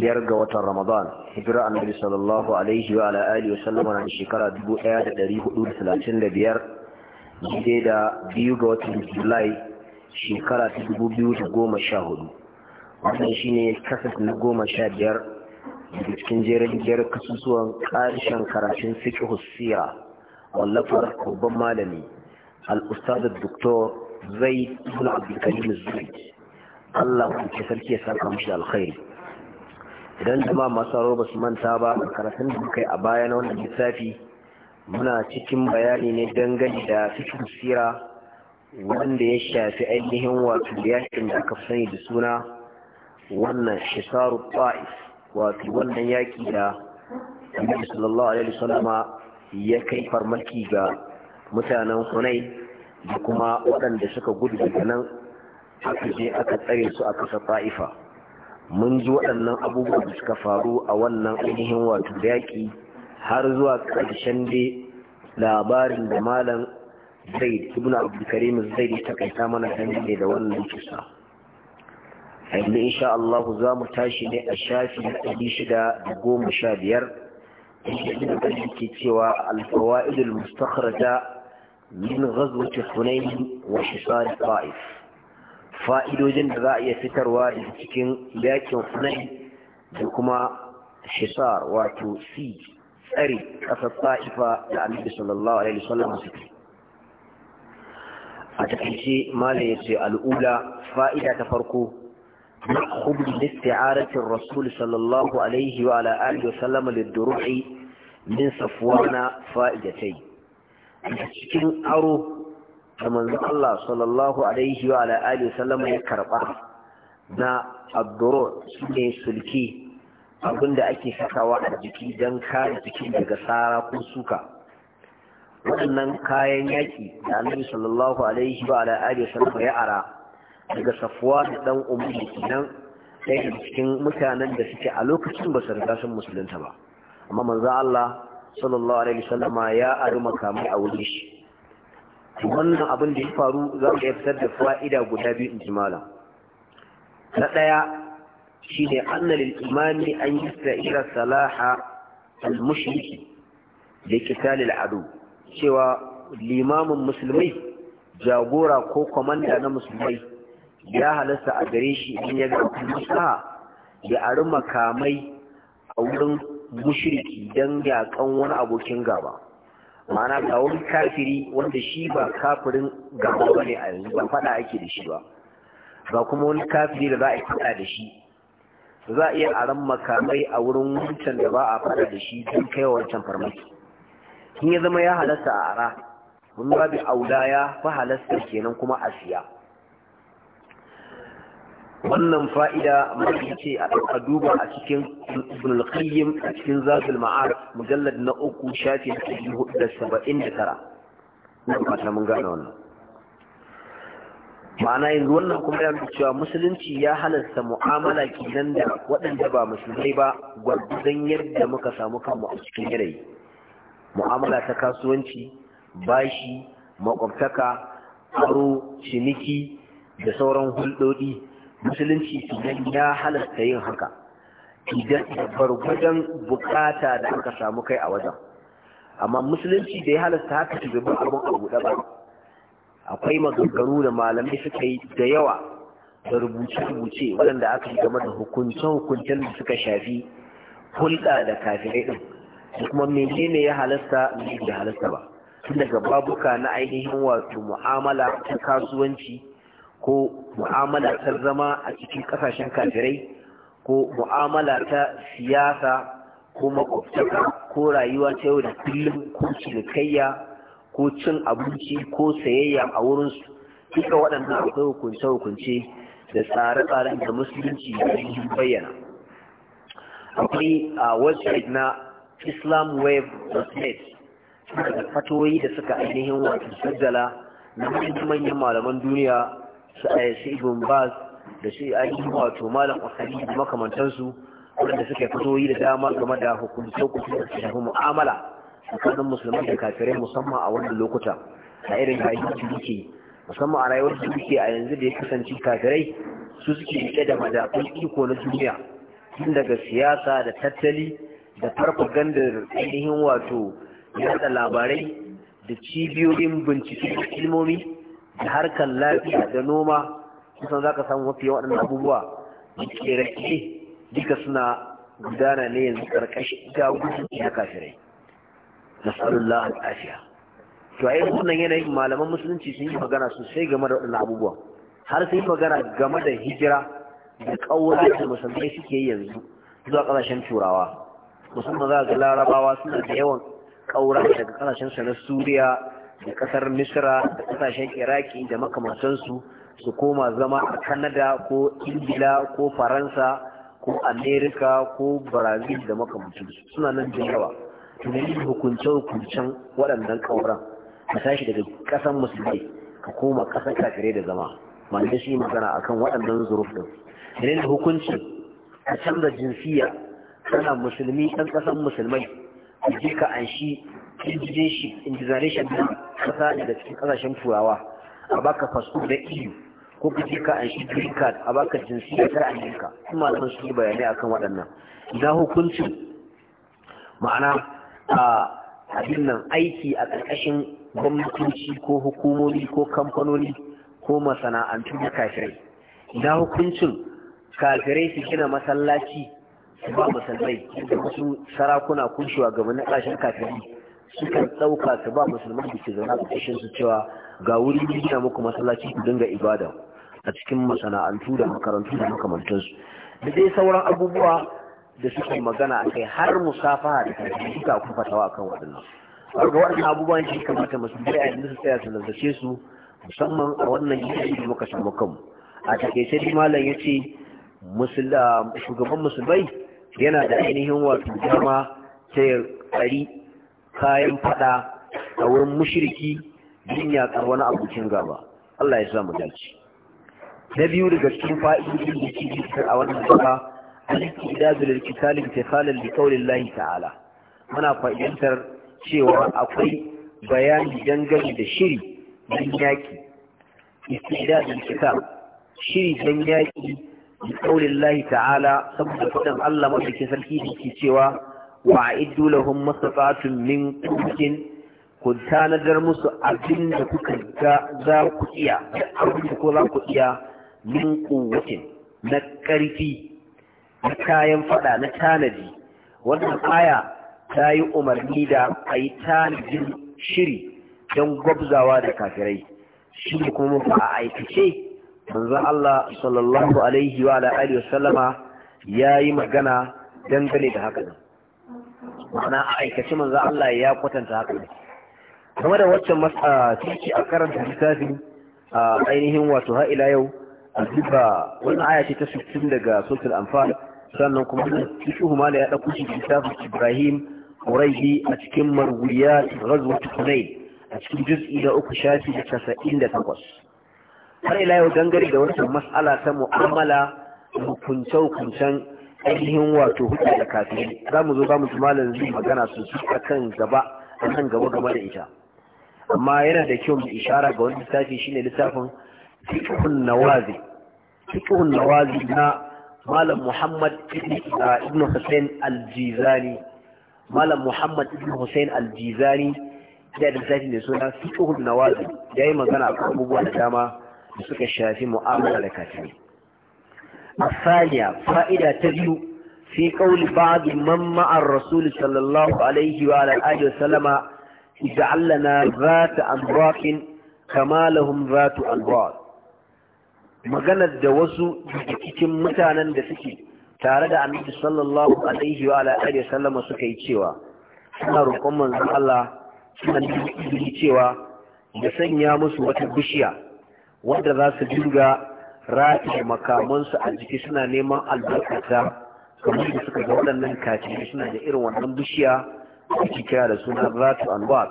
biyar ga watan Ramadan hijira annabi sallallahu alaihi wa alihi wa sallama na shekara 1435 daidai da biyu ga watan Julai shekara ta 2014 wannan shine kasas na goma sha biyar daga cikin jerin biyar kasusuwan karshen karatun fiqh sira wallafar babban malami al-ustad dr zaid ibn abdul karim Allah ku sarki ya saka mishi alkhairi idan zama masu haro ba su manta ba karatun da kai a baya na wannan lissafi muna cikin bayani ne dangane da cikin sira wanda ya shafi ainihin wato yakin da aka sani da suna wannan shisaru ta'if wato wannan yaki da annabi sallallahu alaihi wasallam ya kai farmaki ga mutanen hunai da kuma waɗanda suka gudu daga nan aka je aka tsare su a kasar Ta'ifa mun ji waɗannan abubuwan da suka faru a wannan ainihin wato yaƙi har zuwa ƙarshen dai labarin da malam zaid ibn abdulkarim zai ta kaita mana dangane da wannan kisa a yanzu insha Allah za mu tashi ne a shafi na ɗari shida da goma sha biyar inda ke cewa alfawa'idul mustakhraja min ghazwati hunayn wa hisar ta'if fa'idojin da za a iya fitarwa da cikin yakin hunai da kuma hisar wato si tsari ƙasar ta'ifa da annabi sallallahu alaihi wasallam su a takaice malam ya ce al'ula fa'ida ta farko na نأخذ باستعارة الرسول صلى الله عليه وعلى آله وسلم min من صفوان فائدتين cikin aro da manzon Allah sallallahu alaihi wa ala alihi sallama ya karba na abdurur ne sulki abinda ake sakawa a jiki don kare jiki daga tsara ko suka waɗannan kayan yaƙi da annabi sallallahu alaihi wa ala alihi sallama ya ara daga safuwa da dan umar kinan ɗaya daga cikin mutanen da suke a lokacin ba su riga sun musulunta ba amma manzo Allah sallallahu alaihi wasallama ya ari makamai a wurin shi wannan abin da ya faru za mu iya fitar da fa'ida guda biyu in jimala na ɗaya shi ne anna lil imami an yi sa'ira salaha al-mushriki da kitalil adu cewa limamin musulmai jagora ko kwamanda na musulmai ya halasta a gare shi in ya ga musaha ya ari makamai a wurin mushriki don yakan wani abokin gaba ma'ana ga kafiri wanda shi ba kafirin gaba ba ne a yanzu ba faɗa ake da shi ba ga kuma wani kafiri da za a faɗa da shi za a iya aran makamai a wurin wancan da ba a faɗa da shi don kai wancan farmaki in ya zama ya halasta a ara mun babu aula ya fa halasta kenan kuma Asiya. wannan fa'ida mafi ce a ɗauka duba a cikin ibn al-qayyim a cikin zatul ma'ar mujallad na uku shafi na ɗari hudu da saba'in da tara na fata mun gane wannan ma'ana yanzu wannan kuma ya nuna cewa musulunci ya halasta mu'amala kenan da waɗanda ba musulmai ba gwargwadon yadda muka samu kanmu a cikin yanayi mu'amala ta kasuwanci bashi makwabtaka aro ciniki da sauran hulɗoɗi musulunci idan ya halasta yin haka idan gwargwadon bukata da aka samu kai a wajen amma musulunci da ya halasta haka su gaban abin a buɗe ba akwai magagaru da malamai suka yi da yawa da rubuce-rubuce waɗanda aka yi game da hukuncen hukuncen da suka shafi hulɗa da kafirai ɗin da kuma menene ya halasta ne da halasta ba tun daga babuka na ainihin wato mu'amala ta kasuwanci ko mu'amala ta zama a cikin kasashen kafirai ko mu'amala ta siyasa ko makwabtaka ko rayuwa ta yau da kullum ko cinikayya ko cin abinci ko sayayya a wurinsu duka waɗannan akwai hukunce-hukunce da tsare-tsaren da musulunci da bayyana akwai a website na islam web net da fatoyi da suka ainihin wato sajjala na manyan malaman duniya shi eh, ibn baz da shi ainihin wato malam asali da su wanda suke yi da dama game da hukuncin ku da shafi mu'amala tsakanin musulman da kafirai musamman a wannan lokuta a irin rayuwar da muke musamman a rayuwar su yake a yanzu da ya kasance kafirai su suke riƙe da madafun iko na duniya tun daga siyasa da tattali da farfagandar ainihin wato yatsa labarai da cibiyoyin bincike da ilmomi da harkar lafiya da noma kusan za ka samu mafi waɗannan abubuwa da ƙere duka suna gudana ne yanzu ƙarƙashin rai. na kafirai nasalullah to a irin wannan yanayin malaman musulunci sun yi magana sosai game da waɗannan abubuwa har sun yi magana game da hijira da ƙaura da musulmai suke yi yanzu zuwa ƙasashen turawa musamman za ga larabawa suna da yawan ƙaura daga ƙasashen na suriya da kasar misra da kasashen iraki da makamantansu su koma zama a kanada ko ingila ko faransa ko amerika ko brazil da makamantansu suna nan da yawa tunani hukunce-hukuncen waɗannan ƙauran ka tashi daga ƙasan Musulmi ka koma ƙasan kafire da zama malamai shi magana akan waɗannan zuruf ɗin da hukunci ka canza jinsiya tana musulmi ɗan ƙasan musulmai a je ka anshi injization din kasa daga cikin kasashen turawa a baka fasu da iyo e ko ka je ka green card a baka jinsiyar ta amerika su malaman su yi bayanai akan waɗannan na hukuncin ma'ana a abin nan aiki a ƙarƙashin gwamnatoci ko hukumomi ko kamfanoni ko masana'antu na kafirai Da hukuncin kafirai su gina masallaci su ba musulmai da wasu sarakuna ko shugabannin ƙasashen kafirai sukan ɗauka su ba musulman da ke zaune a ƙarshen su cewa ga wuri gina muku masallaci ku dinga ibada a cikin masana'antu da makarantu da makamantansu da dai sauran abubuwa da suke magana a kai har musafaha da kai suka kun fatawa akan waɗannan ga waɗannan abubuwan shi kamata musulmai a yanzu su tsaya su su musamman a wannan yanayi da muka samu kanmu a takaice dai malam ya ce ah, shugaban musulmai yana da ainihin wato dama ta kari kayan fada a wurin mushriki din yakar na abokin gaba Allah ya sa mu dace na biyu daga cikin fa'idodin da ke jikin a wannan gaba al-istidadu lil qital intiqalan li qawlillahi ta'ala muna fahimtar cewa akwai bayani dangane da shiri don yaki istidadul kitab shiri don yaki bi qawlillahi ta'ala saboda fadan Allah madaukakin sarki da ke cewa wa iddu lahum mastata'tum min quwwatin ku tanadar musu abin da kuka ga za ku iya abin da ko za ku iya min na karfi na kayan fada na tanadi wannan aya ta yi umarni da a yi shiri don gwabzawa da kafirai shi kuma ba a aikace manzo Allah sallallahu alaihi wa alihi wasallama ya yi magana dangane da haka nan ma'ana a aikace manzo Allah ya kwatanta haka ne kuma da waccan mas'a ciki a karanta littafin a ainihin wato ha ila yau al-duba wannan aya ce ta 60 daga suratul anfal sannan kuma cikin humala ya dauko shi littafin Ibrahim Quraibi a cikin marwiyat ghazwat Hunayn a cikin juz'i da uku shafi da 98 har ila yau dangare da wannan mas'ala ta mu'amala hukunce-hukuncen ainihin wato hujja da kafiri za mu zo za mu malam zai magana su a kan gaba a kan gaba game da ita amma yana da kyau mu ishara ga wani littafi shine littafin fiqhun nawazi fiqhun nawazi na malam muhammad ibn hussein al-jizani malam muhammad ibn hussein al-jizani da littafi ne suna fiqhun nawazi ya yi magana akan abubuwa da dama da suka shafi mu'amala da kafiri الثانية فائدة تبيو في قول بعض من مع الرسول صلى الله عليه وعلى آله وسلم اجعل ذات أنباك كما لهم ذات أنباك maganar da wasu daga mutanen da suke tare da annabi sallallahu alaihi wa alihi wa suka yi cewa suna roƙon manzon Allah suna yi cewa ya sanya musu wata bishiya wanda za su rataye makamansu a jiki suna neman albarkata kamar da suka ga waɗannan kaciya suna da irin wannan bishiya da kira da suna ratu anwar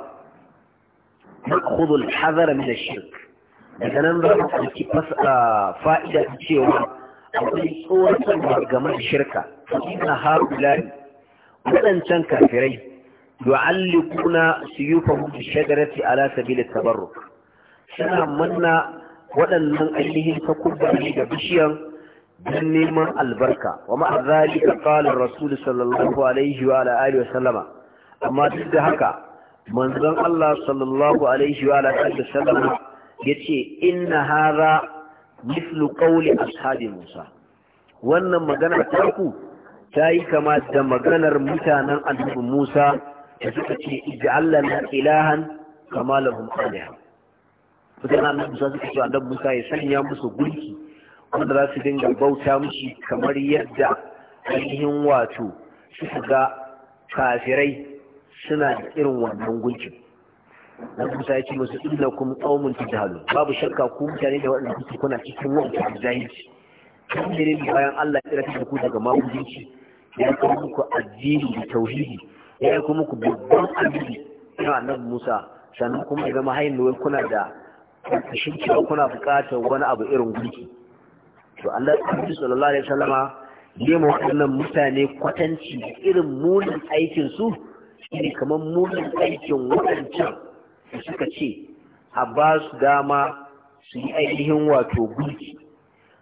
nakhudul hazara min ash-shirk daga nan za mu ɗauki fa'ida ta cewa akwai tsoratarwa game da shirka ina haɗulari waɗancan kafirai yu'allikuna suyufahum bi shajarati ala sabil tabarruk suna manna waɗannan ainihin takubba ne ga bishiyar don neman albarka wa ma'a zalika qala rasul sallallahu alaihi wa wa sallama amma duk da haka manzon Allah sallallahu alaihi wa ala wa sallama yace inna hara mithlu ƙauli ashabi Musa wannan magana taku ta yi kama da maganar mutanen annabi Musa da suka ce na ilahan kama lahum alaihim yana nan musa suka ce annabi musa ya sanya musu gunki wanda za su dinga bauta mushi kamar yadda ainihin wato suka ga kafirai suna da irin wannan gunkin na musa ya ce musu inna kum qaumun tajhalu babu shakka ko mutane da waɗanda kuke kuna cikin wauta zahiri kan ne bayan Allah ya rasa ku daga magudanci ya kuma muku addini da tauhidi ya kuma muku babban addini ya annabi Musa sannan kuma ya zama hayin da kuna da shi cewa kuna buƙatar wani abu irin gunki to Allah Annabi sallallahu alaihi wasallama ne mu waɗannan mutane kwatanci irin munin aikin su ne kamar munin aikin waɗancan da suka ce a ba su dama su yi ainihin wato gunki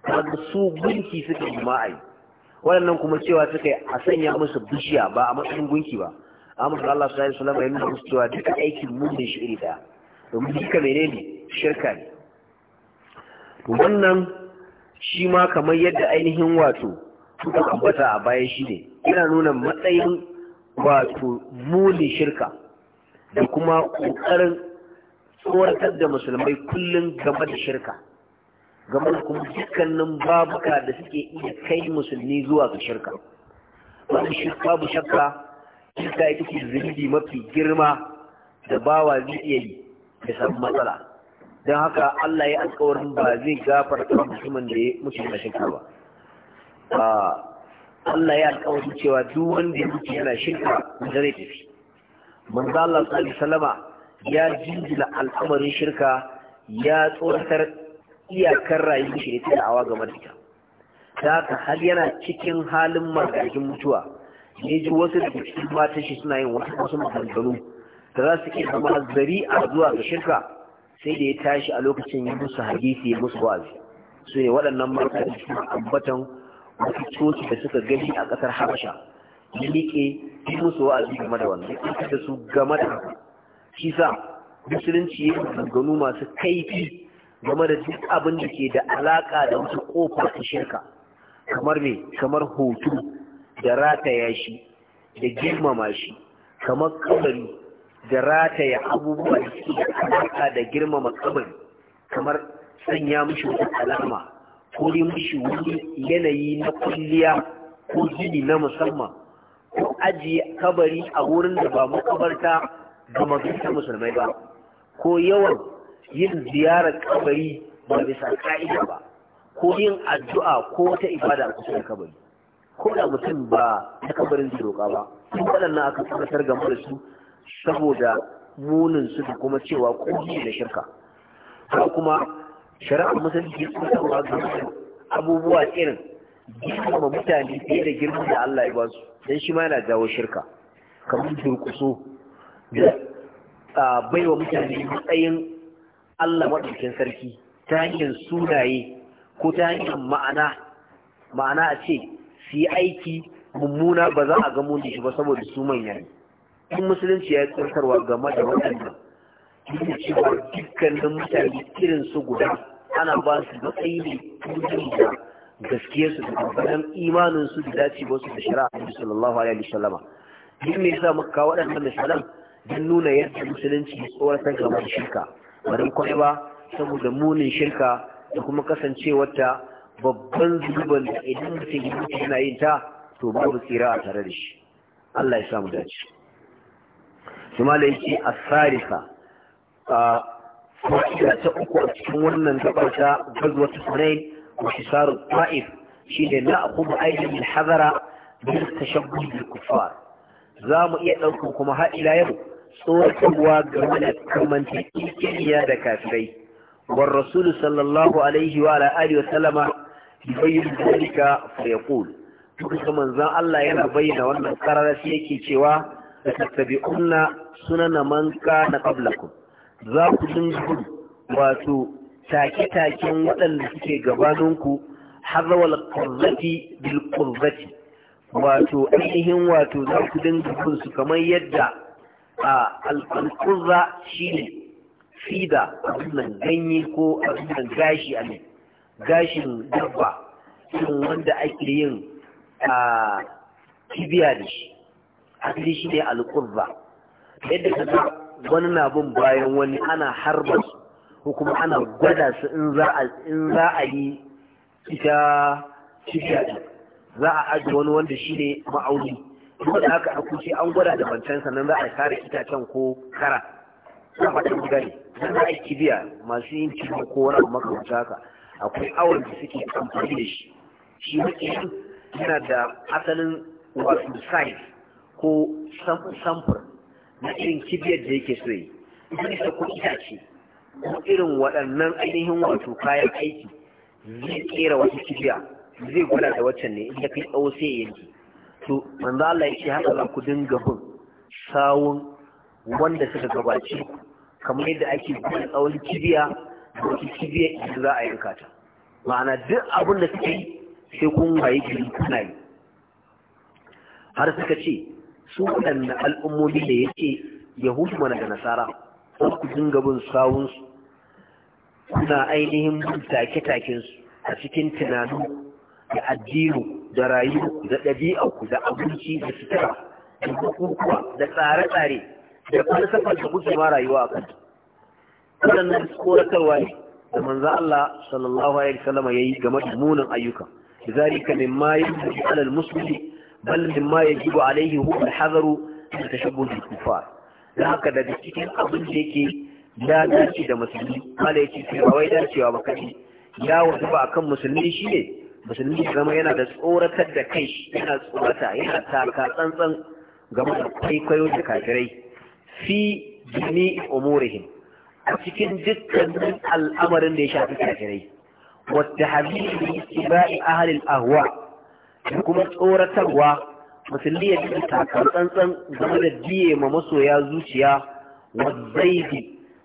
wanda su gunki suka yi ma'ai waɗannan kuma cewa suka yi a sanya musu bishiya ba a matsayin gunki ba amma Allah sallallahu alaihi wasallama ya nuna musu cewa duka aikin munin shi iri ɗaya domin duka ne shirka ne wannan shi ma kamar yadda ainihin wato suka kambata a bayan shi ne yana nuna matsayin wato muni shirka da kuma ƙoƙarin tsoratar da musulmai kullum game da shirka game da kuma dukkanin babuka da suke iya kai musulmi zuwa ga shirka babu shakka shirka ita ce zunubi mafi girma da bawa zai iya yi ya samu matsala don haka Allah ya alkawarin ba zai gafarta musulman da ya mutu na shirka ba Allah ya alkawarin cewa duk wanda ya mutu yana shirka da zai tafi manzo Allah sallallahu ya jinjina al'amarin shirka ya tsoratar iyakar rayuwar shi da awa game da ita da haka har yana cikin halin margajin mutuwa ne ji wasu da cikin matan shi suna yin wasu wasu maganganu da za su iya zama a zuwa ga shirka sai da ya tashi a lokacin yi musu hadisi ya musu wazi su ne waɗannan mata da suna ambatan wasu da suka gani a ƙasar habasha ya miƙe yi musu wa'azi game da wannan ya da su game da haka shi sa musulunci ya gano masu kaifi game da duk abin da ke da alaƙa da wasu ƙofa ta shirka kamar me kamar hoto da rataya shi da girmama shi kamar kabari da rataya abubuwan da suke da alaƙa da girmama kabari kamar sanya mishi wata alama ko dai mishi wani yanayi na kulliya ko gini na musamman ko ajiye kabari a wurin da ba makabarta ga mafisa musulmai ba ko yawan yin ziyarar kabari ba bisa ka'ida ba ko yin addu'a ko wata ibada a kusa da kabari ko da mutum ba na kabarin zai roƙa ba sun waɗannan aka tabbatar game da su saboda munin su da kuma cewa kogi da shirka har kuma shari'ar musulunci sun sabuwa ga abubuwa irin girma mutane fiye da girma da Allah ya basu dan shi ma yana jawo shirka kamar durkuso da baiwa mutane matsayin Allah maɗaukin sarki ta hanyar sunaye ko ta hanyar ma'ana ma'ana a ce su yi aiki mummuna ba za a ga muni shi ba saboda su manya in musulunci ya yi tsantarwa game da waɗanda duk cewa dukkanin mutane irin su guda ana ba su matsayi ne tuntun da su da tabbatar imanin su da dace ba su da shari'a Annabi sallallahu alaihi wasallama yi yasa mu kawo waɗannan misalan don nuna yadda musulunci ya tsoratar game da shirka ba don kwai ba saboda munin shirka da kuma kasancewarta babban zuban da idan mutum yana yin ta to babu tsira a tare da shi Allah ya samu dace kuma da yake asarika a fa'ida ta uku a cikin wannan gabar ta gazwat hunain wa hisar ta'if shine na aiki aidan bil hadara bil tashabbuh bil kuffar za mu iya ɗaukar kuma har ila yau tsoratarwa game da kamanta kikiriya da kafirai war rasul sallallahu alaihi wa alihi wa sallama yubayyin dalika fa yaqul duk manzon Allah yana bayyana wannan kararasi yake cewa da tattabi'unna sunana man kana qablakum za ku dinga gudu wato take-taken waɗanda suke gabaninku harwal qurbati bil qurbati wato ainihin wato za ku dinga gudu su kamar yadda a al-qurra shine fida abin ganye ko abin gashi a gashin dabba irin wanda ake yin a kibiya da shi asali shi ne alƙurba yadda ka ga wani na bin bayan wani ana harba su ko kuma ana gwada su in za a in za a yi ita shiga za a aji wani wanda shi ne ma'auni duk da haka a kuce an gwada da mancan sannan za a kare itacen ko kara a ta gani dan za a yi kibiya masu yin kibiya ko wani abu makamanta akwai awon da suke amfani da shi shi mutum yana da asalin wasu size ko samfur na irin kibiyar da yake so yi idan isa ko itace ko irin waɗannan ainihin wato kayan aiki zai kera wata kibiya zai gwada da waccan ne inda kai tsawo sai yanki to manzo Allah ya ce haka za ku dinga bin sawun wanda suka gabace kamar yadda ake gwada tsawon kibiya da wata kibiya idan za a yanka ta ma'ana duk abin da suke yi sai kun waye gari kuna yi har suka ce su waɗanne al'ummomi da yake yahudu mana da nasara ku dinga bin sawunsu kuna ainihin bin take-takensu a cikin tunanu da addinu da rayu da ɗabi'arku da abinci da sutura da bukukuwa da tsare-tsare da falsafar da kuke ma rayuwa a kanta waɗannan koratarwa ne da manzan Allah sallallahu alaihi wasallam ya yi game da munin ayyuka zalika mimma yajri ala al-muslimi bal mimma yajibu alaihi hu al-hadaru da tashabbuh bil kufar da haka da cikin abin da yake da dace da musulmi mala yace ce ba cewa dacewa ba kace ya wajaba akan musulmi shine musulmi zama yana da tsoratar da kai yana tsorata yana taka tsantsan game da kwaikwayo da kafirai fi jini umurihim a cikin dukkanin al'amarin da ya shafi kafirai wadda hadisi bi istiba'i ahli al-ahwa da kuma tsoratarwa musulmi ya ji takar tsantsan game da biye ma masoya zuciya wa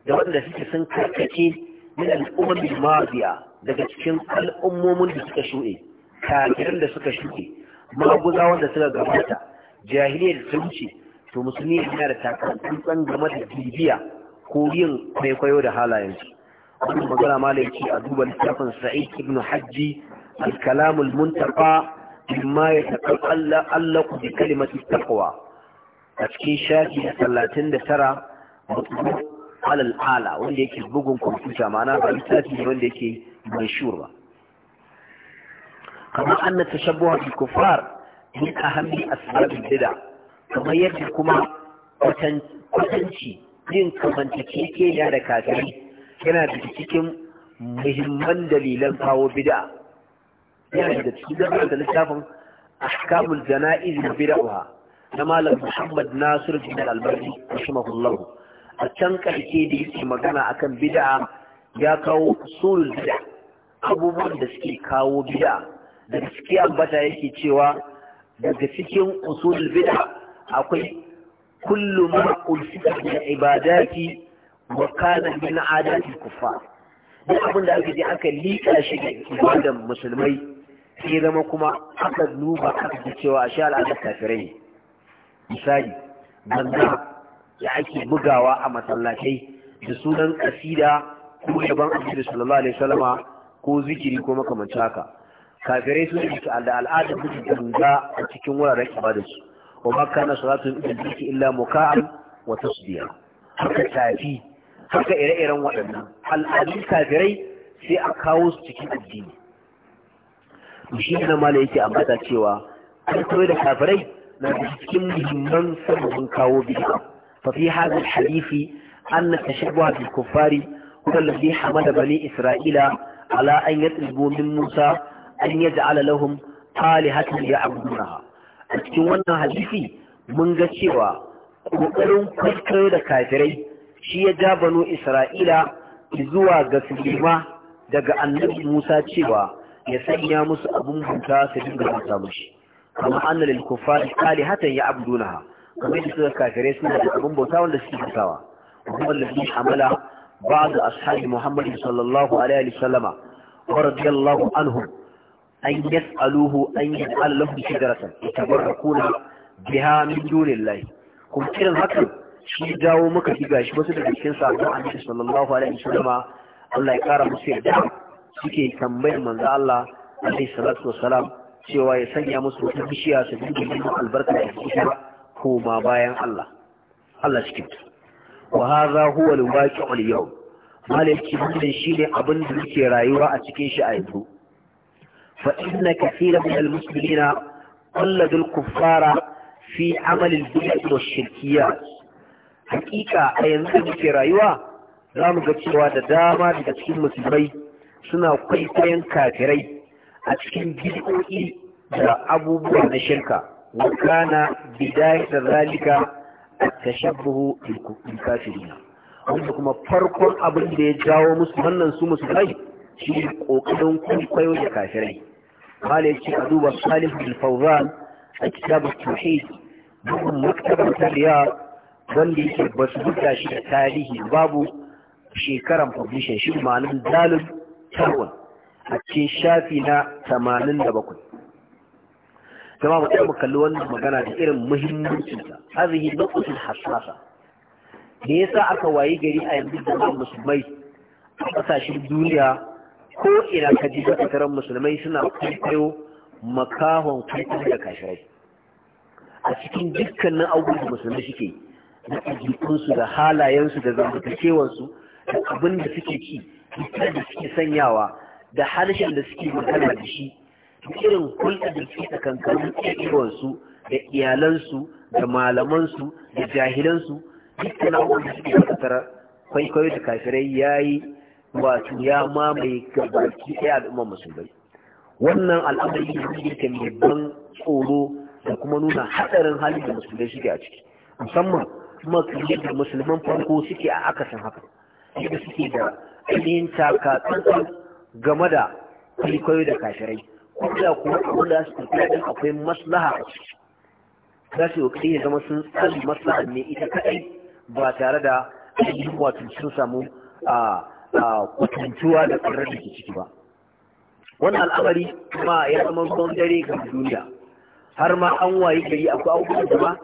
da wanda suke sun karkace min al'ummar mabiya daga cikin al'ummomin da suka shuɗe kafirin da suka shuɗe maguza wanda suka gabata jahiliya da ta wuce to musulmi yana da takar tsantsan game da bibiya ko yin kwaikwayo da halayensu wannan magana ma a duba littafin sa'id ibn hajji al-kalamul mimma ya taɓa Allah Allah ku bi kalimatu taqwa a cikin shafi na talatin da tara alal ala wanda yake bugun kwamfuta ma'ana ba littafi ne wanda yake manshur ba kamar an na tashabbuha bil kufar min ahammi asbabil bid'a kamar yadda kuma kwatanci yin kamantakeke ya da kafiri yana da cikin muhimman dalilan kawo bid'a yana da cikin zaɓar da littafin ahkamul jana'iz da na malam Muhammad Nasir bin Al-Albani rahimahullah a can karshe da yake magana akan bid'a ya kawo usulul bid'a abubuwan da suke kawo bid'a da suke bata yake cewa daga cikin usulul bid'a akwai kullu ma ulfita min ibadati wa kana min adati kuffar duk abin da aka je aka liƙa shi ga ibadan musulmai sai zama kuma aka duba aka ji cewa a sha al'adar kafirai ne misali banza ya ake bugawa a masallatai da sunan kasida ko yaban da sallallahu alaihi salama ko zikiri ko makamanci haka kafirai sun yi da al'adar da banza a cikin wuraren ibadarsu wa na kana salatu ibadati illa muka'an wa tasbiya haka tafi haka ire-iren waɗannan al'adun kafirai sai a kawo su cikin addini shi ne ma yake ambata cewa an da kafirai na cikin muhimman sabbin kawo bid'a fa fi hadha alhadith an tashabbuh bil kuffari huwa alladhi hamada bani isra'ila ala an yatlubu min musa an yaj'ala lahum alihatan ya'budunaha a cikin wannan hadisi mun ga cewa kokarin kwaskwayo da kafirai shi ya ja bano isra'ila zuwa ga sulima daga annabi musa cewa ya sanya musu abun bauta su dinga bauta mushi kama annal lil kuffari hatan ya abdunaha kamar da suka kafire suna da abun bauta wanda suke bautawa kuma allazi amala ba'd ashabi muhammad sallallahu alaihi wa wasallama wa radiyallahu anhum an yas'aluhu an yaj'al lahu shijaratan yatabarakuna biha min dunillahi kuma kiran hakan shi dawo muka ji shi, wasu daga cikin sabon annabi sallallahu alaihi wa wasallama Allah ya kara musu yadda suke tambayar manzo Allah alaihi salatu wassalam cewa ya sanya musu wata bishiya su bi yin albarka da ita koma bayan Allah Allah cikin wa hadha huwa al-waqi'u al-yawm malaki wannan shine abin da yake rayuwa a cikin shi a yanzu fa inna kathira min al-muslimina qalladu al-kuffara fi amal al-bid'ah wash-shirkiyat hakika a yanzu da muke rayuwa za mu ga cewa da dama daga cikin musulmai suna kwaikwayon kafirai a cikin bid'o'i da abubuwa na shirka wa kana da zalika a tashabbuh bil kafirina. wanda kuma farkon abin da ya jawo musu wannan su musulmai shi kokarin kwaikwayo da kafirai قال يجي أدوب الصالح a kitabar التوحيد bugun maktabar Tariya wanda yake basu su shi da tarihi babu shekaran publishin shi ma'anin dalib kyawun a cikin shafi na 87 jama'a mu tsaya mu kalli wannan magana da irin muhimmancin ta hazihi nuqatul hasasa. me yasa aka wayi gari a yanzu da musulmai a kasashen duniya ko ina ka ji tattaran musulmai suna kwaikwayo makahon kwaikwayo da kashirai a cikin dukkanin abubuwan da musulmai suke na ajiyarsu da halayensu da zamantakewarsu da abin da suke ci cutar da suke sanyawa da harshen da suke magana da shi irin hulɗa da suke tsakankanin su da iyalansu da malamansu da jahilansu da abubuwan da suke fatattara, kwaikwayo da kafirai ya yi wato ya mamaye gabaki ɗaya al'ummar musulmai wannan al'amari ne da mai ban tsoro da kuma nuna hatsarin hali da musulmai suke a ciki musamman kuma yadda musulman farko suke a akasin haka yadda suke da ainihin taka game da kwaikwayo da kashirai kuma kuma abin da su tafiya akwai maslaha za su yi ya zama sun tsari maslaha ne ita kaɗai ba tare da ainihin wato sun samu a kwatantuwa da ƙarar da ke ciki ba wannan al'amari ma ya zama ruwan dare ga duniya har ma an wayi gari akwai abubuwan da ma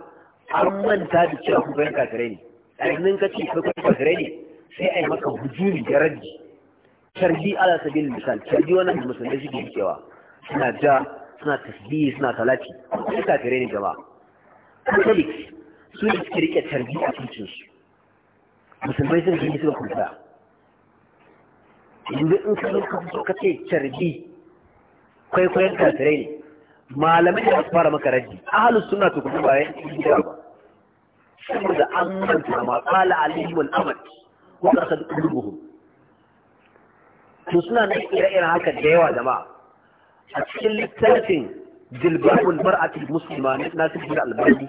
an manta da cewa kuma yan kashirai ne a yanzu ka ce kuma kashirai ne sai a yi maka hujuri da rage carbi ala sabil misal wani wannan da musulmai suke cewa suna ja suna tasbi suna talati sai kare ne jama'a catholics su ne suke rike carbi a cikin su musulmai sun yi suka kunta yanzu in ka zo ka so ka ce carbi kwaikwayon kafirai ne malamai da su fara maka raji ahalus suna tukuni bayan ba saboda an manta ma qala alimul amad ko ka san dubuhu to suna nan ire-iren haka da yawa jama'a a cikin littafin jilbabul mar'atul muslima na nasir albani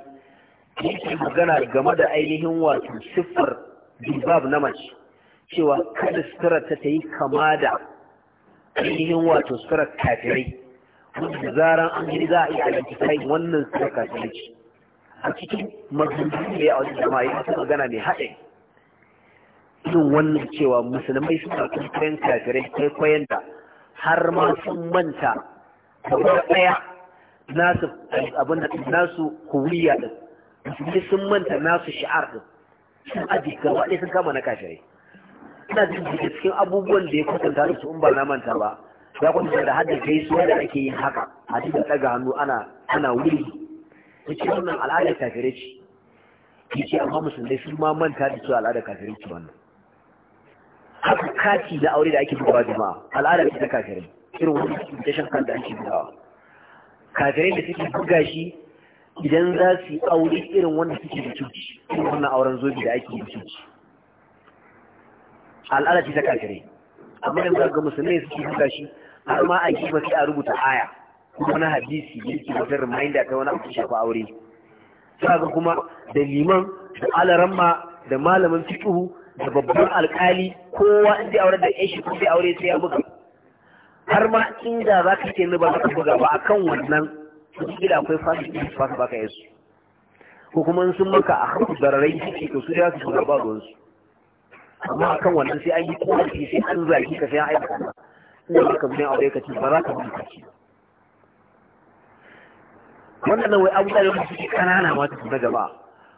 yake magana game da ainihin wato siffar jilbab na mace cewa kada sutura ta yi kama da ainihin wato sutura kafirai wanda zaran an yi za a yi identify wannan sutura kafirai a cikin mazumbi ne a wajen jama'a yi magana mai haɗari irin wannan cewa musulmai suna kwaikwayon kafirai kwaikwayon da har ma sun manta gaba daya nasu abin da nasu huwiya din musulmai sun manta nasu shi'ar din sun aji gaba sun kama na kafirai ina jin da cikin abubuwan da ya kwatanta da su in ba na manta ba ya kwatanta da hadda kai su wanda ake yin haka a cikin ɗaga hannu ana ana wuri ce wannan al'adar kafirai ce yace amma musulmai sun ma manta da su al'adar kafirai ce wannan haka kati da aure da ake bugawa jama'a al'ada ce ta kafirai irin wani invitation kan da ake bugawa kafirai da suke buga shi idan za su yi aure irin wanda suke da cuci irin wannan auren zobi da ake da cuci al'ada ce ta kafirai amma da ga musulmai suke buga shi har ma a gefe sai a rubuta aya kuma na hadisi da yake wata reminder ta wani abu shafa aure saka kuma da liman da alaramma da malamin fiqhu da babban alkali kowa in zai aure da yashi ko zai aure sai ya buga har ma inda za ka ce ni ba za ka buga ba akan wannan su gida akwai fasu su fasu baka yasu ko kuma sun maka a haku zararai ciki to su ya su buga ba ruwan su amma akan wannan sai an yi kowace sai an zaki ka sai an aika ka inda za ka bi aure ka ci, ba za ka buga ci wannan wai abubuwa da suke kanana ma su na gaba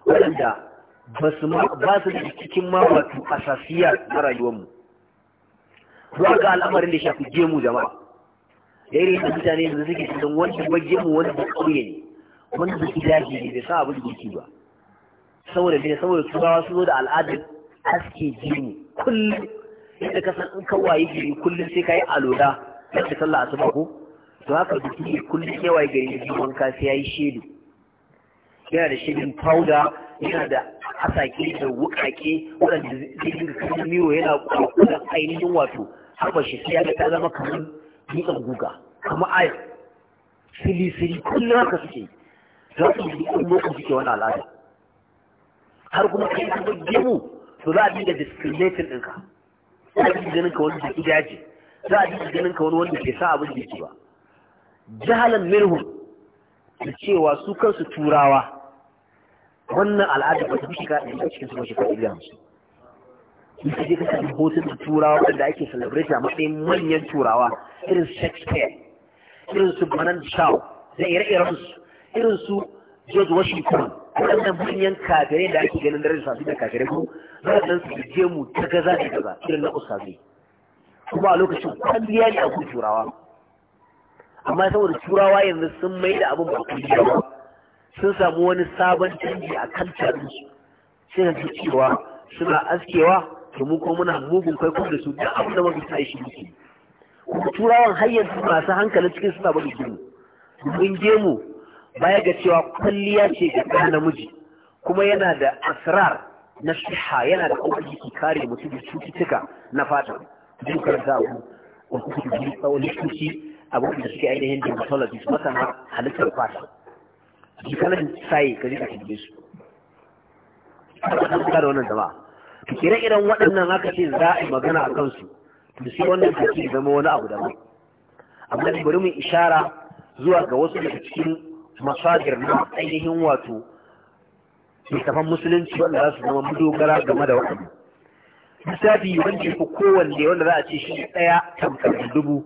waɗanda ba su ba su da cikin ma wato asasiya na rayuwarmu zuwa ga al'amarin da shafi gemu jama'a ya yi da mutane da suke cikin wanda ba gemu wanda da ƙauye ne wanda da su ke ne bai sa abin da yake ba saboda ne saboda turawa su zo da al'adar aske gemu kullum yadda ka san in kawaye gari kullum sai ka yi aloda yadda sallah asuba ko to haka da kullum kewaye gari da wanka sai ya yi shedu yana da shirin powder yana da asaki da wukake waɗanda zai dinga kan miwa yana kwakwunan ainihin wato harba shi sai ya ta zama kamar dutsen guga kamar ayar sili-sili kullum haka suke za su yi duk lokacin suke wani al'ada har kuma kai kuma gemu to za a dinga discriminating ɗinka za a dinga ganin ka wani da gidaje za a dinga ganin ka wani wanda ke sa abin da ke ba jahalan minhum da cewa su kansu turawa wannan al'ada ba ta fi shiga ɗaya cikin su ba shekara ɗari hamsin ka je ka hotun da turawa wanda ake celebrate a matsayin manyan turawa irin shakespeare irin su banan shaw da ire-iren su irin su george washington waɗannan manyan kagare da ake ganin darajar sasu da kafirai ko waɗannan su je mu ta gaza da gaza irin na ustazai kuma a lokacin kwalliya ne a kun turawa amma saboda turawa yanzu sun mai da abin bakuliya ba sun samu wani sabon canji a kan su sai ka cewa suna askewa to mu ko muna mugun kai kuma da su duk abin da muka sa shi muke kuma turawan har yanzu masu hankali cikin suna bari gemu mun gemu baya ga cewa kwalliya ce ga ɗan namiji kuma yana da asrar na shiha yana da ƙoƙari ki kare mutum da cututtuka na fata duk karanta wani tsawon abubuwan da suke ainihin dermatology su masana halittar fata jikalan sai ka je ka tambaye su ka da wannan zama. to kira iren waɗannan haka ce za a yi magana a kansu to sai wannan ce zama wani abu da mai amma da bari mu ishara zuwa ga wasu daga cikin masajir na ainihin wato littafan musulunci wanda za su zama madogara game da waɗannan lissafi wanda ya fi kowanne wanda za a ce shi ɗaya tamkar dubu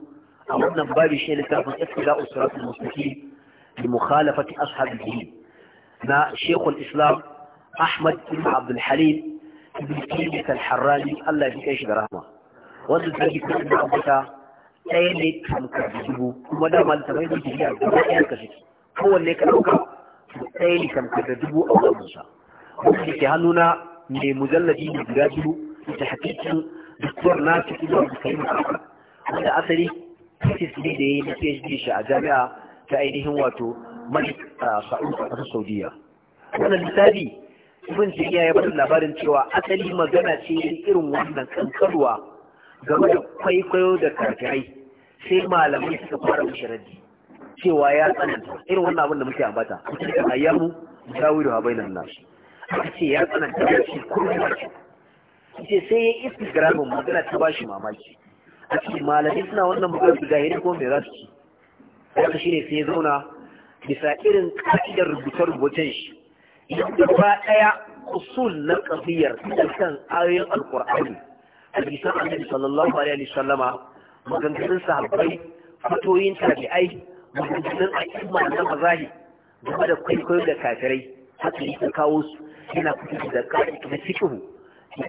a wannan babi shi littafin ittiba'u siratul mustaqim li mukhalafati ashabihi na shekul islam ahmad ibn abdul halim ibn taymiyah al-harrani Allah ya kai shi da rahma wanda take cikin abuta ɗaya ne tamkar dubu kuma dama da tabai da jiya da ɗaya ka shi kowanne ka ɗauka ɗaya ne tamkar da dubu a wannan sa wanda ke hannuna ne mujalladi ne guda biyu da hakikin doktor na ibn abdul karim wanda asali thesis ne da ya na PhD shi a jami'a ta ainihin wato Malik Sa'ud a ƙasar Saudiya wannan misali Ibn Taymiyyah ya bada labarin cewa asali magana ce irin wannan kankarwa game da kwaikwayo da karkirai sai malamai suka fara musharadi cewa ya tsananta irin wannan abin da muke ambata mutum ayyamu dawiru ha nan nashi aka ce ya tsananta ya ce ya ce sai ya istigramin magana ta bashi mamaki a cikin malamai suna wannan bukatar zahiri ko mai za su ci haka shine sai zauna bisa irin ka'idar rubuce-rubucen shi yadda ba ɗaya usul na kafiyar kan ayoyin alkur'ani bisan annabi sallallahu alaihi sallama maganganun sahabbai fatoyin tabi'ai maganganun al'umma na mazahi game da kwaikwayo da kafirai haka yi ta kawo su yana fitar da ka'ida na fikihu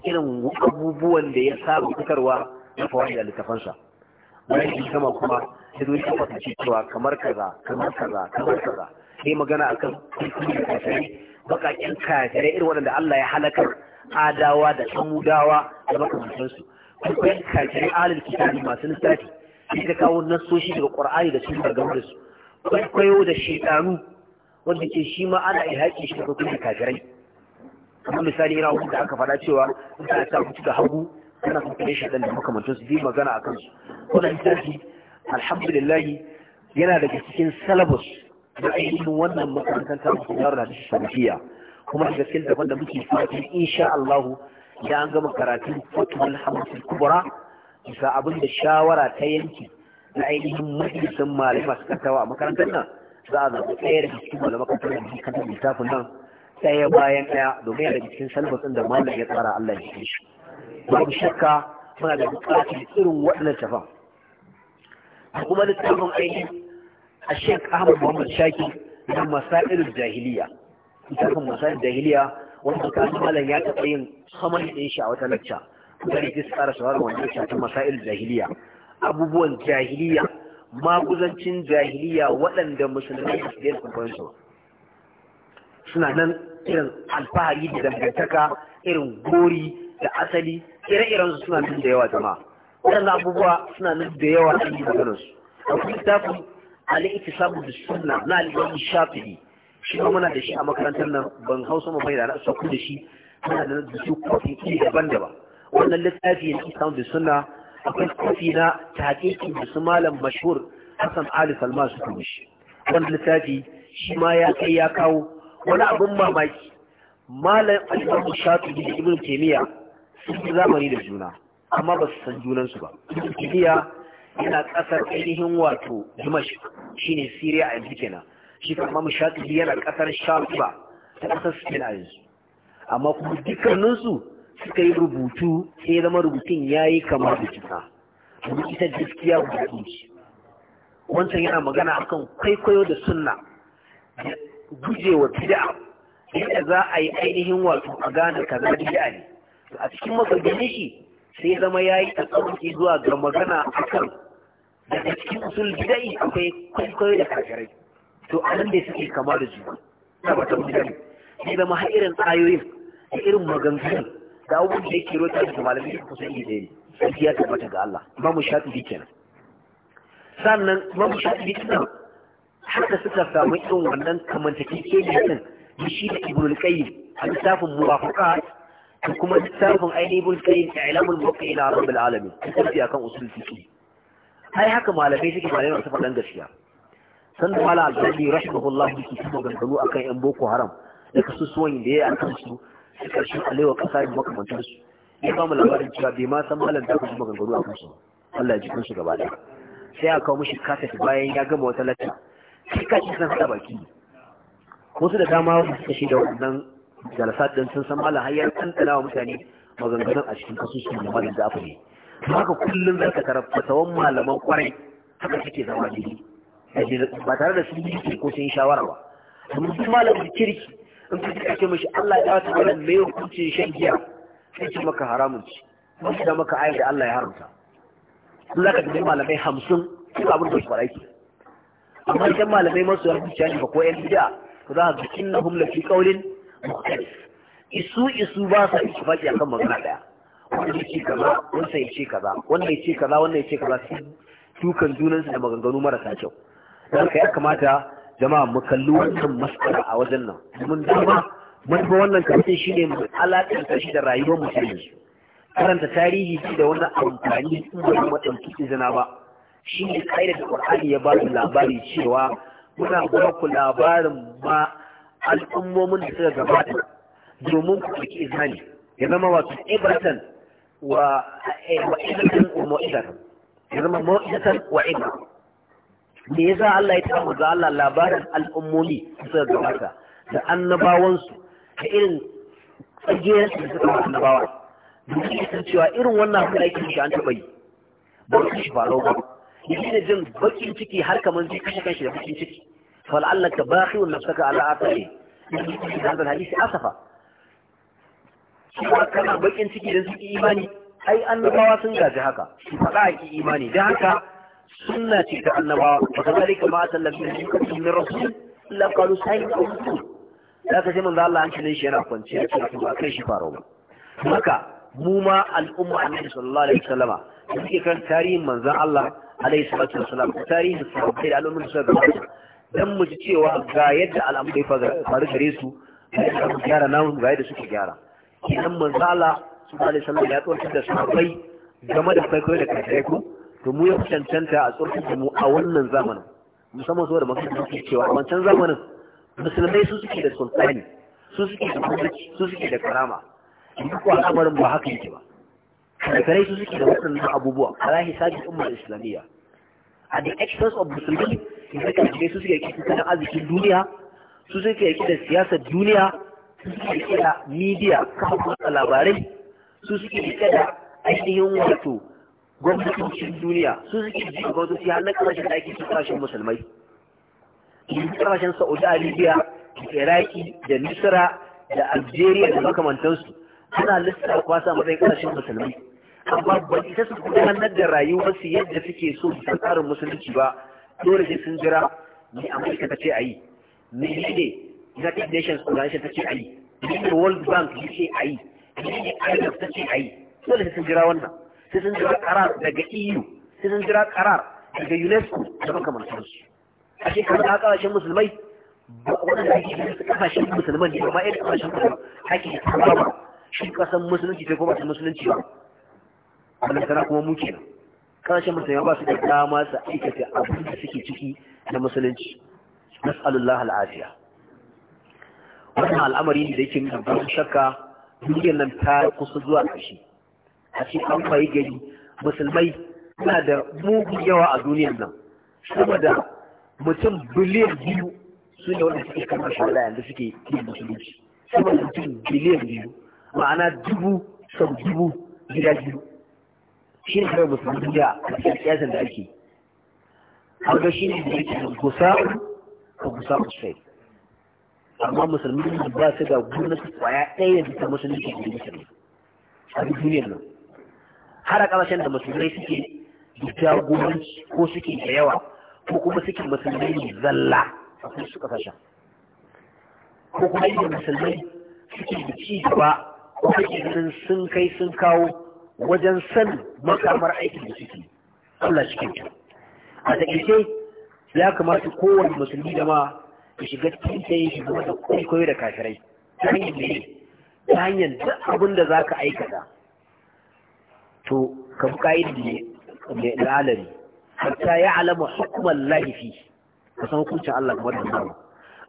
irin abubuwan da ya saba fitarwa ya fawai da littafansa bayan shi gama kuma ya zo ya fahimci cewa kamar kaza kamar kaza kamar kaza sai magana akan kuma kuskure kafirai bakakin kafirai irin waɗanda Allah ya halakar adawa da samudawa da makamantansu kwaikwayon kafirai alil kitabi masu lissafi sai ka kawo nasoshi daga qur'ani da sunna game da su kwaikwayo da shaytanu wanda ke shi ma ana ilhaƙi shi da kwaikwayon kafirai kamar misali ina da aka faɗa cewa in ka sa mutu da hagu ana kuma kare shaɗan da makamantun su yi magana a kansu wannan littafi alhamdulillah yana daga cikin salabus da ainihin wannan makarantar ta mutum yaro da hadisi kuma daga cikin daban da muke fatan insha Allah ya an gama karatun fatuwal hamasul kubra bisa abin da shawara ta yanki na ainihin majalisin malamai masu kantawa a makarantar nan za a zaɓi ɗaya daga cikin malamai kantar da littafin nan ɗaya bayan ɗaya domin yana daga cikin salfasin da malam ya tsara Allah ya yi shi babu shakka muna da buƙatar irin waɗannan tafan a kuma littafin aiki a shek ahmad muhammad shaki na masailul jahiliya littafin masailul jahiliya wanda ka malam ya taɓa yin saman ɗin shi a wata lacca kuma da tsara shawarar wanda ya shafi masailul jahiliya abubuwan jahiliya maguzancin jahiliya waɗanda musulmai su da su suna nan irin alfahari da dangantaka irin gori da asali ire-iren su suna nan da yawa jama'a waɗannan abubuwa suna nan da yawa an yi maganar su akwai littafin ita ittisabu da suna na al-imam shafi'i shi ma muna da shi a makarantar nan ban hausa mu bai da na sauku da shi muna da da su kofi iri daban-daban wannan littafi na islam da sunna akwai kofi na taƙiƙin da su malam mashur hassan ali salma su kuma shi wannan littafi shi ma ya kai ya kawo wani abin mamaki malam al-imam shafi da ibn kemiya sun fi zamani da juna amma ba su san junansu ba ibn taymiya yana kasar ainihin wato shi ne syria a yanzu kenan shi kuma imam biya yana kasar shafi'a ta kasar spain a yanzu amma kuma dukkaninsu suka yi rubutu sai ya zama rubutun ya yi kamar da juna kuma ita gaskiya rubutu ce wancan yana magana akan kwaikwayo da sunna gujewa bid'a yadda za a yi ainihin wato a gane kaza bid'a ne a cikin maganganun shi sai zama ya yi tsawonki zuwa ga magana akan daga cikin usul bida'i akwai kwaikwayo da kafirai to a nan da suke kama da juna na bata bida'i sai zama har irin tsayoyin da irin maganganun da abubuwan da yake rota da malamai da kusan iya ne sai ya tabbata ga Allah Ba mu shafi kenan sannan imamu shafi kenan haka suka samu irin wannan kamantakeke ne din da shi da ibnul qayyim a littafin muwafaqat da kuma littafin ainihin ibnul qayyim i'lamul muwaqqi ila rabbil alamin tafi akan usul fiqi ai haka malamai suke malamai masu faɗan gaskiya san da mala alhaji rahimahullah yake su maganganu akan yan boko haram da kasusuwan da ya yi akan su su karshen alewa kasa da makamantar su ya ba mu labarin cewa bai ma san malam da kuma maganganu a kansu Allah ya ji kansu gaba ɗaya sai aka kawo mishi kaset bayan ya gama wata lacca kai ka shi san baki wasu da dama wanda suka shi da wannan jalasat din sun san malam har ya tantana wa mutane maganganun a cikin kasusun da malam zafi ne haka kullum za ka karanta tawan malaman kwarai haka suke zama daidai ba tare da sun yi ko sun shawara ba amma duk malamin kirki in ka kake mishi Allah ya ta wannan mai hukuncin shan giya sai ce maka haramun ci ba shi da maka ayar da Allah ya haramta in za ka ji malamai hamsin su abin da su fara amma idan malamai masu ya zuciya ne ba ko yan bid'a to za ka ga innahum la fi qawlin isu isu ba sa ittifaqi akan magana daya wanda ya ce kaza wanda ya ce kaza wanda ya kaza wanda ya kaza su dukan junansu da maganganu marasa kyau don kai ya kamata jama'a mu kalli wannan mas'ala a wajen nan mun dama manufa wannan shi ne mu alaƙanta shi da rayuwar mu karanta tarihi da wani amfani in ba mu ɗauki izina ba shi ne ƙa'idar da Qur'ani ya ba su labari cewa muna kuma ku labarin ma al'ummomin da suka gabata domin ku ɗauki izani ya zama wato ibratan wa eh, ibratan wa ma'idar ya zama ma'idatan wa ibra me yasa Allah ya tamu ga Allah labarin al'ummomi da suka gabata da annabawansu da irin tsagiyar da suka gabata annabawa domin ya san cewa irin wannan haka yake shi an taɓa yi ba su shi faruwa ba ya daina jin bakin ciki har kamar zai kashe kanshi da bakin ciki fal Allah ka bakhi wannan saka ala asali da hadal hadisi asafa kuma kana bakin ciki dan suki imani ai annabawa sun gaji haka su faɗa a imani dan haka sunna ce ta annabawa wa kadhalika ma sallallahu alaihi wa sallam min rasul la qalu sayyid aw rasul da ka ce manzo Allah an kine shi yana kwanciya cikin ba kai shi faro ba haka mu ma al'umma annabi sallallahu alaihi wasallama da suke kan tarihin manzon Allah alaihi salatu wasalam tarihin sahabbai da al'ummar su gabata dan mu ji cewa ga yadda al'amuri faru gare su ga yadda gyara nan ga yadda suke gyara idan manzo Allah sallallahu alaihi wasallam ya tsortar da sahabbai game da kwaikwayo da kafirai ko to mu ya cancanta a tsortar mu a wannan zamanin musamman saboda magana da cewa a wancan zamanin musulmai su suke da sultani su suke da kudurci su suke da karama duk al'amarin ba haka yake ba kafirai su suke da waɗannan abubuwa a rahi sabi ummar islamiyya A the expense of musulmi su suka kike su suke yake tattalin arzikin duniya su suke yake da siyasar duniya su suke yake da media kafafen labarai su suke yake da ainihin wato gwamnatocin duniya su suke ji gwamnatoci har na ƙarshen da ake kasashen musulmai yanzu ƙarshen saudi arabia da iraki da misra da algeria da makamantansu suna lissa ba sa matsayin kasashen musulmi amma ba ita su gudanar da rayuwar su yadda suke so su tsarin musulunci ba dole sai sun jira ni amurka ta ce a yi ni ne united nations organization ta ce a yi ni ne world bank ta ce a yi ni ne imf ta ce a yi dole sai sun jira wannan sai sun jira karar daga eu sai sun jira karar daga unesco da makamantansu a shekarun da kasashen musulmai waɗanda ake kasashen musulman ne amma yadda kasashen musulman ake kama ba shi kasan musulunci sai ko ba ta musulunci ba Allah sana kuma mu kenan kasashen musulmai ba su da dama su aikata abin da suke ciki na musulunci nas'alullah al'afiya wannan al'amari ne da yake nuna babu shakka duniyar nan ta kusa zuwa ƙarshe a ce an fayi gari musulmai suna da mugun yawa a duniyar nan sama da mutum biliyan biyu su ne wanda suke kama shi yanzu suke yin musulunci sama mutum biliyan biyu ma'ana dubu sau dubu gida biyu shi ne kawai musulmi duniya a cikin da ake haka shi ne da yake gusa ka gusa usai amma musulmi ne ba su ga gwamnati kwaya ɗaya da ta musulunci da musulmi a duniyar nan har a ƙasashen da musulmai suke da jagoranci ko suke da yawa ko kuma suke musulmai ne zalla a kuma su ƙasashen ko kuma yi musulmai suke da ci gaba aikin sun kai sun kawo wajen san makamar aikin da suke Allah cikin ta a taƙaice ya kamata kowane musulmi da ma ya shiga cikin yin shiga da kwaikwayo da kafirai ta hanyar ne ta hanyar duk abin da za ka aikata to ka bi ka'idar ne lalari hatta ya alama hukumar lahifi ka san hukuncin Allah kamar da samu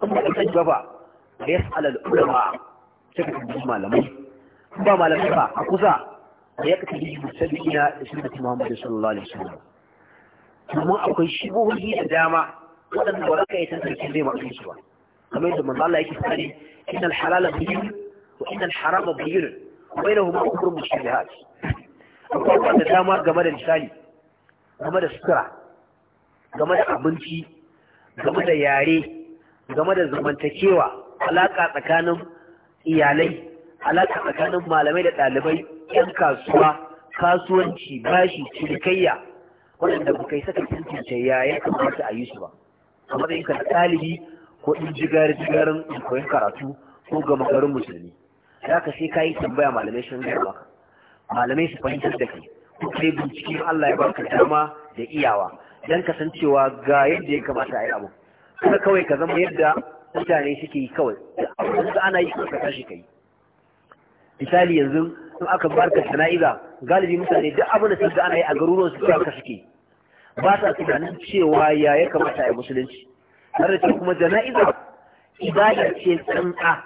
in ba ka san gaba ya sa ulama malamai ba malamai ba a kusa da ya kace bi sabiina da sunnati Muhammadu sallallahu alaihi wasallam domin akwai shibohi da dama waɗanda ba ka yi tantance zai ma su ba kamar yadda manzo Allah yake fadi innal halala bayyin wa innal harama bayyin wa bainahuma umurun mushtabihat akwai wanda dama game da misali game da sutura game da abinci game da yare game da zamantakewa alaƙa tsakanin iyalai alaƙa tsakanin malamai da ɗalibai yan kasuwa kasuwanci bashi cinikayya waɗanda ba kai saka tantance ya ya kamata a yi su ba a matsayin ka ɗalibi ko ɗin jigar jigarin koyon karatu ko gama garin musulmi za ka sai ka yi tambaya malamai sun gaya malamai su fahimtar da kai ko kai bincike Allah ya baka dama da iyawa don kasancewa ga yadda ya kamata a yi abu Kuma kawai ka zama yadda mutane suke yi kawai da ana yi kuma ka tashi kai misali yanzu in aka barka jana'iza galibi mutane duk abin da sun ga ana yi a garuruwan su haka suke ba sa tunanin cewa ya ya kamata a musulunci har da kuma jana'iza ibada ce tsantsa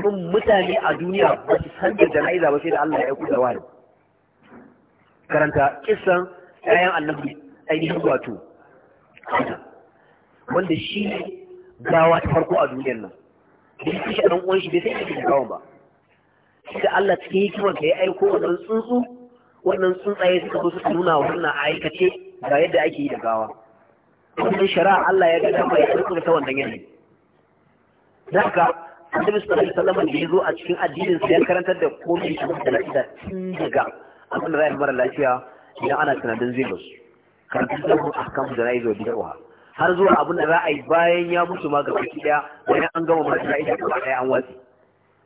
domin mutane a duniya ba su san da jana'iza ba sai da Allah ya aiko da wani karanta kisan ayan annabi ainihin wato wanda shi gawa ta farko a duniyar nan da shi ɗan uwan shi bai sai da ba da Allah cikin hikimar ka ya aiko wannan tsuntsu wannan tsuntsaye suka zo suka nuna wa wannan aikace ga yadda ake yi da gawa wannan shari'a Allah ya ga dama ya tsirkura ta wannan yanayi daga Annabi sallallahu alaihi wasallam da ya zo a cikin addinin sa ya karantar da komai shi da lafiya tun daga abin da zai mara lafiya idan ana tunanin zai musu karantar da mu akan da ra'ayi da bid'a har zuwa abin da za a yi bayan ya mutu ma gaba ki daya wani an gama mata ra'ayi da gaba daya an watsi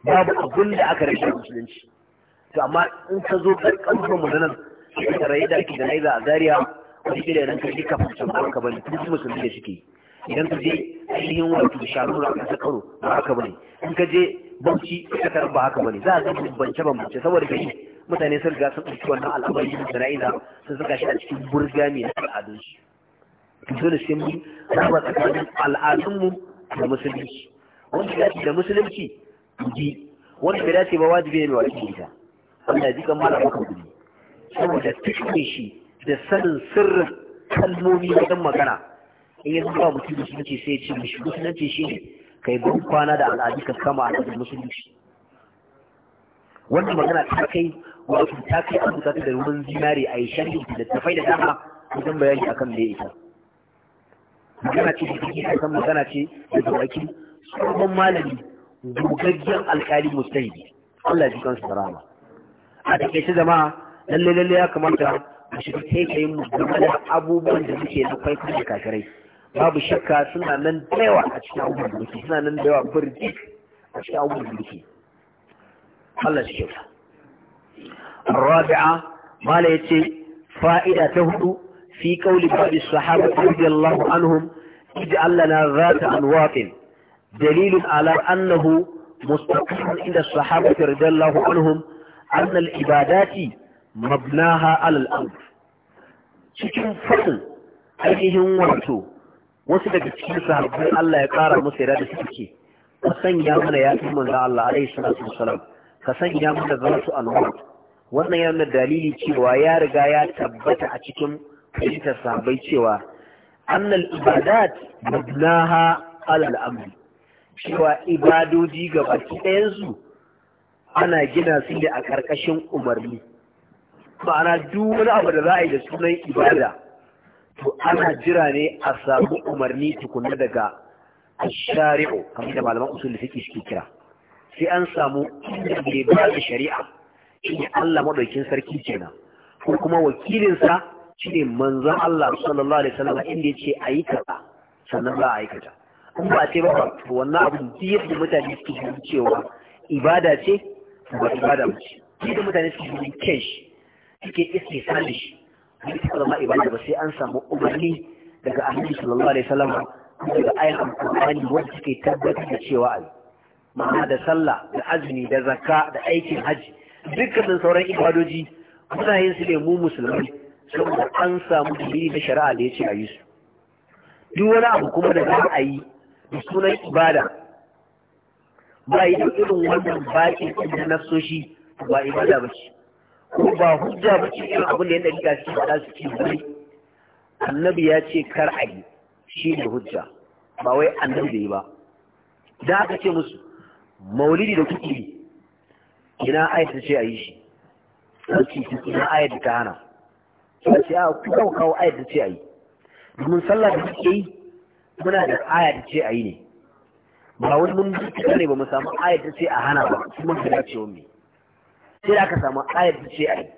babu abin da aka rage musulunci to amma in ka zo karkar mu nan sai ka rayu da ake da naiza a zaria wani kila idan ka je ka fahimci ba ka bane duk musulmi da suke idan ka je ainihin wato sharu da aka karo ba haka bane in ka je bauchi ka tarar ba haka bane za a ga bambance bambance saboda kai mutane sun riga sun ɗauki wannan al'amari da jana'iza sun saka shi a cikin burgami na al'adunsu dole sai mu raba tsakanin al'adunmu da musulunci wanda ya da musulunci ji wanda bai dace ba wajibi ne mai wakil ita wanda jikan kan malam maka gudu saboda cikin shi da sanin sirrin kalmomi wajen magana in ya zuba mutum da sunci sai ya ce mishi musulunci shi ne kai bin kwana da al'adu ka kama cikin musulunci wannan magana ta kai wato ta kai an buƙatar da ruwan zinare a yi sharhi da tafai da dama wajen bayani a da ya ita magana ce da take kan magana ce da zuwaki tsohon malami gugaggen alkali mustahidi Allah ji kansu rama a shi zama lalle lalle ya kamata a shiga taikayin mu game da abubuwan da suke na kwaikwayo da kafirai babu shakka suna nan dawa a cikin abubuwan da muke suna nan da yawa birjik a cikin abubuwan da muke Allah shi kyauta الرابعة ما لا يتي فائدة تهدو في قول بعض الصحابة رضي الله عنهم اجعل لنا ذات أنواط دليل على أنه مستقيم عند الصحابة رضي الله عنهم أن العبادات مبناها على الأمر cikin faɗin ainihin wato wasu daga cikin sahabbai Allah ya ƙara musu yarda da ke, ka sanya mana ya fi manzo Allah alaihi salatu wasalam ka sanya mana zalatu al-maut wannan yana dalili cewa ya riga ya tabbata a cikin fahimtar sahabbai cewa annal ibadat mabnaha alal amri cewa ibadoji ga baki ɗayansu ana gina su ne a ƙarƙashin umarni ma'ana duk wani abu da za a yi da sunan ibada to ana jira ne a samu umarni tukuna daga shari'o kamar da malaman usul da suke suke kira sai an samu inda bai ba da shari'a shi ne Allah madaukin sarki kenan ko kuma wakilinsa shi ne manzon Allah sallallahu alaihi wasallam inda ya ce a yi sannan ba a aikata Kuma ba ce ba wannan abin duk mutane suke jin cewa ibada ce ba ibada ba ce da mutane suke jin kai shi suke iske sani shi duk da ibada ba sai an samu umarni daga annabi sallallahu alaihi sallam. daga ayin amfani wanda suke tabbatar da cewa ai ma'ana da sallah da azumi da zakka da aikin hajji, dukkanin sauran ibadoji muna yin su ne mu musulmai saboda an samu dalili na shari'a da ya ce a yi su duk wani abu kuma da za a yi da sunan ibada ba yi da irin wannan baƙin inda nafsoshi ba ibada ba ce ko ba hujja ba ce irin abin da ya dalila cikin ba su ce wai annabi ya ce kar a yi shi ne hujja ba wai annabi da yi ba da aka ce musu maulidi da kuke yi ina ayat ce a yi shi sarki ina ayat da ta hana ta ce a kuka kawo ayat da ce a yi domin sallah da kuke yi muna da aya da ce a yi ne ba wani mun duka ne ba mu samu aya da ce a hana ba kuma ga dacewa wani sai da aka samu aya da ce a yi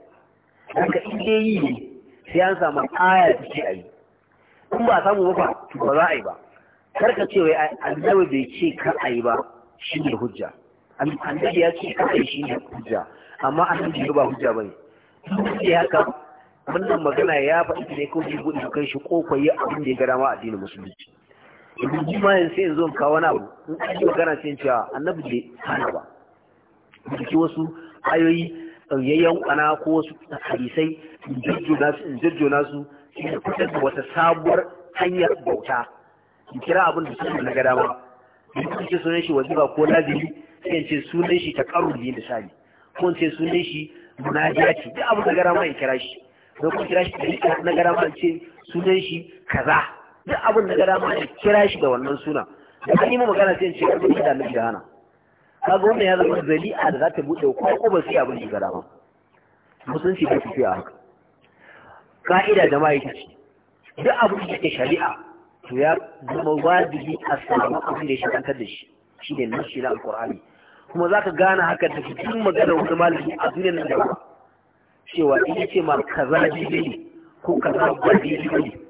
Daga in yi ne sai an samu aya da ce a yi in ba samu ba ba za a yi ba kar ka ce wai annabi bai ce kar a yi ba shi ne hujja annabi ya ce kar a yi shi ne hujja amma annabi ba hujja ne. duk haka wannan magana ya faɗi ne ko jibu da kai shi kokoyi abin da ya ga dama addinin musulunci yanzu jima yanzu sai yanzu kawo wani abu in ka yi magana sai cewa annabi bai hana ba jiki wasu ayoyi yayyan kwana ko wasu hadisai in jajjona su shi da fitar da wata sabuwar hanyar bauta in kira abin da suke na gada ba in kuma ce sunan shi wazifa ko lazimi sai in ce sunan shi ta karu da misali ko in ce sunan shi munajiya ce duk abin da gara ma in kira shi don kuma kira shi da na gara ma in ce sunan shi kaza duk abin da gada ma ya kira shi da wannan suna da an yi mu magana sai ce abin da na da hana ga wannan ya zama zali'a da za ta buɗe ko ko ba sai abin da ga dama musulunci ba su a haka ka'ida da ma'aikaci duk abin da ke shari'a to ya zama wajibi a samu abin da ya shakantar da shi shi ne nashi na alkur'ani kuma za ka gane haka da cikin maganar wani malami a duniyar nan da cewa in ce ma kaza daidai ne ko kaza ba daidai ne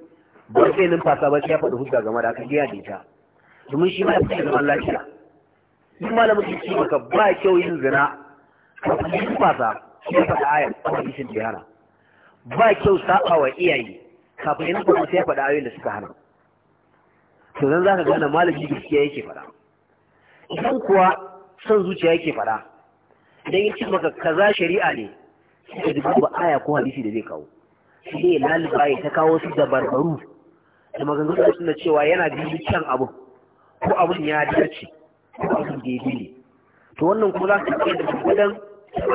ba sai fasa ba sai ya faɗi hujja game da aka biya da ita domin shi ma ya fi zaman lafiya in malamin su ce maka ba kyau yin zina ka fi fasa shi ya faɗi ayar a hadisin da ya hana ba kyau saɓa wa iyaye kafin ya numfasa sai ya faɗi ayoyin da suka hana to zan za ka gane malami gaskiya yake faɗa idan kuwa son zuciya yake faɗa idan ya ce maka kaza shari'a ne sai ka dubi ba aya ko hadisi da zai kawo sai ya lalba ya ta kawo su da barbaru da maganganu da suna cewa yana yi can abu ko abu ya dace ko da yi ne to wannan kuma za su iya da gudan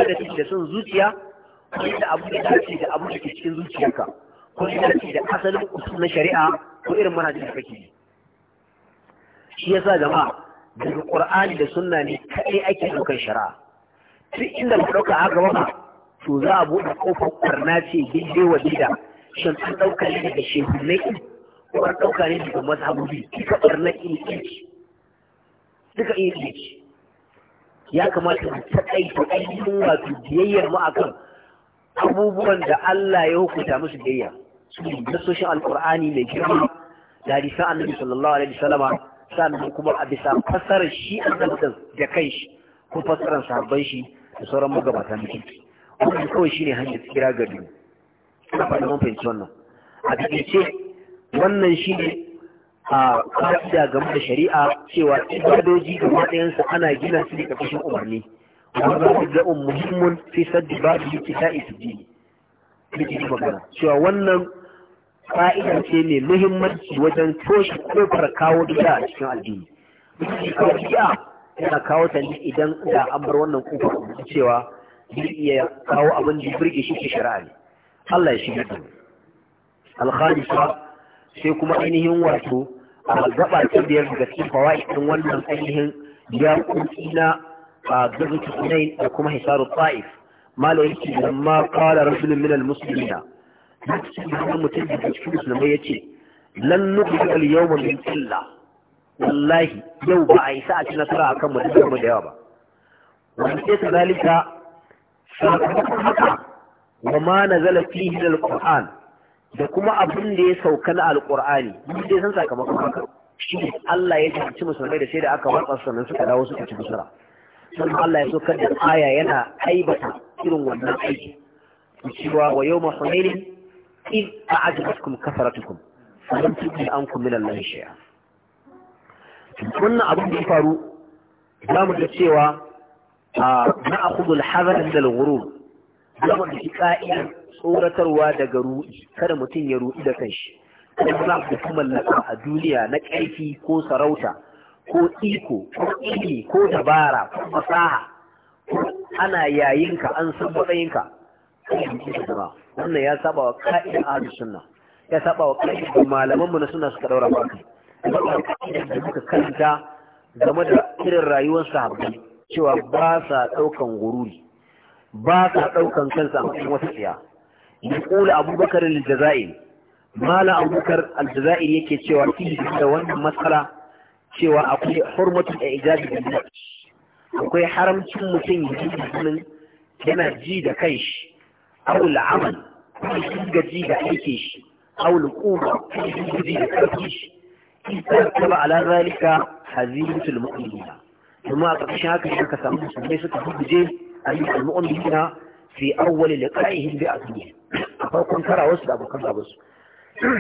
da cikin da sun zuciya ko da abu da dace da abu da ke cikin zuciyarka ko da dace da asalin usul na shari'a ko irin manhajin da kake yi shi yasa jama'a daga qur'ani da sunna ne kai ake daukar shari'a tun inda ba dauka haka ba to za a buɗe kofar kwarna ce daidai wa gida shin an ɗauka ne daga shehunai kuma ɗauka ne daga mazhabobi duka ɓarnar ilici duka ilici ya kamata mu taƙaita ainihin wato biyayyar mu akan abubuwan da Allah ya hukunta musu biyayya su ne nasoshin alƙur'ani mai girma da hadisan annabi sallallahu alaihi wasallama sannan kuma a bisa fasarar shi annabi da kai shi ko fasarar sahabban shi da sauran magabata mutum wannan kawai shine hanyar tsira ga duniya ina fata mun fahimci wannan a cikin wannan shi ne a ka'ida game da shari'a cewa ibadoji ga matsayinsa ana gina su da ƙarƙashin umarni wanda za su ga'un muhimmin fi saddi ba su yi ta su ji magana cewa wannan ka'ida ce mai muhimmanci wajen toshe kofar kawo gida a cikin addini mutum kawo gida yana kawo ta ne idan da an bar wannan kofar da cewa zai iya kawo abin da burge shi ke shari'a ne Allah ya shiga da mu al sai kuma ainihin wato a gaba ta biyar daga cikin fawa'idin wannan ainihin ya kunci na a gazu tukunai da kuma hisaru ta'if mala yake lamma qala rajulun min al Musulmina. lokacin da wani mutum daga cikin musulmai ya ce lan nukhrijal al-yawma min illa wallahi yau ba a isa a ci nasara a akan mutum da yawa ba wani sai ta zalika sakamakon haka wa ma nazala fihi al-qur'an da kuma abin da ya sauka na alƙur'ani duk dai san sakamakon haka shi Allah ya tafi musulmai da sai da aka watsa sannan suka dawo suka ci musara sannan Allah ya saukar da aya yana aibata irin wannan aiki cewa wa yawma hunainin إذ أعجبتكم كثرتكم فلم تغني عنكم من الله شيئا wannan abin da ya faru za mu ga cewa na akhudul hazar da al-ghurur zama da shi ka'ida tsoratarwa daga ruɗi kada mutum ya ruɗi da kanshi kada za da kuma mallaka a duniya na ƙarfi ko sarauta ko iko ko ilimi ko dabara ko fasaha ko ana yayinka an san matsayinka wannan ya saba wa ka'ida ahlus sunna ya saba wa ka'ida malaman mu na sunna suka daura baka da muka karanta game da irin rayuwar sahabbai cewa ba sa ɗaukan gururi ba ka ɗaukan kansa a matsayin wata tsiya ya kula abubakar al-jazairi mala abubakar al-jazairi yake cewa fi da wannan matsala cewa akwai a ijabi bil akwai haramcin mutum ya yana ji da kai shi. kanshi aw al-amal ko ji da aike shi aw al-quba ko ji da karfi shi idan kaba ala zalika hazibatul mu'minina kuma a ƙarshen haka shi ka samu musulmai suka hujje أي المؤمنين في أول لقائهم بأبيه أفرقون كرا وسط أبو كرا وسط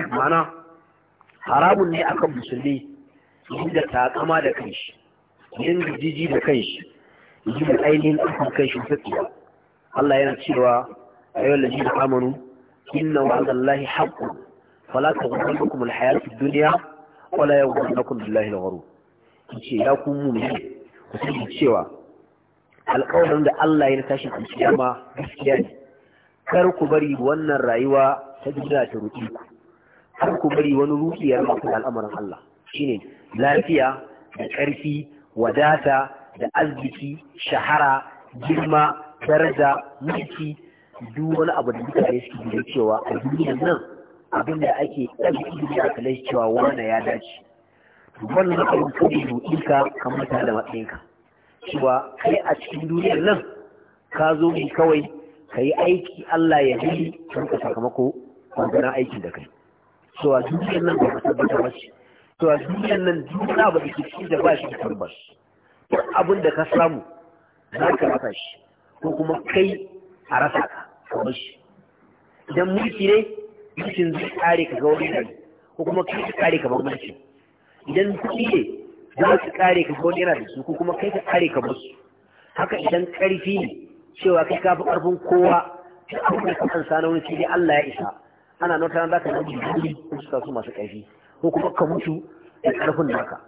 معنى حرام ne akan musulmi yin da takama da kanshi yin jiji da kanshi yin ainihin akan kanshi fitiya Allah yana cewa ayyuhal ladina amanu inna wa'dallahi haqqun fala taghurrannakum alhayatu ad duniya wala yaghurrannakum billahi al-ghurur ya ku mu'mini ku cewa alƙawarin da Allah ya tashi a kiyama gaskiya ne kar ku bari wannan rayuwa ta duniya ta ruɗi ku kar ku bari wani ruɗi ya rubuta al'amarin Allah shine lafiya da ƙarfi wadata da arziki shahara girma daraja mulki duk wani abu da ne suke da cewa a duniyar nan abin da ake ɗaga ilimi a cewa ya dace wannan abin kudi ruɗinka kamar tare da matsayinka cewa kai a cikin duniyar nan ka zo mu kawai ka yi aiki Allah ya yi ka sakamako maganar aikin da kai so a duniyar nan ba ka tabbata ba ce to a duniyar nan duniya ba da ke da ba shi da tabbas duk abin da ka samu za ka rasa shi ko kuma kai a rasa ka kamar shi idan mulki ne mulkin zai kare ka ga wani ko kuma kai ka kare ka bar idan kuɗi ne za su kare ka ko yana da su ko kuma kai ka kare ka musu haka idan karfi ne cewa kai ka fi karfin kowa ta abin da ka na wani sai Allah ya isa ana nota nan zaka nan ko suka su masu karfi ko kuma ka mutu da karfin naka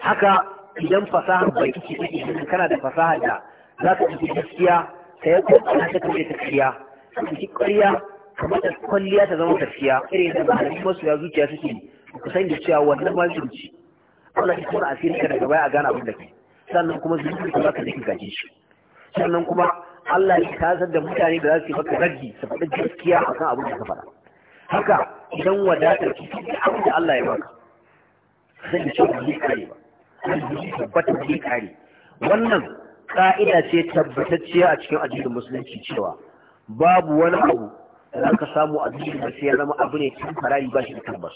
haka idan fasaha bai kike idan kana da fasaha da za ka ɗauki gaskiya ka yi kokana ta kare ta kiya ka ɗauki kariya kamar da kwalliya ta zama gaskiya irin da ba da ya zuciya suke ku san da cewa wannan ma zuci Allah ya tura asirin ka daga baya a gane abin da kai sannan kuma zunubi ka baka da gaji shi sannan kuma Allah ya tasar da mutane da za su yi baka zargi su faɗi gaskiya akan abin da ka faɗa haka idan wadatar ki da abin da Allah ya baka sai da cewa bai kare ba arziki tabbata bai kare wannan ka'ida ce tabbatacciya a cikin addinin musulunci cewa babu wani abu da za ka samu a ba sai ya zama abu ne cikin farari ba shi da tabbas.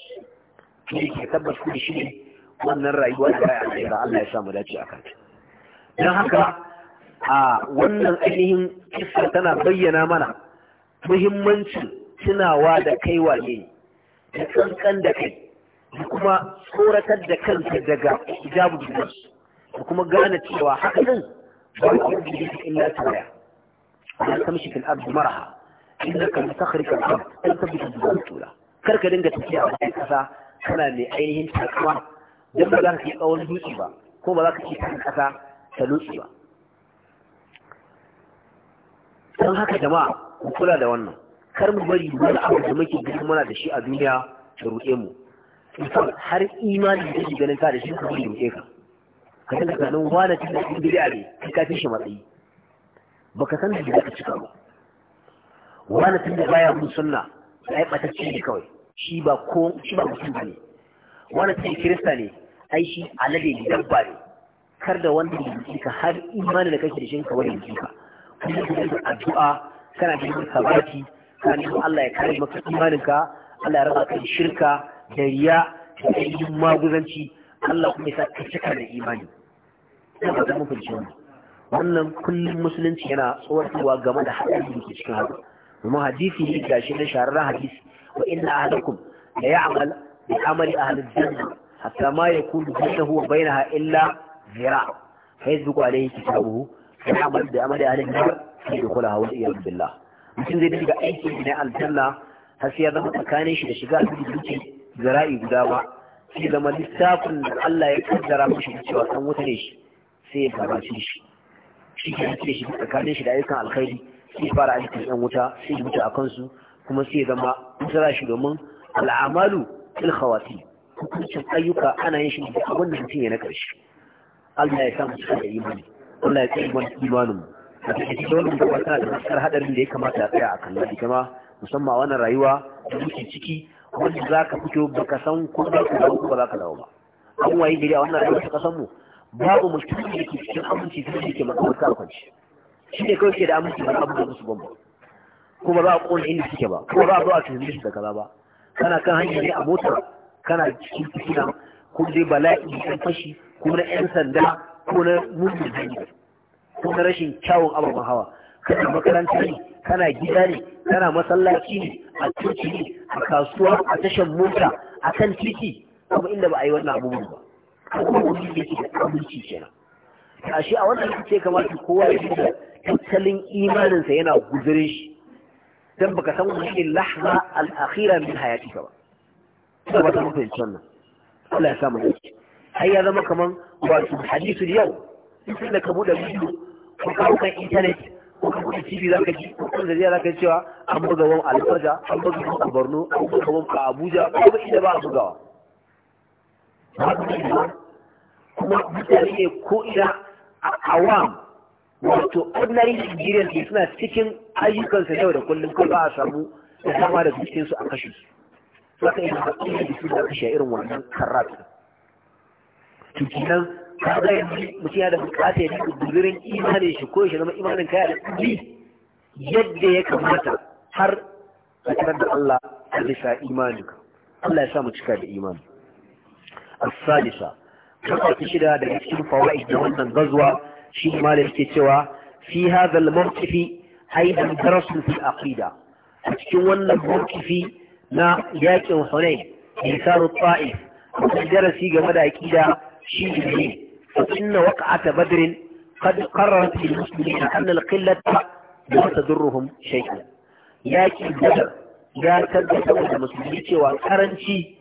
Shi ke tabbas kuma shi ne wannan rayuwa da ya alƙira Allah ya samu dace a kanta don haka a wannan ainihin kisa tana bayyana mana muhimmancin tunawa da kai wane da kankan da kai da kuma tsoratar da kanka daga hijabu jinsu da kuma gane cewa haka nan ba ku yi da illa tawaya ana tamshi fil ardi maraha innaka mutakhrika al-ard an tabbata bi tula kar ka dinga tafiya a cikin kasa kana mai ainihin takwa don ba za ka yi tsawon dutse ba ko ba za ka yi kan ƙasa ta dutse ba don haka jama'a ku kula da wannan kar mu bari wani abu da muke gudun mana da shi a duniya da ruɗe mu mutum har imani da shi ganin ta da shi ku bari ruɗe ka ka san ka nan wani cikin cikin bid'a ne kai ka fi shi matsayi baka san da ka cika ba wani tun da baya mun sunna yi ɓatacce ne kawai shi ba ko shi ba ne. wani sai kirista ne ai shi alade ne dabba ne kar da wanda ya yi ka har imani da kake da shi ka wani yi ka kuma ka yi addu'a kana da yin sabati kana neman Allah ya kare maka imaninka Allah ya raba ka shirka da riya da ayyukan maguzanci Allah kuma ya sa ka cika da imani ina ba ta muku wannan wannan kullum musulunci yana tsoratarwa game da haɗari da ke cikin haka domin hadisi ne gashi na shahararren hadisi wa inna ahadakum la ya'mal A amali ahlil janna hatta ma yakunu bainahu wa bainaha illa zira fa yazduqu alayhi kitabuhu wa amal bi amali ahlil nar fi dukhulaha wa iyad billah mutum zai dinga aiki na aljanna har sai ya zama tsakanin shi da shiga asibiti zira'i guda ba sai zama lissafin da Allah ya kaddara mishi a san wuta ne sai ya gabace shi shi ke cire shi tsakanin shi da ayyukan alkhairi sai fara ayyukan yan wuta sai ya mutu a kansu kuma sai ya zama musara shi domin al'amalu fil khawati hukuncin ayyuka ana yin shi da abin da mutum ya na karshe Allah ya sa mu cikin imani Allah ya tsare mana imanin mu a cikin cikin wannan gaba tana da matsar hadarin da ya kamata a tsaya a kan ita kama. musamman a wannan rayuwa da muke ciki wanda za ka fito ba ka san ko za ka dawo ko ba za ka dawo ba an waye gari a wannan rayuwa ta kasan mu babu mutum da ke cikin aminci da ke makamata a kwanci shi ne kawai ke da aminci ba abin da musu gwamba kuma ba a ƙona inda suke ba kuma ba a zo a tunanin su da kaza ba kana kan hanyar ne a motar kana cikin fitina ko zai bala'i ɗan fashi ko na 'yan sanda ko na mummun hanyar ko na rashin kyawun ababen hawa kana makaranta ne kana gida ne kana masallaci ne a coci ne a kasuwa a tashar mota a kan titi kuma inda ba a yi wannan abubuwan ba kuma wani ne ke da abinci kenan a shi a wannan ce kamata kowa ya da tattalin imaninsa yana guzurin shi dan baka san wani lahma al-akhira min hayatika ba ba ta mutu wannan Allah ya samu dace har ya zama kaman wato hadisul yau in da ka buɗe bidiyo ko ka buɗe internet ko ka buɗe tv za ka ji ko da zai za ka cewa an buga wani alfarja an buga wani a borno an buga wani a abuja ko ba inda ba a bugawa kuma mutane ko ina a awam wato ordinary experience ne suna cikin ayyukansa yau da kullum kan ba a samu da dama da cikin su a kashe su saka yin haƙƙin da su da kashe irin wannan karatu. to kenan ka ga yanzu mutum ya da bukata ya duka gudurin imanin shi ko shi zama imanin kaya da ɗi yadda ya kamata har a tarar da Allah a bisa imanin Allah ya sa mu cika da imani ta shida daga cikin لكن da wannan gazuwa shi malam yake cewa fi hadha al-mawqifi aidan darasun fi aqida a cikin wannan mawqifi na yakin Hunayn insaru ta'if akwai darasi game da shi ne فإن وقعة بدر قد قررت للمسلمين أن القلة لا تضرهم شيئا ياكي بدر ya tabbatar da musulmi cewa karanci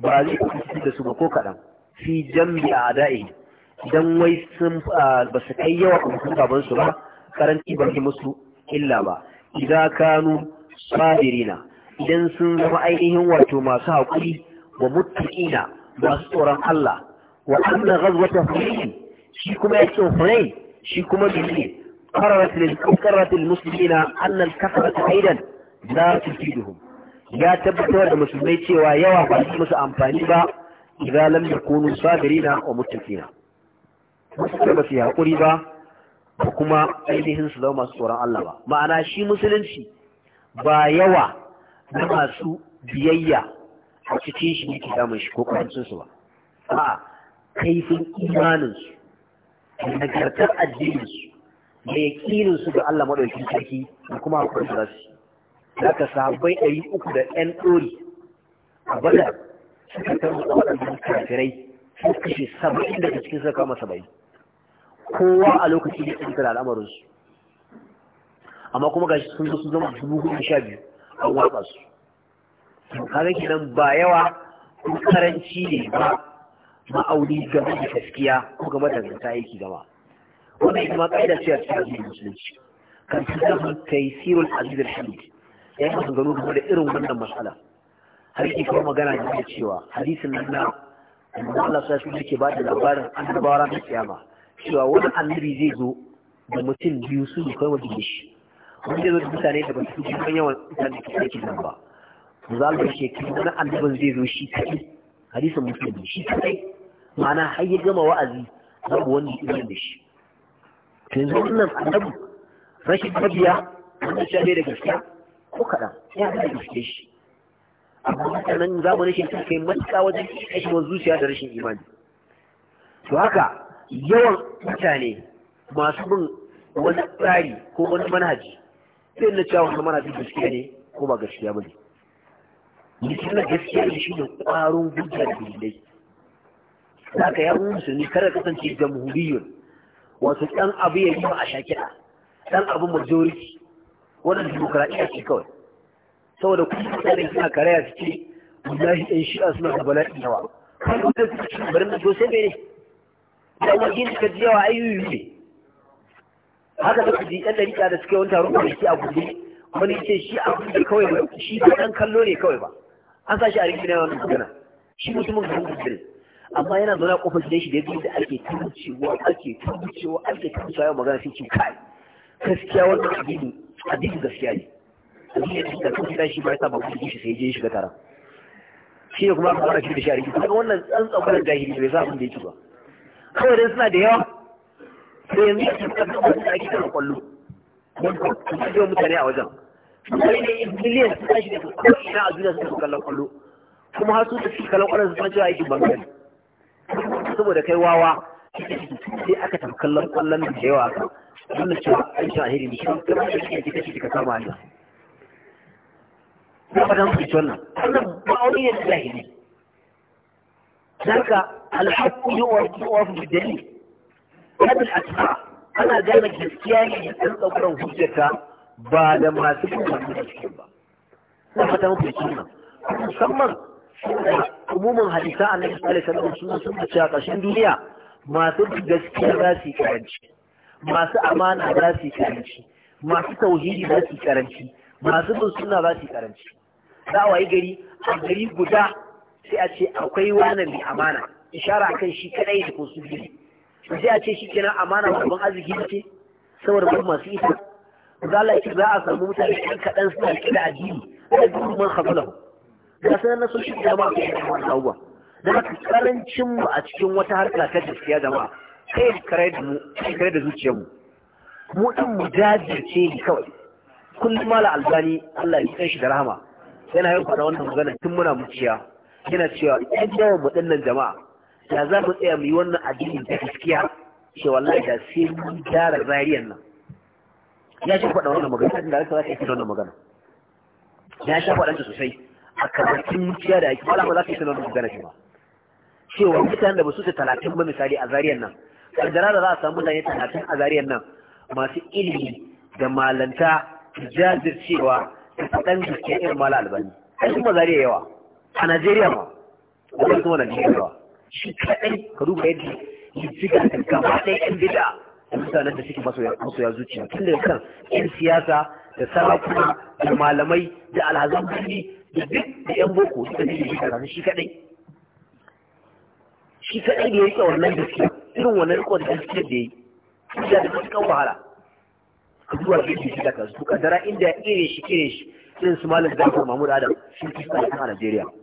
ba zai kusa da su ba ko kaɗan fi jambi a dan wai sun ba su kai yawa abokan gaban su ba karanci ba musu illa ba idan kanu sabirina idan sun zama ainihin wato masu haƙuri wa muttaqina masu tsoron Allah wa anna ghazwata hunayn shi kuma ya cin hunayn shi kuma dole قررت للقرة المسلمين أن za su fi duhun. ya tabbatar da musulmai cewa yawa ba su musu amfani ba idan lam yakunu sabirina wa mutuƙina. wasu ba su yi haƙuri ba da kuma ainihin su zama masu tsoron Allah ba ma'ana shi musulunci ba yawa na masu biyayya a cikin shi ne ke damun shi ko su ba a kaifin imaninsu da nagartar addininsu da yaƙinin su ga Allah maɗauki sarki da kuma haƙuri da su za ka sabai ɗari uku da ɗan ɗori a bada suka tarwata waɗannan kafirai sun kashe saba'in daga cikin suka kama saba'in kowa a lokaci da ya da al'amarin su amma kuma gashi sun zo sun zama dubu hudu sha biyu an watsa su kaga kenan ba yawa ko karanci ne ba ma'auni game da gaskiya ko game da zanta aiki gaba wannan ita ma ka'ida ce a cikin addinin musulunci kan tattafin taisirul aziz al-hamid ya yi maganganu game da irin wannan matsala har yake kuma magana da cewa hadisin nan na Allah sai shi yake ba da labarin annabawa ranar kiyama cewa wani annabi zai zo da mutum biyu su ne kawai wajen shi wani zai zo da mutane da basu fi kan yawan mutane da ke nan ba to za mu ce kin wani annabin zai zo shi kai hadisin musulmi shi kai ma'ana har ya gama wa'azi babu wani irin da shi to yanzu wannan annabi rashin mabiya wannan shi da gaskiya ko kaɗan ya da gaske shi amma haka nan zamanin shi kai matuƙa wajen kashin zuciya da rashin imani to haka yawan mutane masu bin wani tsari ko wani manhaji sai na cewa wani manhaji gaskiya ne ko ba gaskiya ba ne misalin gaskiya ne shi ne ƙwarin da dalilai za ka yawon musulmi kada kasance jamhuriyar wasu ɗan abu ya yi ba a shakira ɗan abu majority wannan dimokuraɗiyya ce kawai saboda kuma tsarin suna karaya su ce wallahi ɗan shi'a suna da bala'i yawa da kuma suka ci bari na sosai ne kuma shi suka ji yawa ayyuyu ne haka suka ji ɗan ɗariƙa da suka yi wani taron kwanaki a gudu wani ce shi abin da kawai ba shi ba ɗan kallo ne kawai ba an sa shi a rikin yawan magana shi mutumin garin gudu amma yana zaune a kofar gidan shi da yadda ake tabbacewa ake tabbacewa ake tabbacewa yawan magana sai ce kai gaskiya wannan addini addini gaskiya ne addini da suka kan gidan shi ba ya sa ba kuma shi sai je shiga taron. shi ne kuma aka fara shi da shi a rikin wannan tsantsan kwanan jahili bai sa abin da yake ba kawai dai suna da yawa sai yanzu ya tafi da su ake kan kwallo su ji mutane a wajen kawai ne miliyan su tashi da su ina a duniya suka kallon kwallo kuma har su tafi kallon kwallon su san a aikin bangare saboda kai wawa sai aka tafi kallon kwallon da yawa ka wannan cewa sha alheri ne kuma kuma da kike kike kika kama ne Ya fadan ku wannan wannan ba'auni ne da lahiri ذاك الحق يوقف بالدليل هذا الأسماء أنا قال لك جسكياني أن تقرأ حجك بعد ما تكون من الكلمة لا فتنك الكلمة musamman umumin hadisa a nabi sallallahu alaihi wasallam sun fice duniya masu gaskiya za su karanci masu amana za su karanci masu tauhidi za su karanci masu bin sunna za su karanci za a wayi gari a gari guda sai a ce akwai wani mai amana ishara akan shi kadai da ko su biyu sai a ce shi kenan amana babban arziki ce saboda babu masu ita za a ce za a samu mutane kan kaɗan suna riƙe da addini da duk man hafalahu ga sanar na soshin da ma kai da wani da haka karancin mu a cikin wata harka ta gaskiya jama'a kai kare da mu kai da zuciyar mu mu din mu jajirce ne kawai kullum mala albani Allah ya kai shi da rahama yana yin faɗa wannan magana tun muna muciya yana cewa ɗan yawan waɗannan jama'a da za mu tsaya mu yi wannan addinin da gaskiya ce wallahi da sai mun gyara zariyan nan ya shi faɗa wannan magana da aka yi wannan magana ya shi faɗa sosai a karatun muciya da ake ba za ka yi sanar da magana shi ba cewa mutanen da ba su ta talatin ba misali a zariyan nan kaddara da za a samu mutane talatin a zariyan nan masu ilimi da malanta da jajircewa da faɗan gaskiya irin mala albani a kuma zariya yawa a Najeriya ma wannan kuma Najeriya ba shi kaɗai ka duba yadda jijjiga da gaba ɗaya yan bid'a a mutanen da suke masoya zuciya tun daga kan ƴan siyasa da sarakuna da malamai da alhazan birni da duk da ƴan boko suka ce shi kadai shi kaɗai. shi kaɗai da ya rike wannan gaskiya irin wannan rikon da gaskiya da ya yi da da cikin wahala ka zuwa da yake da kasu kadara inda ya kere shi kere shi irin su malam zafin mahmud adam shi kusa a Najeriya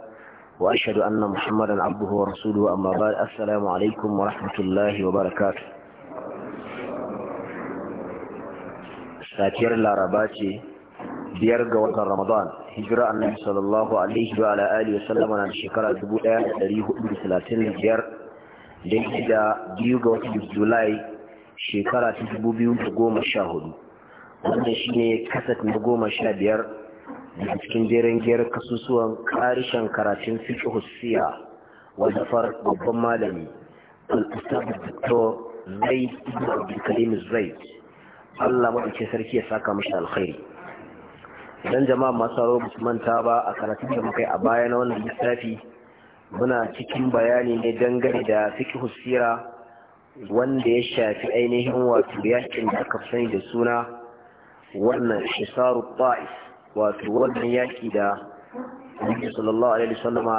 وأشهد أن محمد عبده ورسوله أما بعد السلام عليكم ورحمة الله وبركاته ساكر الله biyarga watan ramadan hijira annabi sallallahu alaihi wa ala alihi wasallam na shekara 1435 da ita biyu ga watan julai shekara 2014 wanda shine kasat na goma sha biyar a cikin jerin giyar kasusuwan karishen karatun fiqh hussiya wanda fara babban malami al-ustad zaid ibn abdul Allah madaukakin sarki ya saka mashi alkhairi idan jama'a masu haro ba su manta ba a karatun da muka a baya na wannan lissafi muna cikin bayani ne dangane da fiqh hussiya wanda ya shafi ainihin wato yakin da aka sani da suna wannan hisaru wato wannan yaki da Nabi sallallahu alaihi wasallam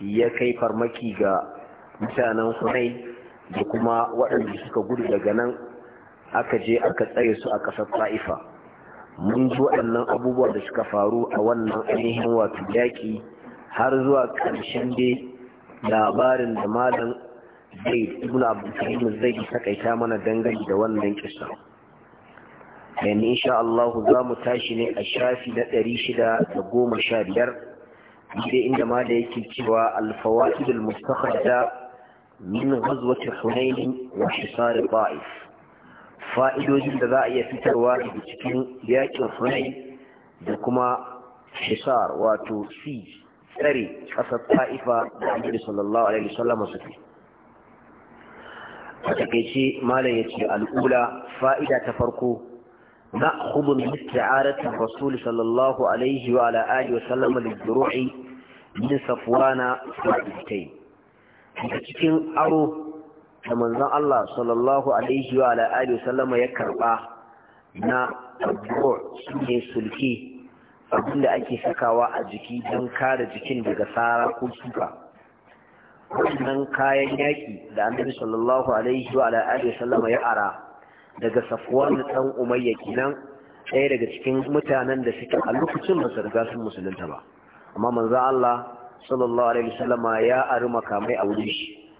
ya kai farmaki ga mutanen Hunay da kuma waɗanda suka gudu daga nan aka je aka tsaye su a ƙasar Taifa mun ji waɗannan abubuwa da suka faru a wannan ainihin wato yaki har zuwa ƙarshen dai labarin da malam Zaid ibn abu zai Zaid mana dangane da wannan kisa yanzu insha Allah za mu tashi ne a shafi na ɗari shida da goma sha biyar inda ma da yake cewa alfawa'id al min ghazwati hunain wa hisar ta'if fa'idojin da za a iya fitarwa daga cikin yakin hunain da kuma hisar wato si tsare ƙasar ta'ifa da annabi sallallahu alaihi wasallam suke a takaice malam yace al'ula fa'ida ta farko نأخذ من استعارة الرسول صلى الله عليه وعلى آله وسلم للدروع من صفوان فائدتين cikin aro da manzon Allah sallallahu alaihi wa alihi sallama ya karba na abuwa shine sulki abinda ake sakawa a jiki don kare jikin daga sara ko suka wannan kayan yaƙi da annabi sallallahu alaihi wa alihi ya ara daga safwan ɗan umayya kenan ɗaya daga cikin mutanen da suke a lokacin ba su riga sun musulunta ba amma manzo Allah sallallahu alaihi wasallama ya ari makamai a wurin shi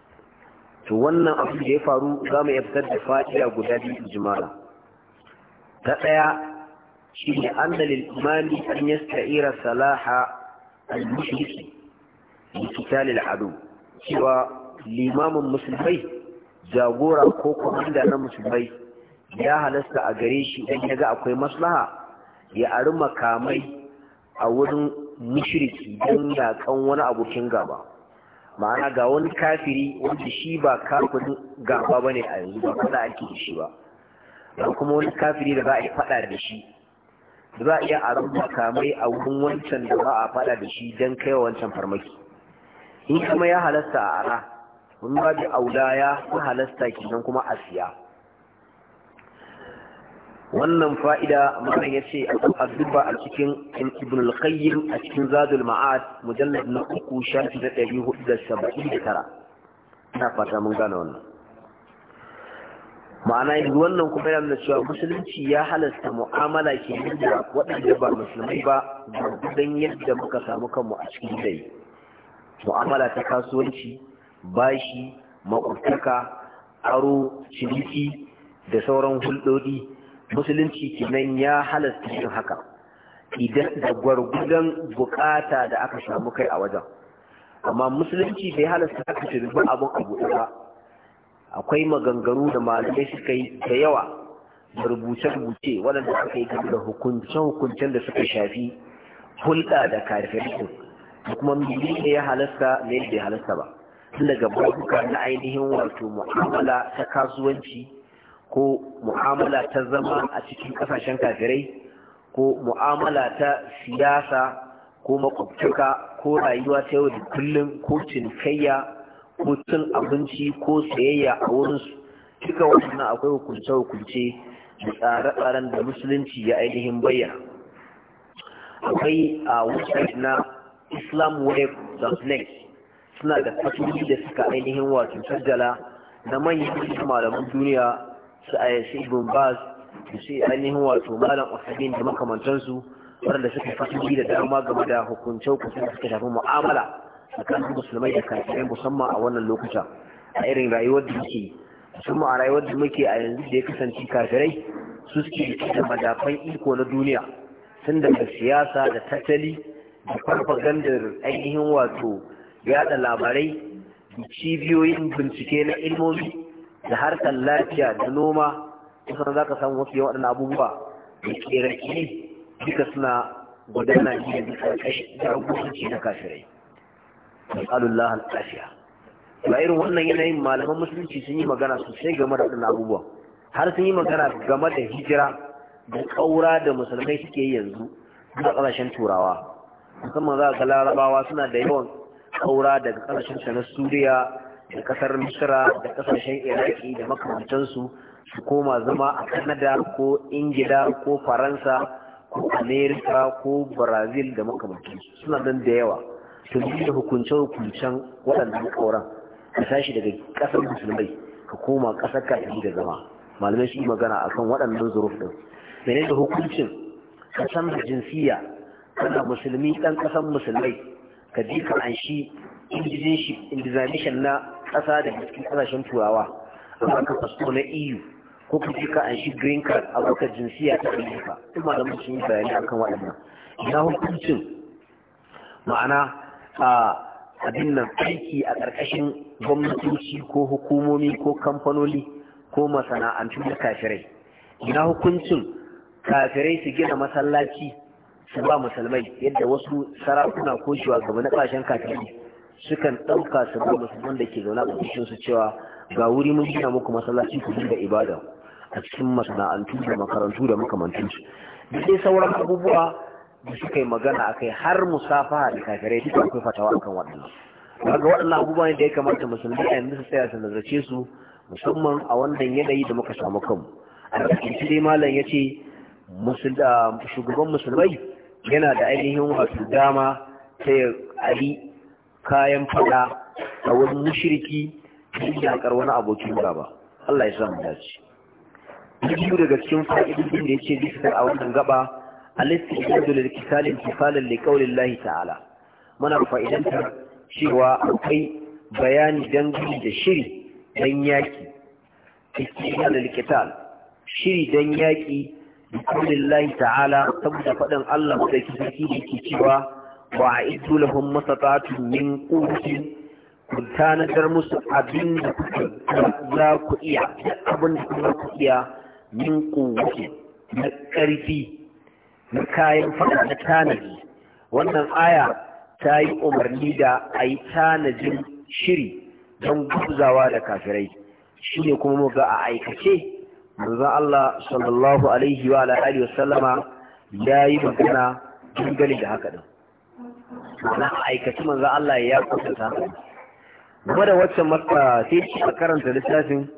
to wannan abu da ya faru za mu iya fitar da fa'ida guda biyu jimala ta ɗaya shi ne an dalil imami an yasta'ira salaha al-mushriki bi qital adu cewa limamin musulmai jagora ko komanda na musulmai ya halasta a gare shi idan ya ga akwai maslaha ya ari makamai a wurin mushriki don yakan wani abokin gaba ma'ana ga wani kafiri wanda shi ba kafin gaba bane a yanzu ba kada ake da shi ba da kuma wani kafiri da za a yi fada da shi da za a iya aron makamai a wurin wancan da ba a fada da shi don kai wancan farmaki in kuma ya halasta a ara wani babu aula ya halasta kenan kuma a siya wannan fa'ida mutum ya ce a duba a cikin ibn al-qayyim a cikin zadul ma'ad mujallar na uku shafi na ɗari hudu da saba'i da tara ina fata mun gane wannan ma'ana yanzu wannan kuma yana da cewa musulunci ya halasta mu'amala ke yadda waɗanda ba musulmai ba don yadda muka samu kanmu a cikin dai mu'amala ta kasuwanci bashi makwabtaka aro ciniki da sauran hulɗoɗi musulunci kenan ya halasta yin haka idan da gwargudan bukata da aka samu kai a wajen amma musulunci bai halasta aka ce abin abu ba akwai maganganu da malamai suka yi da yawa da rubuce-rubuce waɗanda suka yi da hukunce-hukuncen da suka shafi hulɗa da kafirkin da kuma mili ne ya halasta ne bai halasta ba tun daga babuka na ainihin wato mu'amala ta kasuwanci ko mu'amala ta zama a cikin kasashen kafirai ko mu'amala ta siyasa ko makwabtaka ko rayuwa ta yau da kullum ko cinikayya ko cin abinci ko tsayayya a wurinsu duka waɗannan akwai hukunce-hukunce da tsare-tsaren da musulunci ya ainihin bayyana akwai a website na Islam islamweb.net suna da fasoji da suka ainihin wato sajjala na manyan malaman duniya su a yashi ibn baz shi ainihin wato malam usamin da makamantansu waɗanda suka fasuhi da dama game da hukunce hukuncin suka shafi mu'amala tsakanin musulmai da kafirai musamman a wannan lokuta a irin rayuwar da muke musamman a rayuwar da muke a yanzu da ya kasance kafirai su suke da madafan iko na duniya tun daga siyasa da tattali da farfagandar ainihin wato yada labarai da cibiyoyin bincike na ilmomi da harkar lafiya da noma kusan za ka samu wasu yawan abubuwa da kere duka suna gudana ne da karkashin na kafirai al'adullah al'afiya ba irin wannan yanayin malaman musulunci sun yi magana sosai game da waɗannan abubuwa har sun yi magana game da hijira da ƙaura da musulmai suke yi yanzu da ƙasashen turawa musamman za ga larabawa suna da yawan ƙaura daga ƙasashen na suriya da kasar misra da kasashen iraki da makamantansu su koma zama a kanada ko ingila ko faransa ko amerika ko brazil da makamantansu suna nan da yawa to da hukuncen hukuncen waɗannan ƙauran ka tashi daga ƙasar musulmai ka koma ƙasar kafin da zama malamai su yi magana akan waɗannan zuruf ɗin mene da hukuncin ka san jinsiya kana musulmi ɗan ƙasar musulmai ka ji ka an shi indizination na kasa da cikin kasashen turawa amma ka fasfo na eu ko kuma ka an shi green card a bakar jinsiya ta amurka duk malamin sun yi bayani a kan waɗannan ina hukuncin ma'ana a abin nan aiki a ƙarƙashin gwamnatoci ko hukumomi ko kamfanoni ko masana'antu da kafirai ina hukuncin kafirai su gina masallaci su ba musulmai yadda wasu sarakuna ko shugabannin ƙasashen kafirai sukan ɗauka su ba musulman da ke zaune a cikin su cewa ga wuri mun gina muku masallaci ku dinga ibada a cikin masana'antu da makarantu da makamantun su da dai sauran abubuwa da suka yi magana a kai har musafa da kafirai duka akwai fatawa akan waɗannan daga waɗannan abubuwa ne da ya kamata musulmi a yanzu su tsaya su nazarce su musamman a wannan yanayi da muka samu kanmu a cikin dai malam ya ce ah, shugaban musulmai yana da ainihin wato dama ta yi kayan fada a wani mushriki da yakar wani abokin gaba Allah ya sa mu dace biyu daga cikin fa'idodin da yake bisa a wannan gaba al-istidadu lil kisalin kifalan li qawli ta'ala muna fa'idantar cewa akwai bayani dangane da shiri dan yaki kisalan lil kital shiri dan yaki bi qawli ta'ala saboda faɗin Allah da kike cewa wa a'iddu lahum mastata'tum min quwwatin ku tanadar musu abin da za ku za ku iya min kuwuki na ƙarfi na kayan fada na tanadi wannan aya ta yi umarni da a yi tanadin shiri don guzawa da kafirai shine kuma muga a aikace manzon Allah sallallahu alaihi wa ya yi magana dangane da haka din na aikaci manzo Allah ya kusanta kuma da waccan maka sai a karanta littafin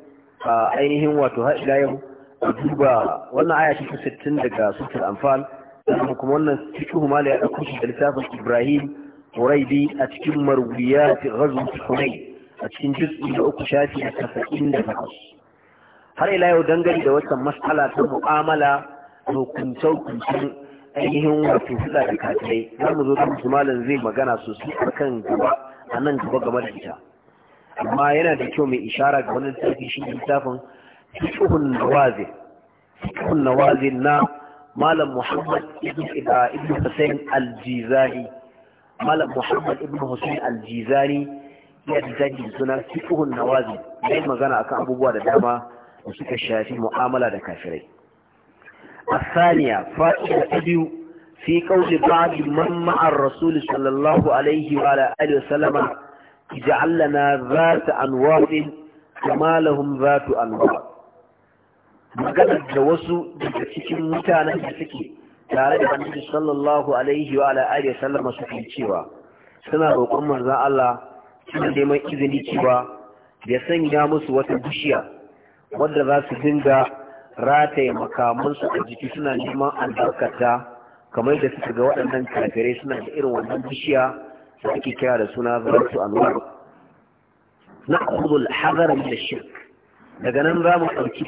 ainihin wato har ila yau a duba wannan aya ta 60 daga sutar anfal sannan kuma wannan cikin humala ya ɗauko shi da littafin Ibrahim Uraidi a cikin marwiyat ghazwat Hunayn a cikin juz'i da uku shafi a takwas. har ila yau dangane da waccan mas'ala ta mu'amala da hukunce-hukuncen ainihin wato hulɗa da kafirai za mu zo ta malam zai magana sosai a kan gaba a nan gaba game da ita amma yana da kyau mai ishara ga wani tafi shi littafin fiqhun nawazi fiqhun nawazi na malam muhammad ibn Hussein husayn al malam muhammad ibn husayn al ya ya zaki suna fiqhun nawazi yayin magana akan abubuwa da dama da suka shafi mu'amala da kafirai الثانية فائدة تبيو في قول بعض من مع الرسول صلى الله عليه وعلى آله وسلم اجعل ذات أنواط كما لهم ذات أنواط maganar da wasu daga cikin mutanen da suke tare da annabi sallallahu alaihi wa ala suke cewa suna roƙon manzon Allah suna neman izini cewa ya sanya musu wata bishiya wadda za su dinga rataye makamansu a jiki suna neman albarkata kamar da suka ga waɗannan kafirai suna da irin wannan bishiya da ake kira da suna zartu anwar na kudul hazara da shirk daga nan za mu ɗauki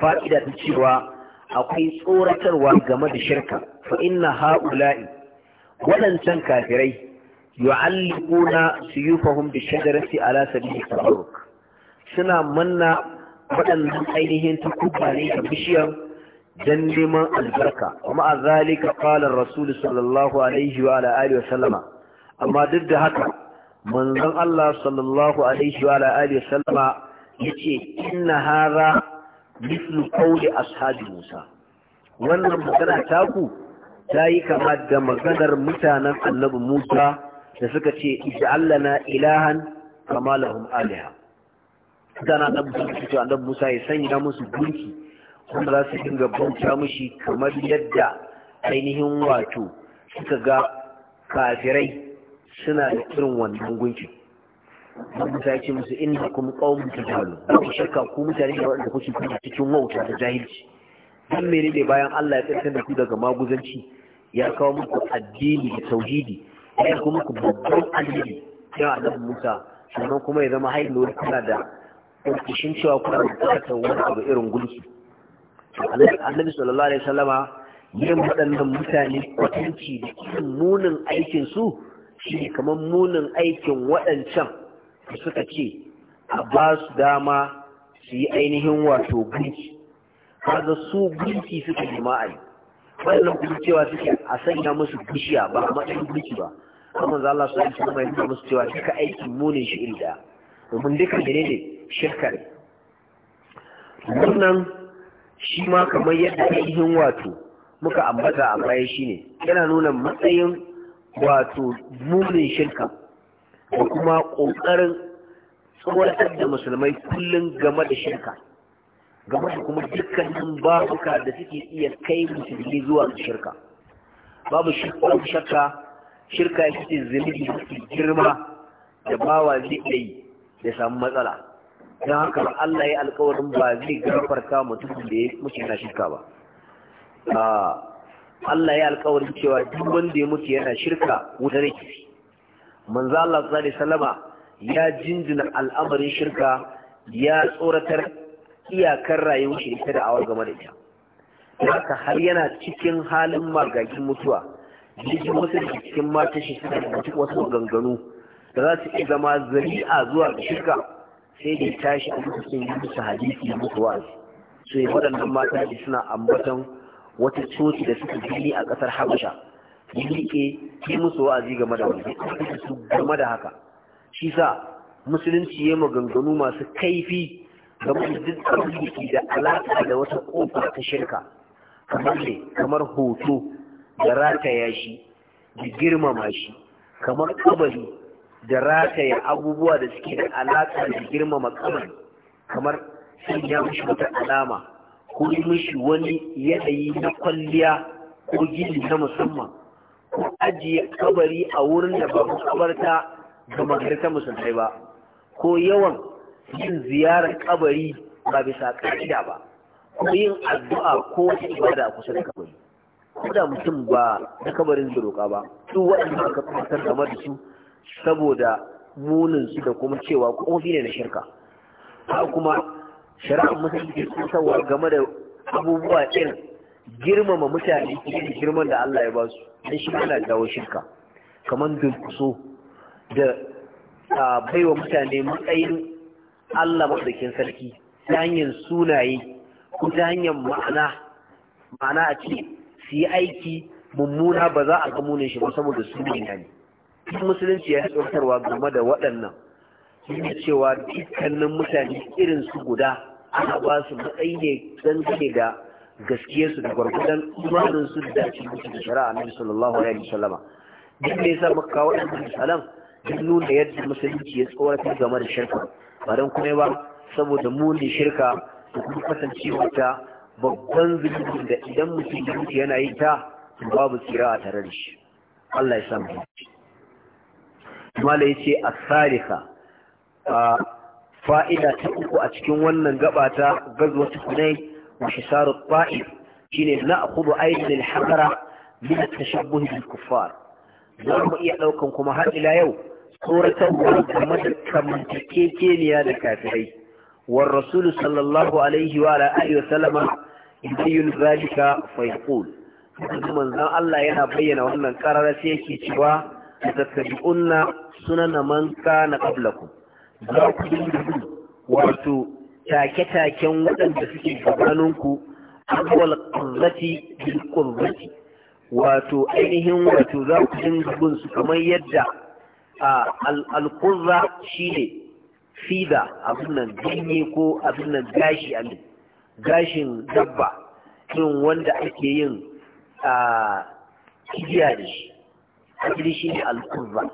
fa'ida ta cewa akwai tsoratarwa game da shirka fa inna ha'ula'i waɗancan kafirai yu'alliquna suyufahum bi shajarati ala sabili tabarruk suna manna waɗannan ainihin tukubba ne ga bishiyar don neman albarka kuma a zalika qala rasul sallallahu alaihi wa ala wa sallama amma duk da haka manzon Allah sallallahu alaihi wa ala wa sallama yace inna hara mithlu qawli ashabi Musa wannan magana taku ta yi kama da maganar mutanen annabi Musa da suka ce ij'alna ilahan kama lahum aliha dana dan musa annabi musa ya sanya musu gunki wanda za su dinga bauta mushi kamar yadda ainihin wato suka ga kafirai suna da irin wannan gunki. dan musa ya ce musu inna kum qaumun tajhalu ku shakka ku mutane da wanda kuke kuma cikin wauta da jahilci dan mene ne bayan Allah ya tsarkake da ku daga maguzanci ya kawo muku addini da tauhidi ya kuma muku babban addini ya annabi Musa sannan kuma ya zama haihuwar kana da kushin cewa kuna bukatar wani abu irin gulsu annabi sallallahu alaihi wasallama yin waɗannan mutane kwatanci da irin munin aikin su shi kamar munin aikin waɗancan da suka ce a ba su dama su yi ainihin wato gulki kaga su gulki suka yi ma'ai waɗannan kuma cewa suke a sanya musu bishiya ba a matsayin gulki ba kamar za Allah su yi kuma ya musu cewa duka aikin munin shi iri ɗaya domin duka ne ne shirka wannan shi ma kamar yadda ainihin wato muka ambata a baya ne, yana nuna matsayin wato munin shirka da kuma ƙoƙarin tsoratar da musulmai kullum game da shirka game da kuma dukkanin babuka da suke iya kai musulmi zuwa shirka babu shirka shirka shi zunubi mafi girma da bawa zai yi da samu matsala don haka ba Allah ya alkawarin ba zai gafarta mutum da ya muke yana shirka ba Allah ya alkawarin cewa duk wanda ya mutu yana shirka wuta ne kifi manzo Allah sallallahu alaihi wasallama ya jinjina al'amarin shirka ya tsoratar iyakar rayuwar shi ita da awar game da ita haka har yana cikin halin magagin mutuwa jiki wasu da cikin mata suna da wasu maganganu da za su iya zama zari'a zuwa shirka sai da tashi a cikin yi musu hadisi da mutuwa wa'azi yi waɗannan mata da suna ambaton wata coci da suka gini a ƙasar habasha ya yi musu wa'azi game da wani su game da haka shi sa musulunci ya maganganu masu kaifi game da duk da alaƙa da wata ƙofa ta shirka kamar ne kamar hoto da rataya shi da girmama shi kamar ƙabari. da rataye abubuwa da suke da alaƙa da girmama kamar kamar sun ya mishi wata alama ko yi mishi wani yanayi na kwalliya ko gini na musamman ko ajiye kabari a wurin da ba kabarta ga magarta musulmai ba ko yawan yin ziyarar kabari ba bisa ƙa'ida ba ko yin addu'a ko ibada kusa da kabari ko da mutum ba na kabarin zuruka roƙa ba su waɗanda aka kwantar game da su saboda munin su da kuma cewa kofi ne na shirka haka kuma shari'ar musulunci sun sauwa game da abubuwa irin girmama mutane da girman da Allah ya ba su dan shi ana dawo shirka kamar dulkuso da bai wa mutane matsayin Allah madaukin sarki ta hanyar sunaye ko ta hanyar ma'ana ma'ana a ce su yi aiki mummuna ba za a ga munin shi ba saboda sunan ne musulunci ya ɗaukarwa game da waɗannan yana cewa dukkanin mutane irin su guda ana ba su matsayi ne dangane da gaskiyarsu da gwargwadon su da dace musu da shari'a na sallallahu alaihi wasallama duk da ya muka kawo wannan misalan duk nuna yadda musulunci ya tsoratar game da shirka ba don kuma ba saboda muni shirka da kuma kasancewa ta babban zubi da idan mutum yana yi ta babu tsira a tare da shi Allah ya samu mala ya ce a tsarika a fa’ida ta uku a cikin wannan gabata gazuwa tukunai mashi sarar fa’i shi ne na a kudu aini da hankara min ta shabuhi da kufar za mu iya ɗaukan kuma haɗila yau tsoratarwa da matakamun takekeniya da kafirai war rasulu sallallahu alaihi wa ala'ayi wa salama idayun zalika faifol Allah yana bayyana wannan ƙararra sai yake ciwa. tattabi'unna sunana man kana qablakum za ku dinga bin wato take-taken waɗanda suke gabaninku abuwal qurrati bil qurrati wato ainihin wato za ku dinga bin su kamar yadda al qurra shine fiza, abin nan ganye ko abin nan gashi amin gashin dabba irin wanda ake yin a kijiya da shi asali shi ne al'uzza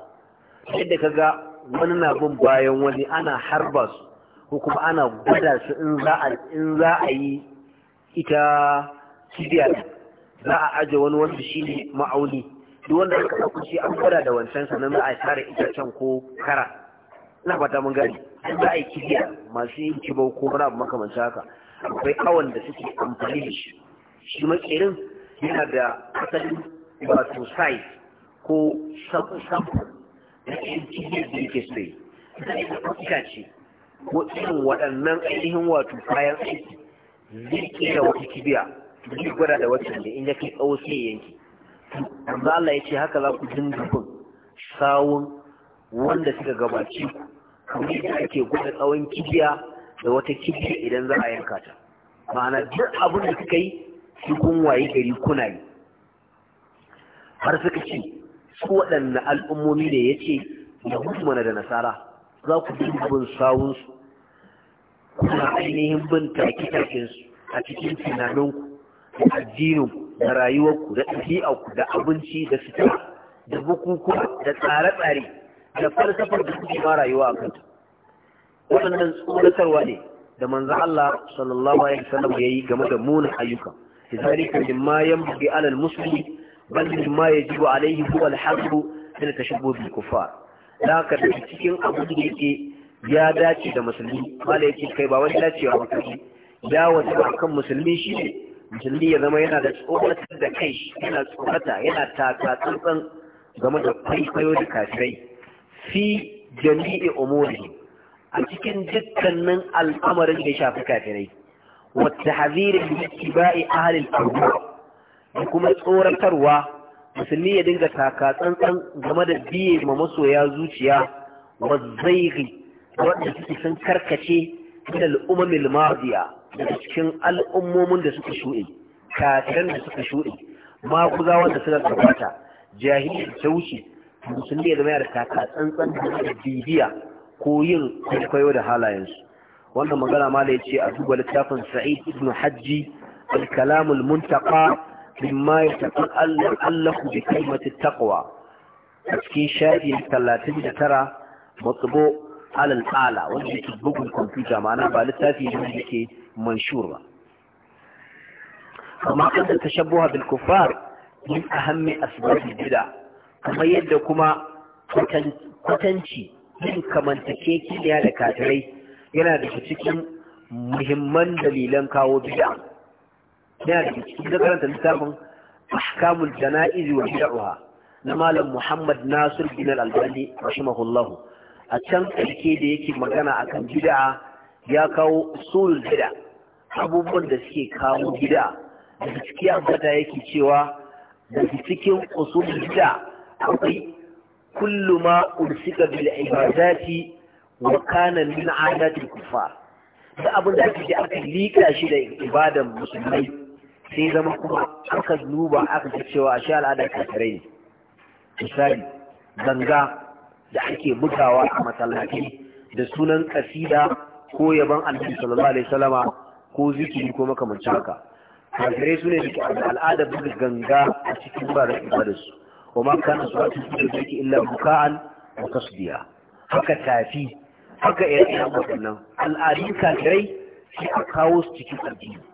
yadda ka ga wani na bin bayan wani ana harba su ko kuma ana gwada su in za a yi ita cibiya za a aje wani wanda shi ne ma'auni duk wanda aka ɗauko shi an gwada da wancan sannan za a tare itacen ko kara ina fata mun gani an za a yi kibiya masu yin kibau ko wani abu makamancin haka akwai awon da suke amfani da shi shi makirin yana da asalin wato size ko shafu-shafu da cibiyar da yake so yi ita ce ko irin waɗannan ainihin wato kayan aiki zai da wata kibiya zai gwada da wata da in ya kai tsawo sai yanki amma Allah ya ce haka za ku jin sawun wanda suka gabaci ku kamar yadda ake gwada tsawon kibiya da wata kibiya idan za a yanka ta ma'ana duk abin da suka yi su kun waye gari kuna yi har suka ce su waɗanne al'ummomi ne ya ce yahudu mana da nasara za ku bi bin sawunsu kuna ainihin bin take-takensu a cikin tunaninku da addininku da rayuwarku da ɗabi'arku da abinci da sutura da bukukuwa da tsare-tsare da falsafar da kuke ma rayuwa a kanta waɗannan tsoratarwa ne da manzan Allah sallallahu alaihi wasallam ya yi game da munin ayyuka لذلك مما ينبغي على musulmi. bal mimma yajibu alaihi huwa al-hasbu min at-tashabbuh bil cikin abu da yake ya dace da musulmi mala yake kai ba wani dacewa ba kai ya wata kan musulmi shi ne musulmi ya zama yana da tsoratar da kai yana tsorata yana taka tsantsan game da kwaikwayo da kafirai fi jami'i umuri a cikin dukkanin al'amarin da ya shafi kafirai wata hazirin da ba'i ahalin karuwa da kuma tsoratarwa musulmi ya dinga taka tsantsan game da biye ma masoya zuciya wa zaighi wanda suke karkace da al'ummil madiya daga cikin al'ummomin da suka shuɗe kafiran da suka shuɗe maguza wanda suka tabbata, jahili da wuce musulmi ya zama yana taka tsantsan da bibiya ko yin kwaikwayo da halayensu wannan magana ma da ya ce a duba littafin sa'id ibn hajji al-kalamul mimma ya tafi Allah Allah bi kalmati taqwa a cikin shafi 39 matsubo alal ala wanda yake bugun kwamfuta ma'ana ba littafi ne wanda yake manshur ba kama kan da tashabbuha bil kuffar min ahammi asbabi bid'a kamar yadda kuma kwatanci yin kamantakekeniya da kafirai yana daga cikin muhimman dalilan kawo bid'a yana da cikin da karanta littafin ahkamul jana'iz wa na malam Muhammad Nasiru bin Al-Albani rahimahullah a can karke da yake magana akan bid'a ya kawo usul bid'a abubuwan da suke kawo gida, da gaskiya bada yake cewa da cikin usul bid'a akwai kullu ma ursika bil ibadati wa kana min adati kufar da abin da ake aka lika shi da ibadan musulmai sai zama kuma aka duba aka ce cewa a sha al'adar kafirai ne misali zanga da ake bugawa a masallaci da sunan kasida ko yaban annabi sallallahu alaihi wasallama ko zikiri ko makamancin haka kafirai sune ne da al'adar buga ganga a cikin wuraren ibadarsu wa ma kana da zaki illa buka'an wa tasdiya haka tafi haka irin wannan al'adun kafirai shi a kawo su cikin addini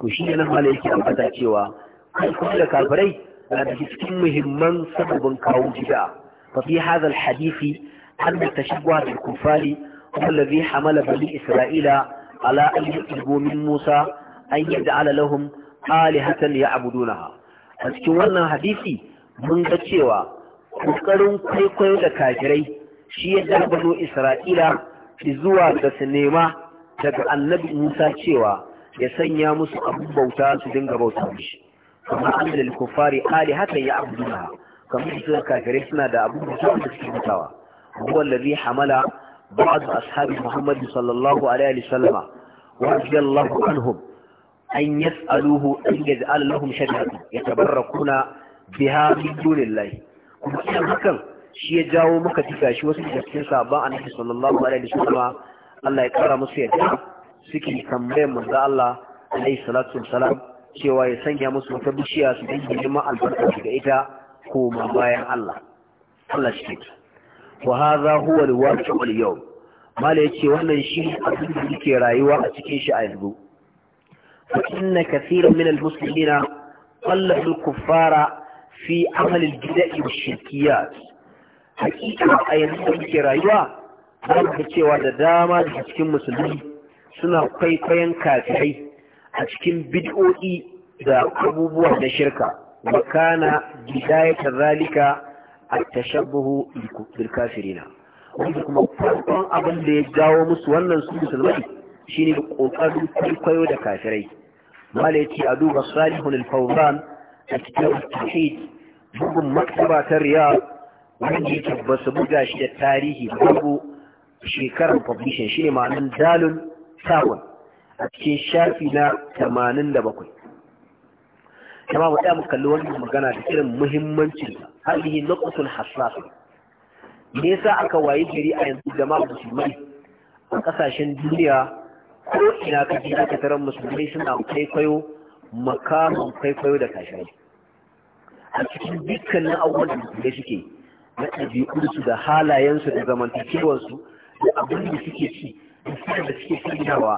to shi ne nan malai yake ambata cewa kai kuma da kafirai na daga cikin muhimman sababin kawo bid'a fa fi hadha al hadisi anna tashabbuha bil kufari huwa alladhi hamala bani isra'ila ala an yuqbu min musa an yaj'ala lahum alihatan ya'budunaha a cikin wannan hadisi mun ga cewa kokarin kwaikwayo da kafirai shi ya darbano isra'ila zuwa ga sinema daga annabi musa cewa ya sanya musu abin bauta su dinga bauta mishi kamar an da kufari ali haka ya abduna kamar su kafirai suna da abin bauta da suke mutawa huwa allazi hamala ba'd ashabi muhammad sallallahu alaihi wasallam wa radiyallahu anhum an yas'aluhu an yaj'al lahum shajara yatabarrakuna biha min dunillahi kuma idan hakan shi ya jawo muka tuka shi wasu da cikin sabon annabi sallallahu alaihi wasallam Allah ya kara musu yadda suke tambayar manzo Allah alaihi salatu wassalam cewa ya sanya musu wata bishiya su dinga neman albarka daga ita koma bayan Allah Allah shi ke wa hadha huwa al-waqi'u yawm mala yace wannan shi abin da yake rayuwa a cikin shi a yanzu fa inna kathiran min al-muslimina al-kuffara fi amal al-bida'i wash-shirkiyat hakika a yanzu da muke rayuwa za mu cewa da dama da cikin musulmi suna kwaikwayon kafirai a cikin bid'o'i da abubuwa da shirka wa kana bidayatar zalika a tashabbuhu bil kafirina wanda kuma farkon abin da ya jawo musu wannan su musulmai shine kokarin kwaikwayo da kafirai malaiki a duba salihun al a cikin tauhid bugun maktaba ta riyad wanda yake buga shi da tarihi babu shekarar publishin shine ne ma'anin dalun tawon a cikin shafi na 87 kama mu tsaya mu kalli wannan magana da kiran muhimmancin halihi naqsul hassas me yasa aka waye gari a yanzu jama'a musulmai a kasashen duniya ko ina ka ji aka tarar musulmai suna kwaikwayo makamin kwaikwayo da kashirai a cikin dukkanin abubuwan da musulmai suke na ɗabi'unsu da halayensu da zamantakewarsu da abin da suke ci fuskar da suke sanyawa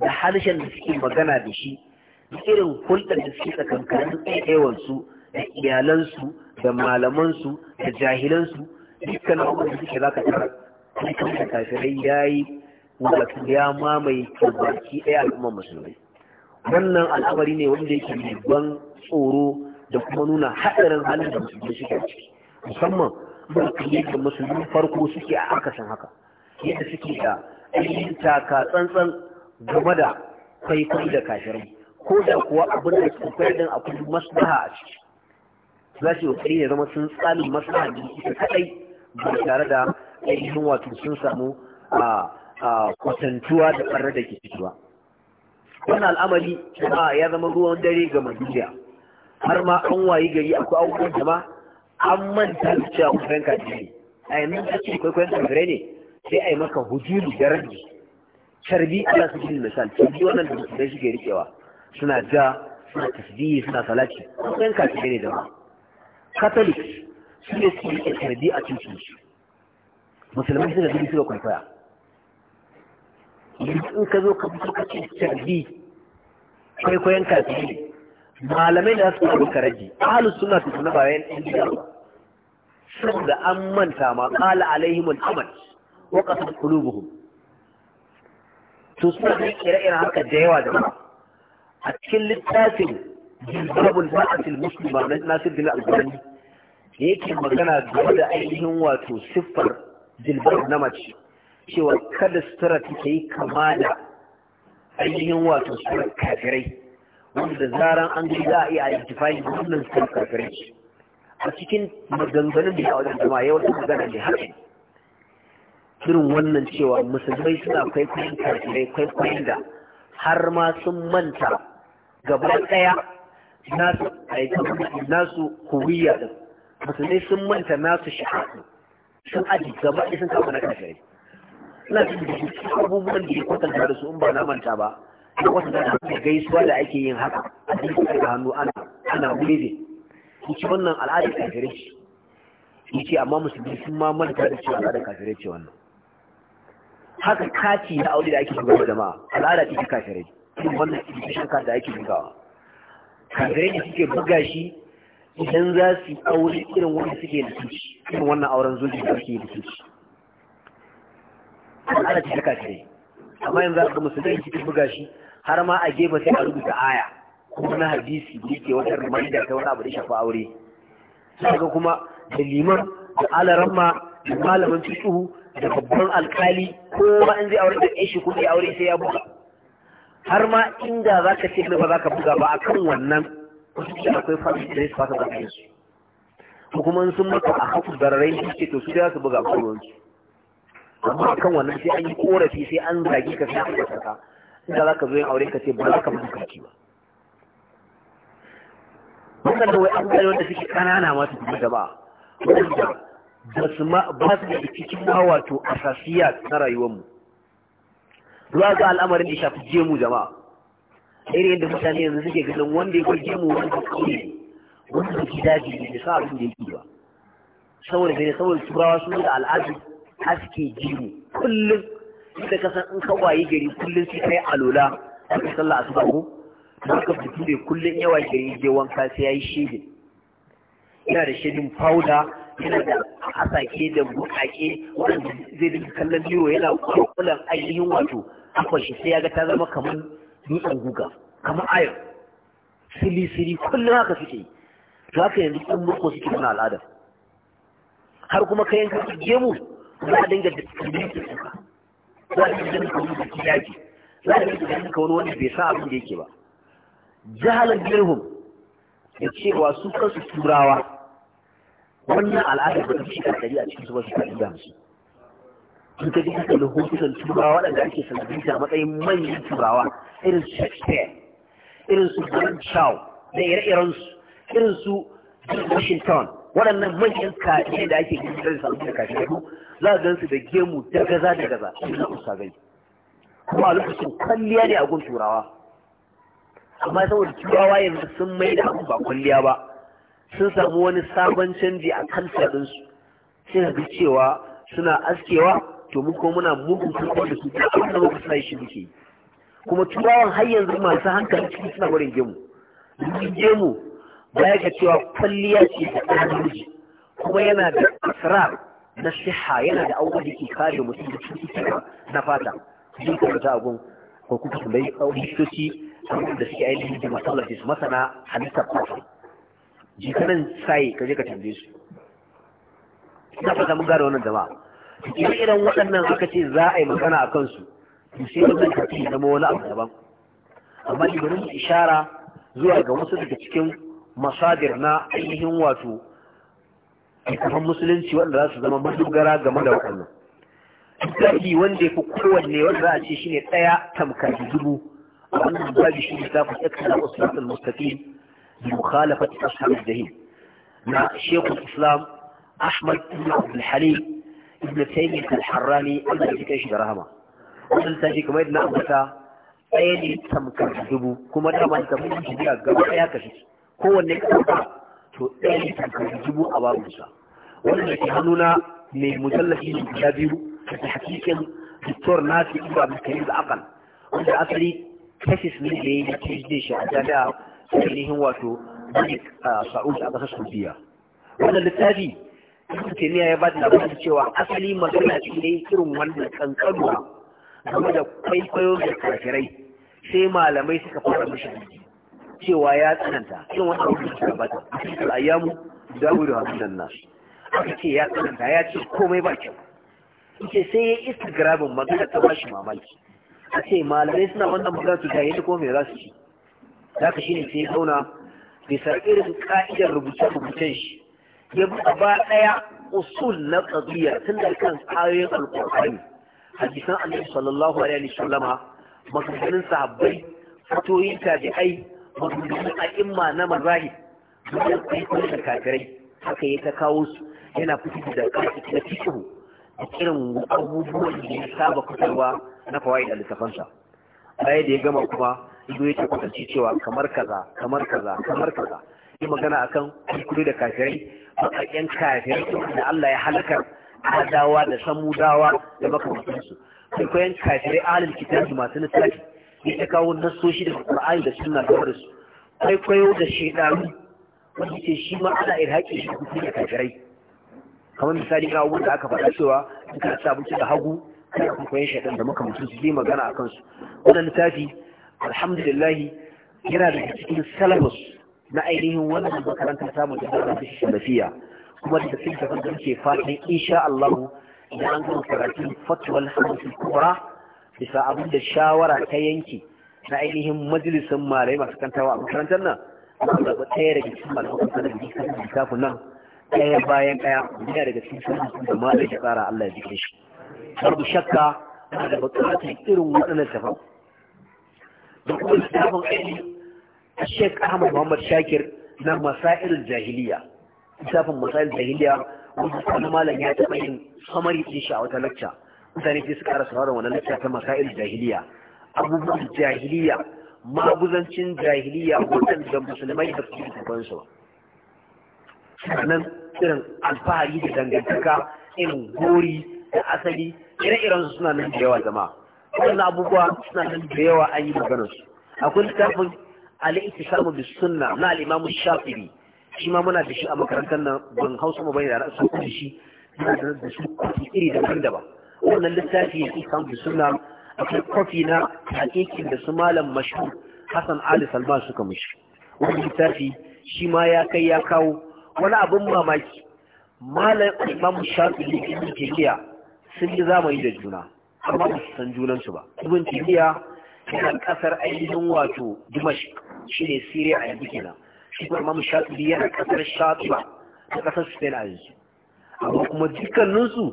da harshen da suke magana da shi da irin hulɗar da suke tsakankanin ɗaiɗaiwarsu da iyalansu da malamansu da jahilansu dukkan abubuwan da suke zaka tara dukkan da kafirai ya yi wato ya mamaye baki ɗaya al'ummar musulmai wannan al'amari ne wanda yake babban tsoro da kuma nuna haɗarin halin da musulmi suke ciki musamman ba da musulmi farko suke a akasin haka yadda suke da ainihin taka tsantsan game da kwaikwai da kafirai ko da kuwa abin da a kwaikwayo masu maslaha a ciki za su yi ya zama sun masu maslaha da su kadai ba tare da ainihin wato sun samu kwatantuwa da ɓarnar da ke fitowa wannan al'amari kuma ya zama ruwan dare ga madubiya har ma an wayi gari akwai abubuwan da an manta da cewa kwaikwayon ne, a yanzu ta ce kwaikwayon ne sai a yi maka hujumi da rabi carbi ala su gini misal sharbi wannan da musulmai suke rikewa suna ja suna tasbihi suna salati kusan gane ne ba catholics su ne su rike sharbi a cikin su musulmai suka gudu suka kwaikwaya in ka zo ka fito ka ce carbi kwaikwayon kafirai malamai da su yi karaji ahalus suna su tuna bayan ɗan gida ba saboda an manta ma ƙala alaihimul amal wa qasat qulubuhum to suna da ire-iren haka da yawa da a cikin littafin jilbabul ma'atil muslima na nasir bin albani da yake magana game da ainihin wato siffar jilbab na mace cewa kada sutura ta yi kama da ainihin wato surar kafirai wanda zaran an gani za a iya identifying wannan surar kafirai a cikin maganganun da ya wajen jama'a yawancin magana ne haka irin wannan cewa musulmai suna kwaikwayon karfe kwaikwayon da har ma sun manta gaba ɗaya nasu nasu huwiya din musulmai sun manta nasu shahadu sun aji gaba ɗaya sun kama na karfe ina jin da shi abubuwan da ya kwatanta da su in ba na manta ba ya kwatanta da su gaisuwa da ake yin haka a sai da hannu ana ana wuri ne wannan al'adar kafirai ce amma musulmi sun ma manta da cewa al'adar kafirai ce wannan haka kati na aure da ake da jama'a al'ada ce ta kafirai cikin wannan education shaka da ake bugawa kafirai ne suke buga shi idan za su aure irin wanda suke da shi irin wannan auren zuci da suke da shi al'ada ce ta kafirai amma yanzu ga musulmai suke buga shi har ma a gefe sai a rubuta aya kuma na hadisi da yake wata reminder ta wani abu da shafa aure sai kuma da liman da alaramma da malamin fiqhu da babban alkali ba in zai aure da ɗan shi kuma ya aure sai ya buga har ma inda za ka ce ba za ka buga ba a kan wannan wasu ce akwai fasu da su fasa zaka yin su kuma sun maka a haku dararai su ce to su za su buga ba su amma a kan wannan sai an yi korafi sai an zagi ka sai an ka inda za ka zo yin aure ka ce ba za ka buga kaki ba wannan da wai abubuwa wanda suke ƙanana masu jama'a wanda ba su da cikin ma wato asasiya na rayuwarmu ruwa ga al'amarin da shafi jemu jama'a irin yadda mutane yanzu suke ganin wanda ya kai jemu wanda kauye wanda ke daji ne da sa abin da yake ba saboda gani saboda turawa sun da al'adu haske jemu kullum inda ka san in ka waye gari kullum sai kai alola a ka sallah asuba ko da ka fito ne kullum yawa gari je wanka sai yayi shedin yana da shedin powder yana da asake da bukake wanda zai dinga kallon biyo yana kwakulan ainihin wato akwai shi sai ya ga ta zama kamar dutsen guga kamar ayon siri-siri, kullum haka suke yi to haka yanzu ɗan murko suke suna al'adar har kuma yanka kasu gemu za a dinga da kalli su suka za a dinga da kalli da za a dinga da kalli wani wanda bai sa abin da yake ba jahalar birhum da cewa su kansu turawa wannan al'adar da shi ka dari a cikin su ba su kaɗi da musu in ta ji haka da hotunan turawa waɗanda ake sanadinta a matsayin manyan turawa irin su shakespeare irin su grand shaw da ire-iren su irin su washington waɗannan manyan kaɗe da ake gina da samun da kashe su za a gansu da gemu da gaza da gaza su na kuma a lokacin kwalliya ne a gun turawa amma saboda turawa yanzu sun mai da abu ba kwalliya ba sun samu wani sabon canji a kan ɗinsu sai ga cewa suna askewa to mu ko muna mugun kuma da su abin da muka sai shi muke kuma turawan har yanzu masu hankali cikin suna barin gemu domin gemu baya ga cewa kwalliya ce da ɗan kuma yana da asrar na siha yana da auka da ke kare mutum da cututtuka na fata zai ta abun ko kuma tambayi likitoci da suke ainihin da matsalar su masana halittar fata jikanin sai ka je ka tambaye su ina fata mun gane wannan jama'a idan irin waɗannan aka ce za a yi magana a kansu to sai zan tafi zama wani abu daban amma ni bari ishara zuwa ga wasu daga cikin masadir na ainihin wato kafan musulunci wanda za su zama madogara game da waɗannan zafi wanda ya fi kowanne wanda za a ce shine ɗaya tamkar dubu a wannan babu shi da ta fi tsakanin mustaqim مخالفة أصحاب الجحيم مع شيخ الإسلام أحمد بن عبد الحليم ابن تيمية الحراني Allah ya kai shi da rahama wannan tashi kamar yadda na ambata ɗaya ne tamkar kuma da man ta mun shiga gaba ɗaya ka kowanne ka ɗauka to ɗaya ne tamkar dubu a babu sa wannan hannuna mai mujallafi ne guda biyu da hakikin Dr. Nasi Ibrahim da Akal wanda asali tesis ne da ya yi shi a jami'a ainihin wato malik sa'ud a ƙasar saudiya wannan littafi ibn taymiya ya ba da labarin cewa asali magana ce ne irin wannan kankanuwa game da kwaikwayo da kafirai sai malamai suka fara mishi cewa ya tsananta irin wannan rubutu da bata A ayyamu dawo da hadisan nasu aka ce ya tsananta ya ce komai ba kyau ce sai ya instagramin magana ta bashi mamaki a ce malamai suna wannan magana su ta yadda kuma me za su ci zaka shine sai ya zauna bisa irin ka'idar rubuce-rubucen shi ya bi gaba ɗaya usul na qadiyya tun da kan ayoyin alƙur'ani hadisan annabi sallallahu alaihi sallam, maganganun sahabbai fatoyin tabi'ai maganganun a'imma na mazahib duk da kuma da kafirai haka ya ta kawo su yana fito da kafi na fikihu da irin abubuwan da ya saba fitarwa na fawaid al-littafansa bayan da ya gama kuma ido yake kwatance cewa kamar kaza kamar kaza kamar kaza yi magana akan kuskure da kafirai bakakken kafirai da Allah ya halakar adawa da samu dawa da makamantansu sai koyan kafirai alil kitabi masu lissafi ya ta kawo nassoshi da qur'ani da suna da su kai koyo da shedanu wani ce shi ma ana irhaƙi shi kuskure da kafirai kamar misali ga da aka faɗa cewa suka ka sa da hagu kana koyan shaidan da su, zai magana akan su wannan littafi alhamdulillah yana da cikin salamus na ainihin wannan makaranta samu da zara ta sharafiya kuma da cikin da kuma ke fatan insha Allah idan an gama karatun fatwal hamsul kubra bisa abin da shawara ta yanki na ainihin majalisin malai masu kantawa a makarantar nan an zaɓi ɗaya da cikin malamakon sanar da cikin littafin nan ɗaya bayan ɗaya yana daga cikin sanar da malai da tsara Allah ya jikin shi. Babu shakka yana da buƙatar irin waɗannan tafan da kuma littafin ainihin a shek ahmad muhammad shakir na masairin jahiliya littafin masairin jahiliya wanda wani malam ya taɓa yin samari ɗin shi a wata lacca mutane sai su ƙara sauraron wani lacca ta masairin jahiliya abubuwan jahiliya maguzancin jahiliya waɗanda musulmai da su yi su sannan irin alfahari da dangantaka irin gori da asali ire-iren su suna nan da yawa jama'a wannan abubuwa suna nan da yawa an yi maganar su akwai littafin al'aiki ittisamu bis sunna na al-imam shafi'i shi ma muna da shi a makarantar nan ban hausa mu bayyana da su kuma shi muna da da su kofi iri daban-daban wannan littafi ya isan bis sunna akwai kofi na hakikin da su malam mashhur Hassan Ali Salman suka mushi wani littafi shi ma ya kai ya kawo wani abin mamaki malam imam ne ke tafiya sun yi zamani da juna amma ba su san junansu ba ibn tafiya yana kasar ainihin wato dimash shi ne siriya a yanzu kenan shi kuma imam shafi yana kasar shatiba ta kasar spain a yanzu amma kuma dukkaninsu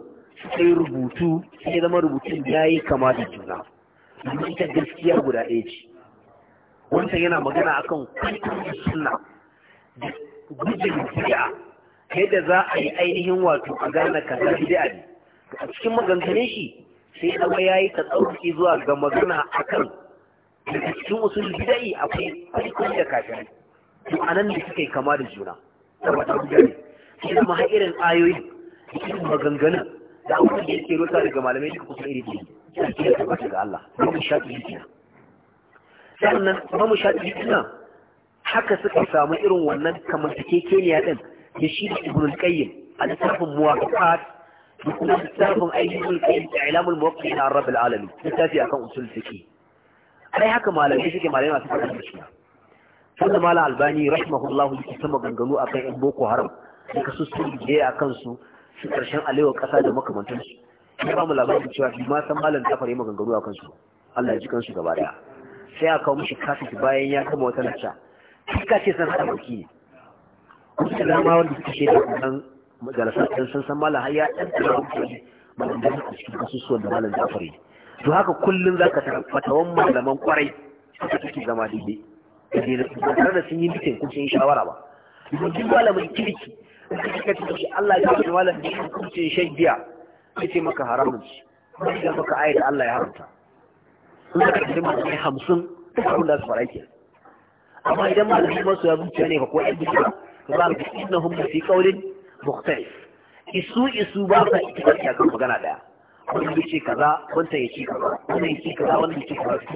sai rubutu sai zama rubutun ya yi kama da juna amma ita gaskiya guda ɗaya ce wancan yana magana akan kwaikwayar suna da gudun bid'a yadda za a yi ainihin wato a gane kaza bid'a ne a cikin maganganun shi sai zama ya yi tsauki zuwa ga magana a kan daga cikin usul bidai akwai farkon da kafirai to a nan da suka kama da juna Saboda guda ne sai zama har irin ayoyi cikin maganganu da abubuwan da yake rota daga malamai duka kusa iri biyu da ke tabbata ga Allah mamu shafi yikina sannan mamu shafi yikina haka suka samu irin wannan kamar ke kenya din da shi da Ibrahim qayyim a littafin muwafaqat kuma littafin ainihin kai ilamul muwaqqi na rabb alamin littafi akan usul fiqi dai haka malamai suke malamai masu fadar gaskiya sannan malam albani rahimahullah yake sama ganganu akan yan boko haram da kasu su je akan su su karshen alewa kasa da makamantansu ya ba mu labarin cewa bi ma san malam ta fare maganganu akan su Allah ya ji kansu gaba daya sai aka kawo mishi kafin bayan ya kama wata lacca kika ce san hada baki ne kuma da dama wanda suka shaida wannan jalasa ɗin sun san malam har ya ɗan tsara mutane malam da a cikin kasusuwan da malam jafari to haka kullum za ka fatawan malaman kwarai haka take zama daidai ba tare da sun yi mitin kun sun yi shawara ba duk malamin kirki ka ce shi Allah ya ce malam da shi kun ce shan giya ya ce maka haramun shi ya maka ayat Allah ya haramta in ka ce malamai hamsin duk abin da su fara ke amma idan malamai masu ya zuciya ne ka ko yan bishira ba za ka ce innahum fi qawlin mukhtarif isu isu ba sa ittifaqi akan magana daya wannan ce kaza ya yace kaza wannan yace kaza ya yace kaza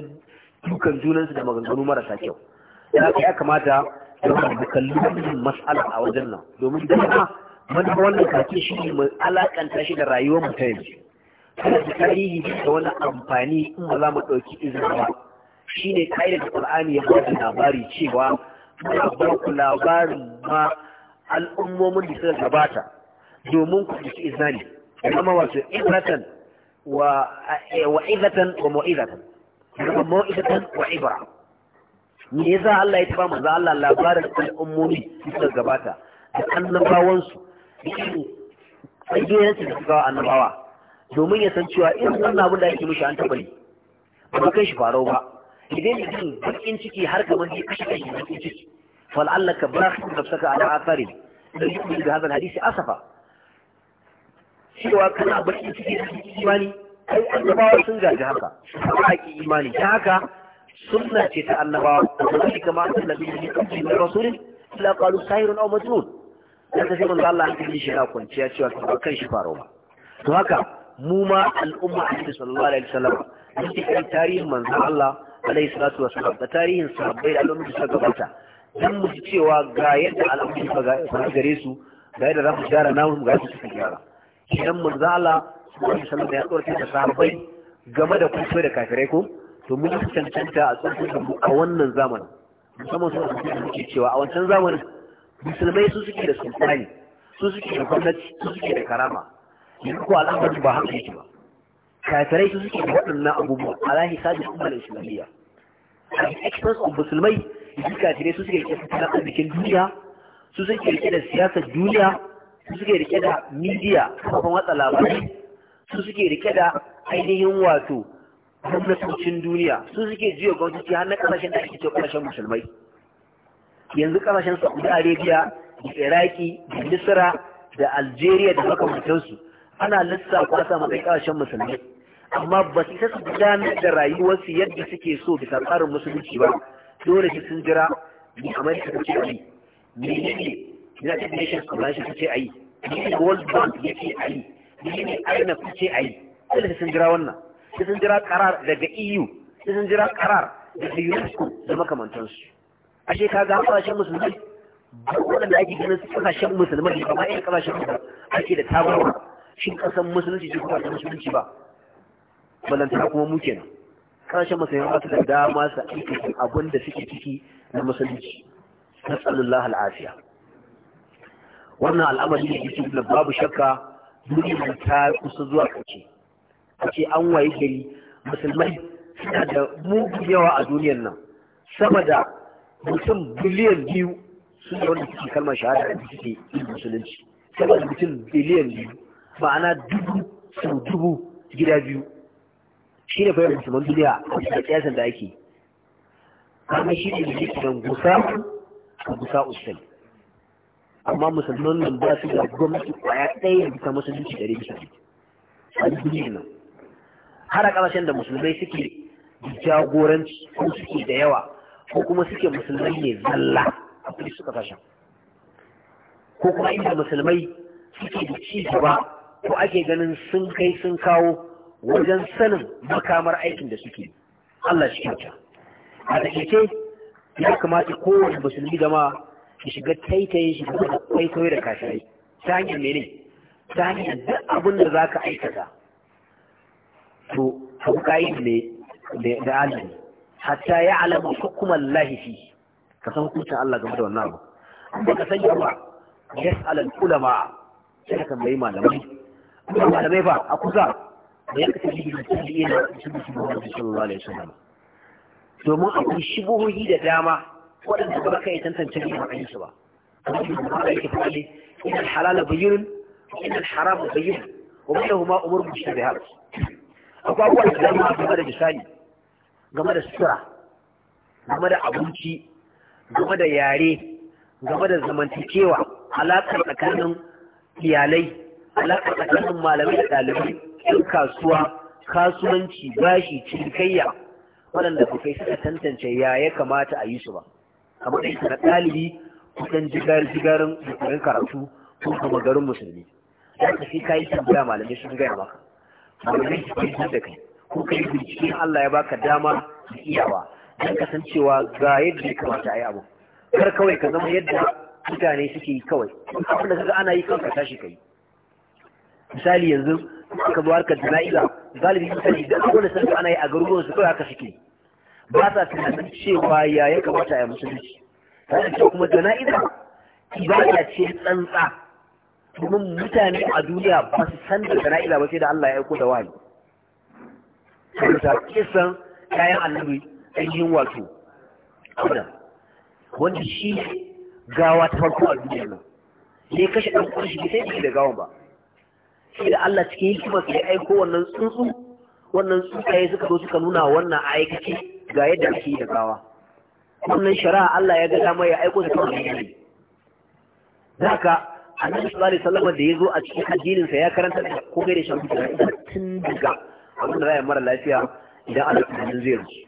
dukan junansu da maganganu marasa kyau yana ya kamata da wani kalli mas'ala a wajen nan domin da ma manufar wannan kake shi ne mu alakanta shi da rayuwar mu ta yanzu da tarihi da wani amfani in ba za mu ɗauki izini ba shine kaidar da Qur'ani ya bada labari cewa muna ba ku labarin ma al'ummomin da suka gabata domin ku ji izani kuma wato ibratan wa eh, wa'izatan wa mu'izatan kuma mu'izatan wa ibra me yasa Allah ya taba maza Allah labarin al'ummomi da suka gabata da annabawan su tsagiyoyin su da suka annabawa domin ya san cewa irin wannan abin da yake mushi an taba ne ba kai shi farau ba idan mutum bakin ciki har kamar ya kashe kai bakin ciki فلعلك باخذ نفسك على آثارهم لن يؤمن بهذا الحديث أسفا cewa kana bakin cikin imani kai annabawa sun gaji haka ba ki imani ta haka sunna ce ta annabawa da shi kama an nabi ne kan shi rasulin illa qalu sahirun aw majnun da ta sai manzo Allah ya yi shi na kwanciya cewa kan shi faro to haka mu ma al'umma annabi sallallahu alaihi tarihin Allah da tarihin sahabbai da al'umma da suka gabata dan mu cewa ga yadda al'amari ba ga gare su ga yadda za su gyara namu ga su suka gyara idan zala Allah sallallahu alaihi da ya tsorta da sahabbai game da kuskure da kafirai ko to mun fi cancanta a tsorta mu a wannan zamanin musamman sun da suke cewa a wancan zamanin musulmai su suke da sultani su suke da gwamnati su suke da karama yanzu ko al'amari ba haka yake ba kafirai su suke da waɗannan abubuwa ala hisabi ummar islamiyya a expense of musulmai duk kafirai su suke rike tattalin bikin duniya su suke rike da siyasar duniya su suke rike da midiya kafin watsa labarai su suke rike da ainihin wato gwamnatocin duniya su suke jiya gwamnati har na kasashen da ake ce musulmai yanzu ƙasashen saudi arabia da iraki da Misira da algeria da makamantansu ana lissafa sa matsayin kasashen musulmai amma ba su isa su gudanar da rayuwarsu yadda suke so bisa tsarin musulunci ba dole shi sun jira ni a mai kace ai ni ne shan Nations kuma shi kace a yi ne World Bank yake ai yi ne aina kace yi dole sun jira wannan shi sun jira karar daga EU shi sun jira karar daga UNESCO da makamantansu ashe kaga hasashen musulmai waɗanda ake ganin kasashen musulmai ba ma irin kasashen da ake da tabarwa shi kasan musulunci ce kuma ta musulunci ba balantana kuma mu kenan kashin musulmi wata da dama su aiki abin da suke ciki na musulunci na lahal al'afiya wannan al'amari da yake da babu shakka duniya ta kusa zuwa kace kace an waye gari musulmai suna da mugu yawa a duniyar nan sama da mutum biliyan biyu su ne wanda suke kalmar shahada da suke yin musulunci sama da mutum biliyan biyu ma'ana dubu su dubu gida biyu shi ne fayar musulman duniya da siyasan da ake kama shi ne da kiran gusa a gusa ustal amma musulman nan ba su da gwamnati kwaya ɗaya da bisa musulunci ɗari bisa a duniya nan har a ƙasashen da musulmai suke jagoranci ko suke da yawa ko kuma suke musulmai ne zalla a kudi suka fasha, ko kuma inda musulmai suke da ci gaba ko ake ganin sun kai sun kawo wajen sanin makamar aikin da suke Allah shi kyauta a takaice ya kamata kowane musulmi gama ki shiga taitayin shi da kwaikwayo da kashirai ta hanyar mene ta hanyar duk abin da za ka aikata to abu ka'id ne da ne. hatta ya alama hukumar lahifi ka san hukuncin Allah game da wannan abu an ba ka san yawa yas'al al-ulama sai ka tambayi malamai malamai ba a kusa ويقتدي بمثله سنة محمد صلى الله عليه وسلم domin akwai shigohi da dama waɗanda ba ka yi tantance ne a su ba kamar yadda ba ka fadi inal halala bayyinun inal haramu bayyinun wa mai huma umar mushtabihat akwai abubuwa da dama game da misali game da sutura game da abinci game da yare game da zamantakewa alaƙar tsakanin iyalai alaƙar tsakanin malamai da ɗalibai 'yan kasuwa kasuwanci bashi cinikayya waɗanda ba kai suka tantance ya ya kamata a yi su ba kamar da na ɗalibi kusan jigar-jigarin jigarin karatu ko kuma garin musulmi ya ka sai kayi tambaya malamai sun gaya maka malamai su kai da kai ko kai bincike Allah ya baka dama da iyawa dan kasancewa ga yadda ya kamata a yi abu kar kawai ka zama yadda mutane suke yi kawai abin kaga ana yi kanka tashi kai misali yanzu aka zuwa harkar jana'iza galibi misali idan aka wani sarki ana yi a garuruwan su kawai haka suke ba sa tunanin cewa ya ya kamata ya musulunci tare da kuma jana'iza ibada ce tsantsa domin mutane a duniya ba su san da jana'iza ba sai da Allah ya aiko da wani saboda kisan kayan annabi ainihin wato abuda wanda shi gawa ta farko a duniya nan sai kashe ɗan kwanci sai da gawa ba sai da Allah cikin hikima ya aiko wannan tsuntsu wannan tsuntsaye suka zo suka nuna wannan a aikace ga yadda ake da gawa wannan shari'a Allah ya ga dama ya aiko da kawai ne haka annabi sallallahu alaihi wasallam da ya zo a cikin addinin sa ya karanta da ko gaida shafi da tun daga abin da rayuwar mara lafiya idan ana tunanin zai rusu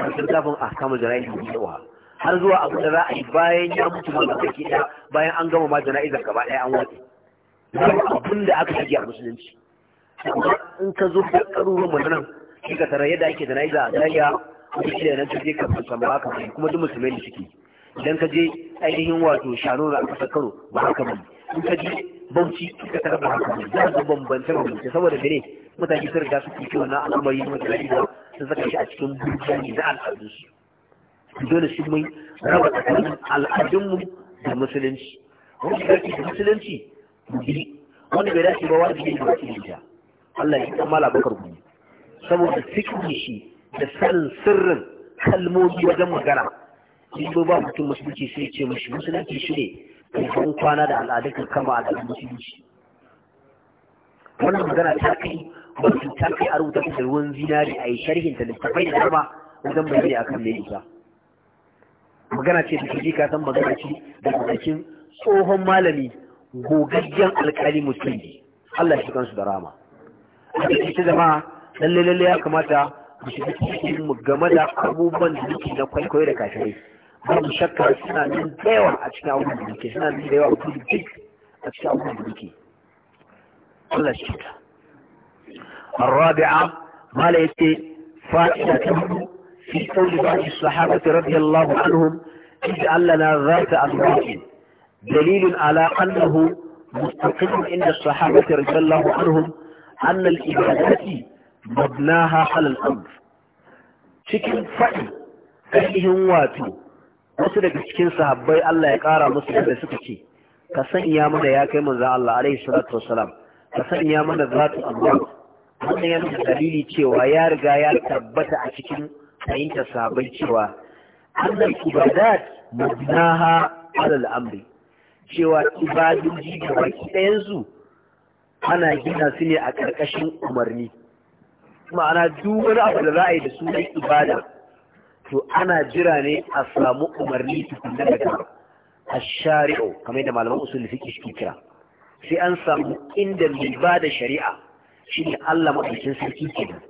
a cikin tafin a kama jara'i da yawa har zuwa abu da ra'ayi bayan ya mutu ma da bayan an gama ma jana'izar gaba ɗaya an wuce. babu abin da aka shige a musulunci amma in ka zo da ƙarurin mu nan shi ka tara yadda ake da naiza zariya wata shida nan ka je ka musamman haka mai kuma duk musulmai da suke idan ka je ainihin wato shanu na aka karo ba haka mai in ka je bauchi ka tara ba haka mai za ka bambance bambance saboda mene mutane sun riga su kuke wannan al'amari na mutane da sun saka shi a cikin burjani na al'adunsu dole shi mun raba tsakanin al'adunmu da musulunci wani da musulunci bi wanda bai dace ba wajibi ne ba ki ja Allah ya kammala bakar ku saboda fikri shi da sanin sirrin kalmomi wajen magana in zo ba mutum musulunci sai ce mashi musulunci shi ne kan kwana da al'adun kama al'adun musulunci wannan magana ta kai wasu ta kai a rubuta da ruwan zinari a yi sharhin ta littafai da dama wajen bayani akan me isa magana ce da kaji ka san magana ce da bakin tsohon malami gogaggen alkali musulmi Allah shi kansu da rama a cikin jama'a lalle lalle ya kamata ku shi cikin mu game da abubuwan da muke na kwaikwayo da ba mu shakka suna nan da yawa a cikin abubuwan da muke suna nan da yawa kuma duk a cikin abubuwan da muke Allah shi ta الرابعة ما لا يتي فائدة في قول بعض الصحابة رضي الله عنهم اجعل لنا ذات أمرين دليل على أنه مستقيم عند الصحابة رضي الله عنهم أن الإبادات مبناها على الأمر cikin faɗi ainihin wato wasu daga cikin sahabbai Allah ya ƙara musu da suka ce ka sanya mana ya kai zaa Allah alaihi salatu mana wannan yana da dalili cewa ya riga ya tabbata a cikin fahimtar sahabbai cewa annal ibadat mabnaha ala al-amri cewa ibadoji da baki ɗayansu ana gina su ne a ƙarƙashin umarni ma'ana duk wani abu da za a yi da sunan ibada to ana jira ne a samu umarni tukunna daga ashari'u kamar yadda malaman usul fiqh suke kira sai an samu inda mai ba da shari'a ne Allah madaukakin sarki kenan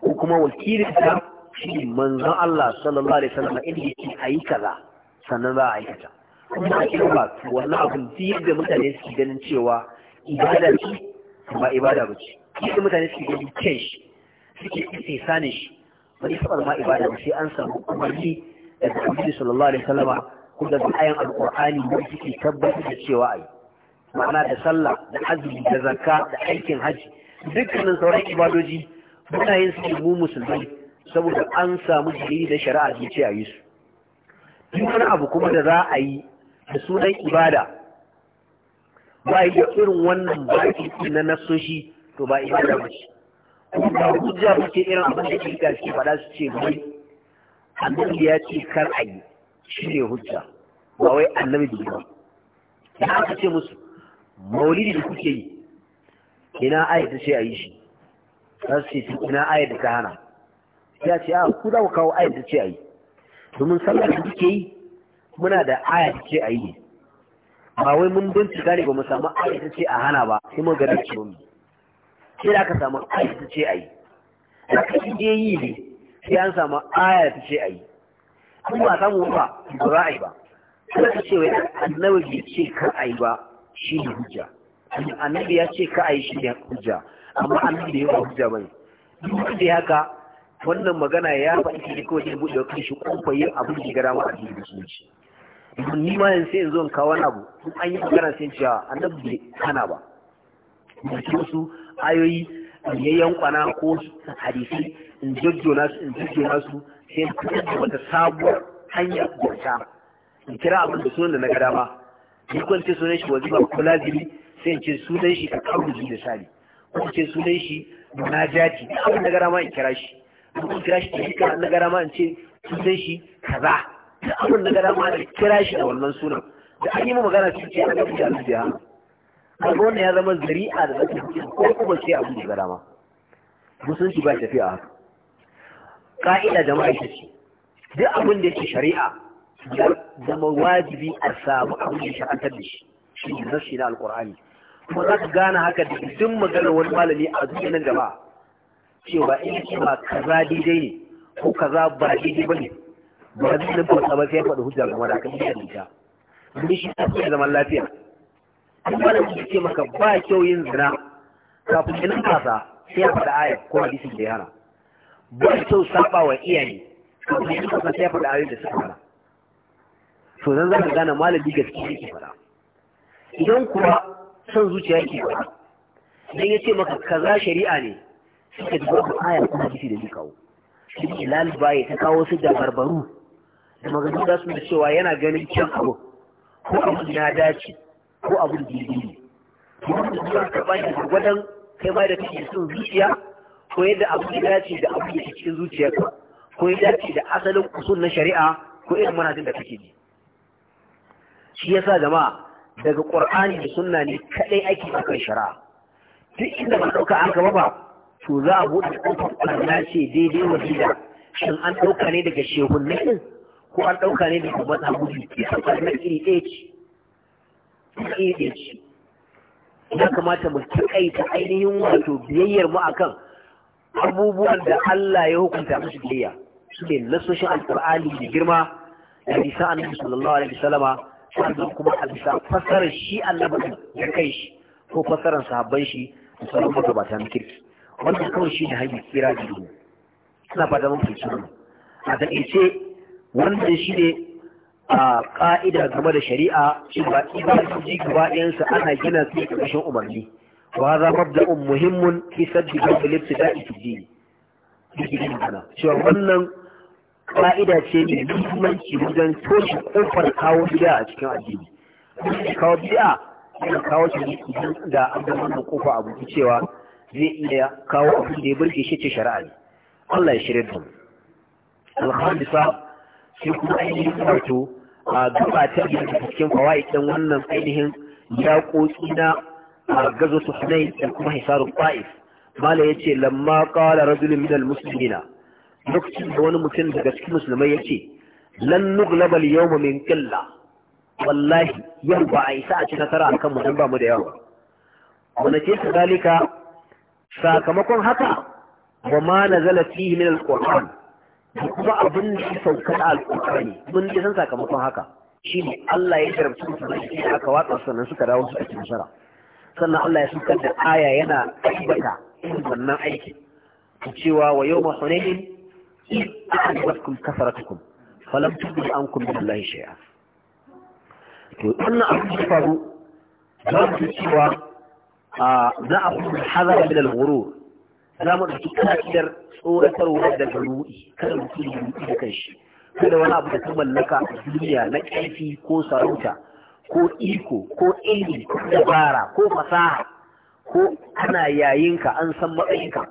ko kuma wakilin ta shine manzon Allah sallallahu alaihi wasallam inda yake ayi kaza sannan za a aikata kuma a cikin ba wannan abin duk yadda mutane suke ganin cewa ibada ce ba ibada ba ce yadda mutane suke ganin kyan shi suke ise sani shi ba ni saba ma ibada ba sai an samu umarni daga Abdullahi sallallahu alaihi wasallama ko daga ayan alqur'ani da suke tabbatar da cewa a yi. ma'ana da sallah da azumi da zakka da aikin haji dukkanin sauran ibadoji muna yin su mu musulmai saboda an samu dalili da shari'a ce a yi su duk wani abu kuma da za a yi da sunan ibada ba ya irin wannan baki na nasoshi to ba ibada ba ce ba hujja ba ce irin abin da ke gaske faɗa su ce mai annabi ya ce kar a yi shi ne hujja ba wai annabi da ba ya aka ce musu maulidi da kuke yi ina aya ta ce a yi shi za su ce ina aya da ta hana ya ce a ah, ku za ku kawo aya ta ce a yi domin sallar da kuke yi muna da aya ce a yi ba wai mun bincika ne ba mu samu aya ta ce a hana ba sai mun gani ce mu sai da aka samu aya ta ce a yi aka yi da yi ne sai an samu aya ta ce a yi Kuma ba samu ba ba za a yi ba kuma ka ce wai annabi bai ce ka a yi ba shi ne hujja annabi ya ce ka a yi shi ne hujja amma annabi da yawa hujja ne. duk da haka wannan magana ya faɗi shi ne kawai zai buɗe wa shi, kuma yin abin da gara ma a cikin musulunci domin ni ma yanzu in zo in kawo wani abu sun an yi magana sai cewa annabi bai kana ba mutum wasu ayoyi in ya yankwana ko hadisi in jajjona su in jajjona su sai fitar da wata sabuwar hanyar gwarta in kira abin da sunan da na gada ma ni ce sunan shi wajiba ko lazimi sai in ce sunan shi kawo da sali ko ce sunan shi jati abin da gada ma in kira shi in kira shi ta na gada ma in ce sunan shi kaza duk abin da gada ma da kira shi da wannan sunan da an yi magana su ce a gafi da alfi da kaga wannan ya zama zari'a da zaki hukunci ko kuma sai abin da gada ma musulunci ba tafiya haka ka'ida jama'a ita ce duk abin da yake shari'a ya zama wajibi a samu abin da sha'antar da shi shi ne nashi na alkur'ani kuma za ka gane haka da duk maganar wani malami a duniya nan gaba cewa in ce ba kaza daidai ne ko kaza ba daidai ba ne ba zai nan fasa ba sai ya faɗi hujja game da kan da ita duk shi ta fiye zaman lafiya an ba da mutum ce maka ba kyau yin zina kafin yin fasa sai ya faɗi ayar ko hadisin da ya hana ba kyau saba wa iyaye kafin yin fasa sai ya faɗi ayar da suka hana to zan za gane malami gaskiya yake faɗa idan kuwa son zuciya yake faɗa idan ya ce maka kaza shari'a ne sai ka ji babu aya ko hadisi da zai kawo shi ne lalba ya ta kawo su da barbaru da maganganu za su da cewa yana ganin kyan abu ko abu na dace ko abu da bibi ne kuma da zuwa ka ne da gwadon kai ma da kake son zuciya ko yadda abu ya dace da abu da cikin zuciyarka ko ya dace da asalin kusur na shari'a ko irin manhajin da kake bi shi yasa zama daga qur'ani da sunna ne kadai ake akan shari'a duk inda ba dauka an gaba ba to za a buɗe kofar Allah ce daidai da shin an dauka ne daga shehun ne ko an ɗauka ne da babban hagudu na iri ɗaya ce iri ɗaya ce ya kamata mu ta ainihin wato biyayyar mu akan abubuwan da Allah ya hukunta musu biyayya su ne nasoshin alƙur'ani da girma da bisa annabi sallallahu alaihi wasallama sannan kuma a bisa fasarar shi annabi ya kai shi ko fasarar sahabban shi da sauran magabata na kirki wannan kawai shi ne hanyar kira da duhu ina fata mun fahimci a taƙaice wannan shi ne a ƙa'ida game da shari'a su ji gaba ɗayansu ana gina su a ƙarshen umarni ba za un muhimmun fi sabbi babu lifti da ikiji cewa wannan ƙa'ida ce mai muhimmanci wajen toshe ƙofar kawo bid'a a cikin addini kawo bid'a yana kawo shi da an da wannan ƙofa a buki cewa zai iya kawo abin da ya burge shi ce shari'a ne Allah ya shirya da mu. sai kuma ainihin wato a gaba ta biyar da cikin Fawai ɗin wannan ainihin yaƙoƙi na gazo su hunai da kuma hisarun ƙwa'if mala ya ce lamma ƙawala rajulun minal musulmina lokacin da wani mutum daga cikin musulmai ya ce lan nuglabal yawma min qilla wallahi yau ba a isa a ci nasara a kanmu dan ba mu da yawa wani ce su dalika sakamakon haka wa ma nazala fihi min alquran kuma abin da ya sauka na alƙur'ani mun ji san sakamakon haka shi ne Allah ya jarabta su da shi aka watsa sannan suka dawo su ake nasara sannan Allah ya sukar da aya yana aibata irin wannan aiki cewa wa yawma hunainin in a'jabatkum kasaratukum falam tubdi ankum min Allah shay'a to wannan abin da faru za mu cewa za a kuma hazara min al-ghurur za mu ɗauki ka'idar tsoratarwa da kada mutum ya da kanshi kada wani abu da ta mallaka a duniya na ƙarfi ko sarauta ko iko ko ilimi ko dabara ko fasaha ko ana yayinka an san matsayinka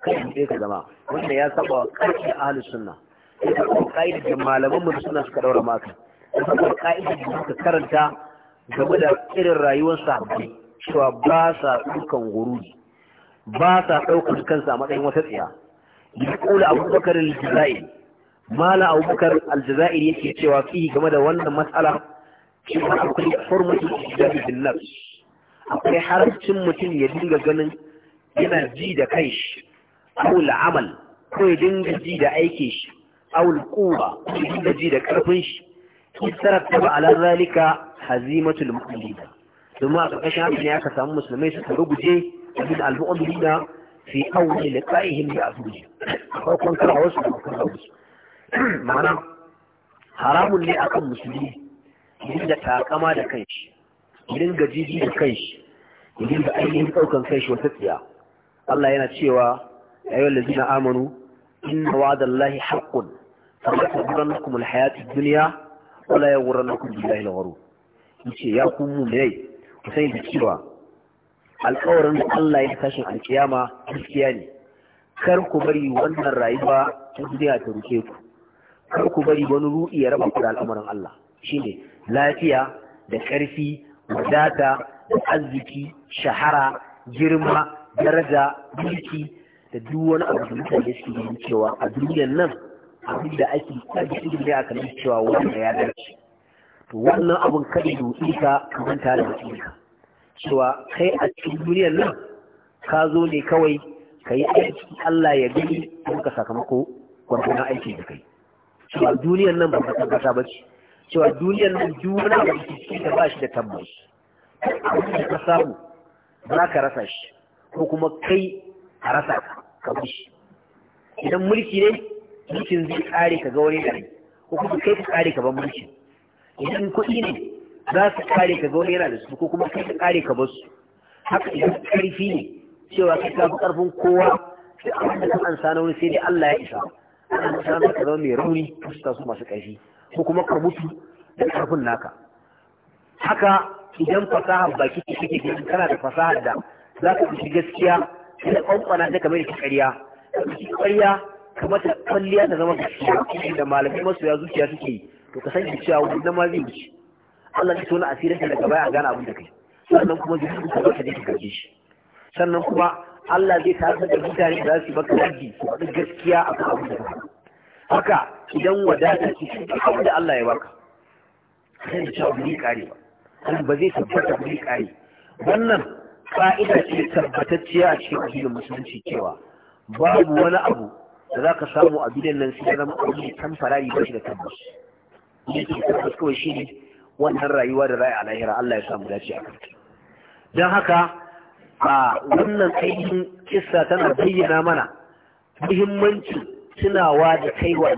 kai ne ka zama Wannan ya saba wa ƙarfi a halin sunna ya saba ka'idar da malaman mu suna suka ɗaura maka ya saba ka'idar da suka karanta game da irin rayuwar sahabbai cewa ba sa dukan gurudi ba sa ɗaukar kansa a matsayin wata tsiya ya kula abubakar al mala abubakar al yake cewa fi game da wannan matsala shi ma akwai hurmatul ijtihadi bin nafs akwai haramcin mutum ya dinga ganin yana ji da kai shi. al-amal ko ya dinga ji da aikin shi aw al ko ya dinga ji da karfin shi istarattaba ala zalika hazimatul mu'minin domin a ƙarƙashin haka ne aka samu musulmai suka ruguje abin al-mu'minina fi awwal liqa'ihim bi azwajihim farkon karawar su da karawar su ma'ana haramun ne akan musulmi ya da takama da kanshi ya dinga jiji da kanshi ya da ainihin daukan kanshi wata tsiya Allah yana cewa ayyuhal ladzina amanu inna wa'dallahi haqqun fala taghrannakum na hayatu ad duniya wala ya yaghrannakum billahi al-ghurur yace ya kun mu ne ku sani da cewa alkawarin da Allah ya tashin alkiyama gaskiya ne kar ku bari wannan rayuwa ta duniya ta ruke ku kar ku bari wani ruɗi ya raba ku da al'amarin Allah shine lafiya da ƙarfi wadata da arziki shahara girma daraja mulki da duk wani abu da mutane suke ganin cewa a duniyan nan abin da ake kaji cikin da aka cewa wannan ya dace to wannan abun kada ya ruɗe ka ka manta da mutum cewa kai a cikin duniyar nan ka zo ne kawai ka yi aiki Allah ya gani ka sakamako gwargwadon aiki da kai cewa duniyar nan ba ta tabbata ba ce cewa duniyar nan juna ba cikin da ba shi da tabbas abin da ka samu za ka rasa shi ko kuma kai a rasa ka bi shi idan mulki ne mulkin zai kare ka ga wani gari ko kuma kai ka kare ka ban mulkin idan kuɗi ne za su kare ka ga yana da su ko kuma kai ka kare ka basu. haka idan karfi ne cewa kai ka fi karfin kowa sai abin da ka ansa na wani sai dai Allah ya isa ana misalin ka zama mai rauni ko su tasu masu karfi ko kuma ka mutu da karfin naka haka idan fasahar baki ce kake gani kana da fasahar da za ka fi gaskiya da kwankwana ta kamar da ƙarya ka ƙarya kamar ta kwalliya ta zama gaskiya da malamai masoya zuciya suke yi to ka san cewa wannan ma zai wuce Allah ya tona asirin ka daga baya gana abin da kai sannan kuma zai kuka baka da kake shi sannan kuma Allah zai tasar da mutane da za su baka rabbi su faɗi gaskiya a kan abin da kai haka idan wadata ce abin da Allah ya baka sai da cewa bai kare ba kuma ba zai tabbata bai kare wannan fa'ida ce tabbatacciya a cikin addinin musulunci cewa babu wani abu da za ka samu a bidan nan sai zama abin tamfarari ba shi da tabbas. Yake tabbas kawai shi ne wannan rayuwa da raya a lahira Allah ya samu dace a kanta don haka a wannan ainihin kissa tana bayyana mana muhimmancin tunawa da kai wa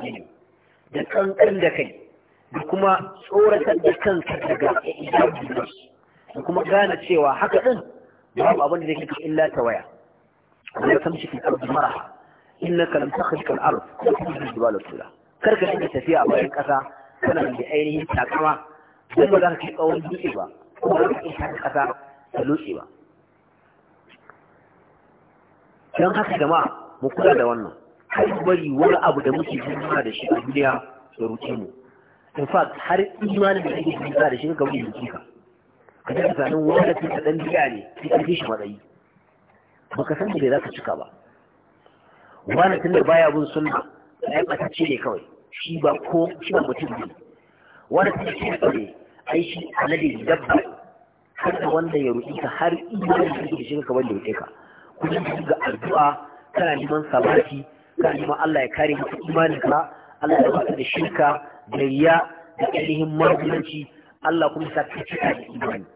da kankan da kai da kuma tsoratar da kanka daga ijabi da kuma gane cewa haka din babu abin da zai kai illa ta waya wala tamshi fi ardi maraha innaka lam takhriqa al-ard da tajid jibala tula karka tafiya a bayan kasa kana da ainihin takama don ba za ka kai tsawon dutse ba kuma ba ka kai ƙasa ta lutse ba don haka jama'a mu kula da wannan kai bari wani abu da muke juna da shi a duniya da ruce mu in fact har imanin da kake juna da shi ka wuri ruce ka ka ji tsanin wanda ke ta dan biya ne sai ka shi matsayi baka san da za ka cika ba wani tun baya bin sunna ya yi ɓatacce ne kawai shi ba ko shi ba mutum ne wani tun da shi ne ai alade dabba da wanda ya ruɗi ka har imani da kake shiga ka wanda ya ka kuma ga addu'a kana neman sabati kana neman Allah ya kare maka imanin ka Allah ya baka da shirka da riya da ainihin magulanci Allah kuma sa ka cika da imani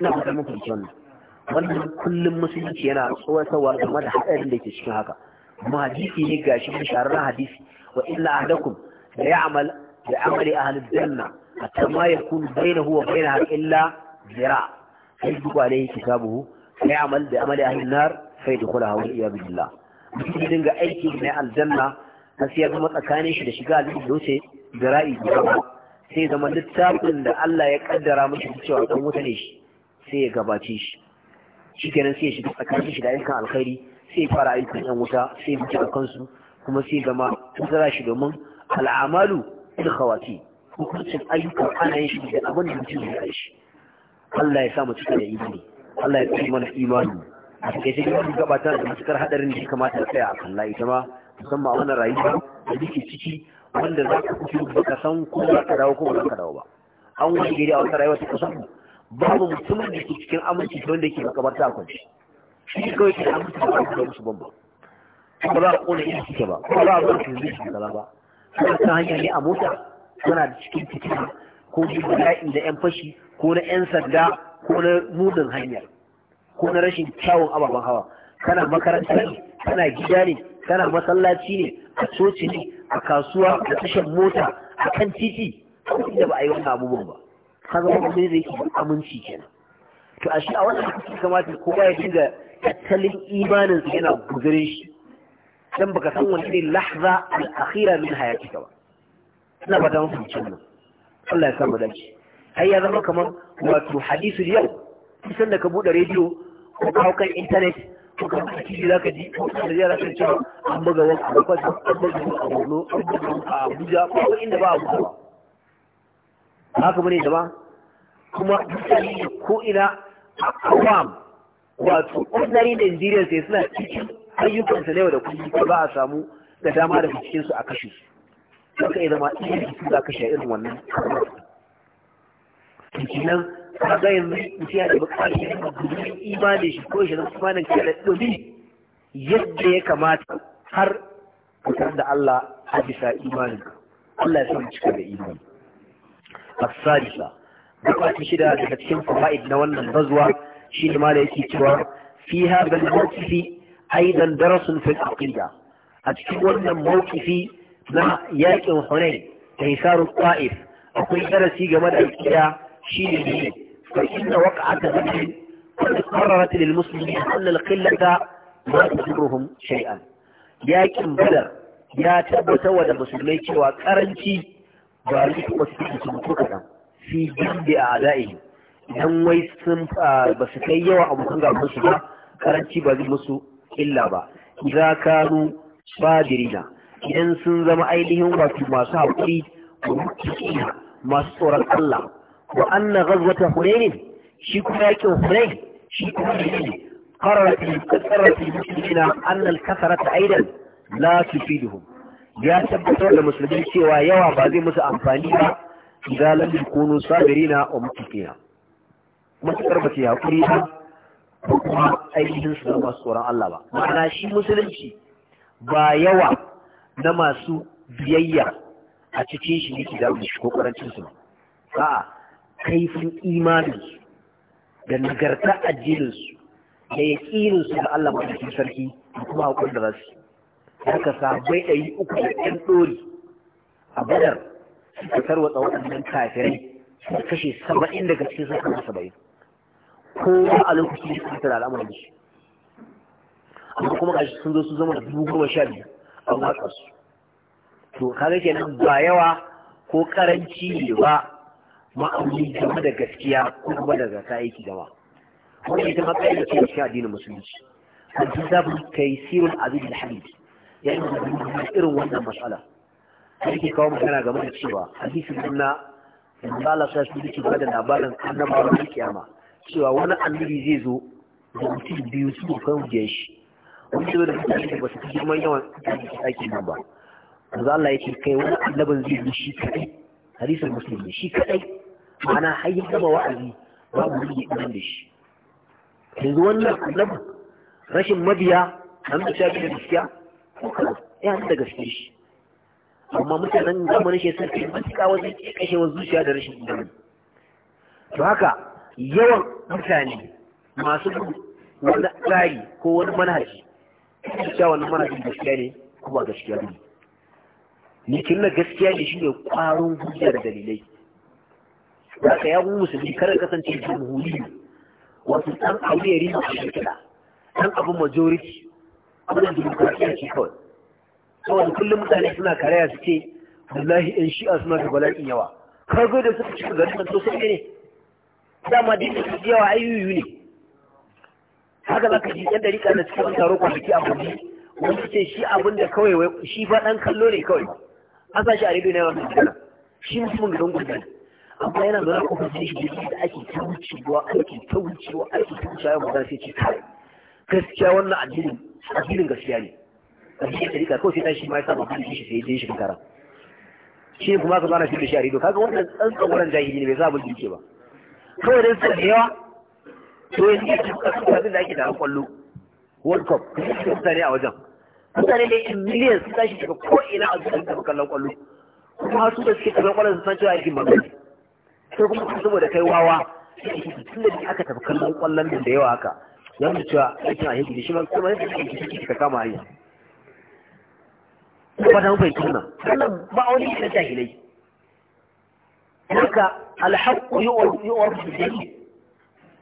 ina ba mu fahimci wannan wannan kullum musulunci yana tsawatarwa game da haɗarin da ke cikin haka kuma hadisi ne gashi shahararren hadisi wa illa ahadakum da ya'mal بعمل أهل الجنة حتى ما يكون بينه وبينها إلا ذراع فيجب عليه كتابه فيعمل بعمل أهل النار فيدخلها والعياذ بالله mutum ya dinga aiki mai aljanna na sai ya zama tsakanin shi da shiga aljanna da wuce zira'i sai zama littafin da Allah ya kaddara mashi cewa dan wuta ne shi sai ya gabace shi shikenan sai ya shiga tsakanin shi da ayyukan alkhairi sai ya fara ayyukan yan wuta sai ya kansu kuma sai zama tazara shi domin al'amalu bil khawati hukuncin ayyukan ana yin shi da abin da mutum ya kai shi Allah ya sa mu cika da imani Allah ya tsare mana imani a cikin shi wani gabata da matukar hadarin da kamata ta tsaya a kalla ita ma musamman a wannan rayuwa da duke ciki wanda za ka kufi ba ka san ko za ka dawo ko ba ka dawo ba an wani gari a wata rayuwa ta kusan babu mutumin da ke cikin aminci wanda ke makabarta a kwanci shi kawai ke aminci da ba su ba musu bamba ba za a kone ina suke ba ba za a bar su zuci da ba suna ta hanya ne a mota suna da cikin fitina ko bala'in da yan fashi ko na yan sanda ko na munin hanyar ko na rashin kyawun ababen hawa kana makaranta ne kana gida ne kana masallaci ne a coci ne a kasuwa a tashar mota a kan titi da ba a yi wannan abubuwan ba ka zama wani zai yi aminci kenan to a shi a wannan kamata kowa ya dinga tattalin imanin yana guzurin shi dan baka san wani irin lahza al-akhira min hayatika ba ina ba ta mun nan. Allah ya san mu dace ai ya zama kamar wato hadisu yau kusan da ka bude rediyo ko ka kan internet ko ka kan da zaka ji ko ka ji zaka ji an buga wani ko an buga wani abu no a buga a Abuja ko inda ba abu ba haka bane jama'a kuma ko ina awam wato ordinary Nigerians sai suna cikin ayyukansa na yau da kullum ko ba a samu da dama da cikin su a kashe su haka ya zama iya jiki za ka kashe irin wannan kenan kaga yanzu mutum ya da bukatar yin gudun imanin shi ko shi zama imanin kira domin yadda ya kamata har fitar da Allah a bisa imanin Allah ya samu cika da imani as-sadisa bukatu shida daga cikin fawaid na wannan bazuwa shi ne ma da yake cewa fi hadha al-mawqifi aidan darasun fil aqida a cikin wannan mawqifi na yakin hunain da isaru qa'if akwai darasi game da aqida shine ne fa inna waqa'ata badr qad qarrarat lil muslimin anna al qillata ma tudurruhum shay'an yakin badar ya tabbatar wa da musulmai cewa karanci ba su kuma su mutu kadan fi jindi a adaihim idan wai sun ba kai yawa abokan gaban su ba karanci ba zai musu illa ba za ka nu fadirina idan sun zama ainihin wasu masu haƙuri a mutukina masu tsoron Allah wa annan gazwata hulenin shi kuma yakin hulen shi kuma da yi ƙararrafi ƙasarrafi mutukina annan ta aidan la fi duhu ya tabbatar da musulmi cewa yawa ba zai musu amfani ba zalar da kunu sabirina a mutukina matuƙar ba su yi haƙuri ba ko kuma ainihin su na masu tsoron Allah ba ma'ana shi musulunci ba yawa na masu biyayya a cikin shi yake da shi ko karancin su ba a'a kaifin imanin su da nagarta addinin su da yaƙinin su da Allah madaukakin sarki da kuma hakuri da zasu haka sabai ɗari uku da ɗan ɗori a badar suka tarwatsa waɗannan kafirai suka kashe saba'in daga cikin sun saba'in kowa a lokacin da suka tara al'amuran shi amma kuma gashi sun zo su zama da dubu goma sha biyu a watsa su to kaga kenan ba yawa ko karanci ne ba ma'auni game da gaskiya ko kuma da zata aiki gaba wanda ita matsayi da ke shi addinin musulunci kan kai kaisirul abid al-hamid ya yi irin wannan matsala da yake kawo magana game da cewa hadisin nan na Allah sa shi yake bada labarin annabawa da kiyama cewa wani annabi zai zo da mutum biyu su kan wujiyar shi wani zai zo da mutane da ba su fi girman yawan mutane da ake nan ba manzo Allah ya ce kai wani annabin zai zo shi kadai hadisin musulmi shi kadai ma'ana har ya gaba wa'azi babu wani ya da shi yanzu wannan annabin rashin mabiya an da shafi da gaskiya ko kala ya da gaskiya shi amma mutanen zamanin shi sun kai matuƙa wajen kashe zuciya da rashin imani to haka yawan mutane masu wani tsari ko wani manhaji gaskiya wannan manhajin gaskiya ne ko ba gaskiya ne nikin na gaskiya ne shine kwarin hujja da dalilai za ka yawon musulmi kar kasance jumhuri wato dan abu ya rima a shirkida dan abu majority wannan dimokuraɗiyya ce kawai kawai kullum mutane suna karaya suke. ce wallahi yan shi'a suna da bala'in yawa kargo da suka cika garin nan to sai ne dama duk da yawa ayyuyu ne haka za ka ji yan dariƙa da suka taro kwanaki a kudi wanda ce shi abin da kawai shi faɗan kallo ne kawai an sa shi a rediyo na yawan magana shi mutumin gidan gudu amma yana zaune a kofar shi da ake ta wucewa aiki ta wucewa aiki ta wucewa yawan magana sai ce kai gaskiya wannan addinin addinin gaskiya ne addinin tarika kawai sai ta shi ma ya sa babban shi sai ya je shi kara shi kuma ka zana shi da shi a rediyo kaga wannan tsantsan wurin jahili ne bai sa abin da ba kawai dai su da yawa to yanzu ya tuka su abin da ake da kwallo world cup su mutane a wajen mutane ne in miliyan su tashi daga ko a cikin tafi kallon kwallo kuma har su da suke kallon kwallon su san cewa aikin mamaki sai kuma su saboda kai wawa tun da aka tafi kallon kwallon da yawa haka ya mutu cewa aikin ahidu ne shi ma kuma yadda ake shi, ka kama hanya. Kuma ta mafi tunan, sannan ba wani shi na jahilai, هناك الحق يؤرف بالجميع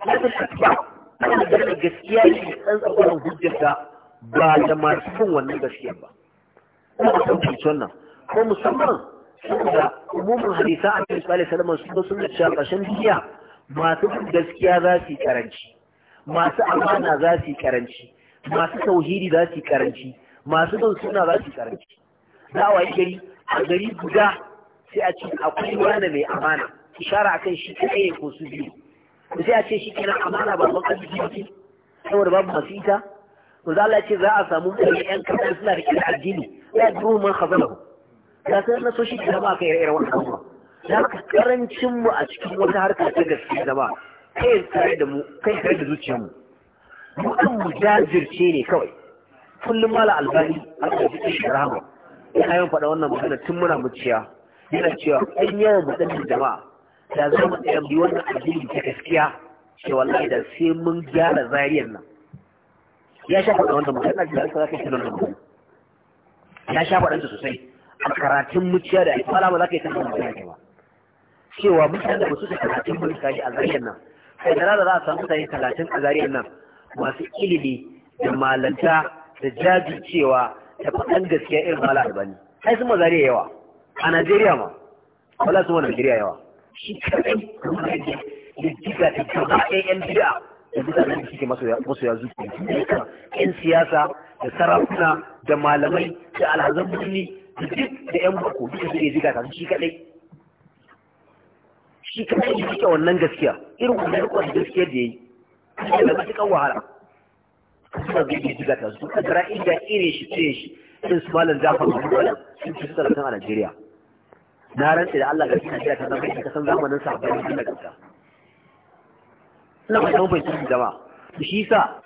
هذا الأتباع أنا جمع الجسية أن أقول هجة بعد ما يكون الجسية با أنا أقول سنة هو مسمى saboda umumin a cikin sallallahu alaihi wasallam sun da cewa kashin jiya masu gaskiya za su karanci masu amana za su karanci masu tauhidi za su karanci masu don suna za karanci da'awa gari a gari guda sai a ce akwai wani mai amana ishara kan shi ɗaya ko su biyu sai a ce shi kenan amana ba ban arziki ba saboda babu masu ita za a ce za a samu mutane yan kasar suna da kira addini ya duru man ku ya san na so shi da zama kai irin wannan ba da ka karancin mu a cikin wata harka ta gaske zama, kai kai tare da mu kai tare da zuciyar mu mu dan mu jajirce ne kawai kullum mala albani a cikin shirama ina yin faɗa wannan magana tun muna muciya yana cewa ai yawan matsalar jama'a da za mu tsaya bi wannan addini ta gaskiya ce wallahi da sai mun gyara zariyar nan ya sha faɗa wanda magana da za ka yi nuna mutum. ya sha faɗa sosai a karatun muciya da ai fara ba za ka yi kan wannan ba cewa mutane da su da karatun mulkaji a zariyar nan sai da za a samu mutane talatin a zariyar nan masu ilimi da malanta da jajircewa da faɗan gaskiya irin mala albani sai sun mazariya yawa a Najeriya ma wala su wani Najeriya yawa shi kaɗai, ya da yan da siyasa da sarakuna da malamai da alhazan birni da duk da yan bako duka suke jiga ta shi kadai shi kadai ya rike wannan gaskiya irin wannan rikon gaskiya da kuma da kan wahala kuma zai yi jiga ta su kadara inda irin shi ce shi irin su malam jafar mahmudu sun ci su talatin a Najeriya na rantse da Allah gaskiya da ka zama ka san zamanin sa ba da gaskiya ina ba san bai cikin gaba shi yasa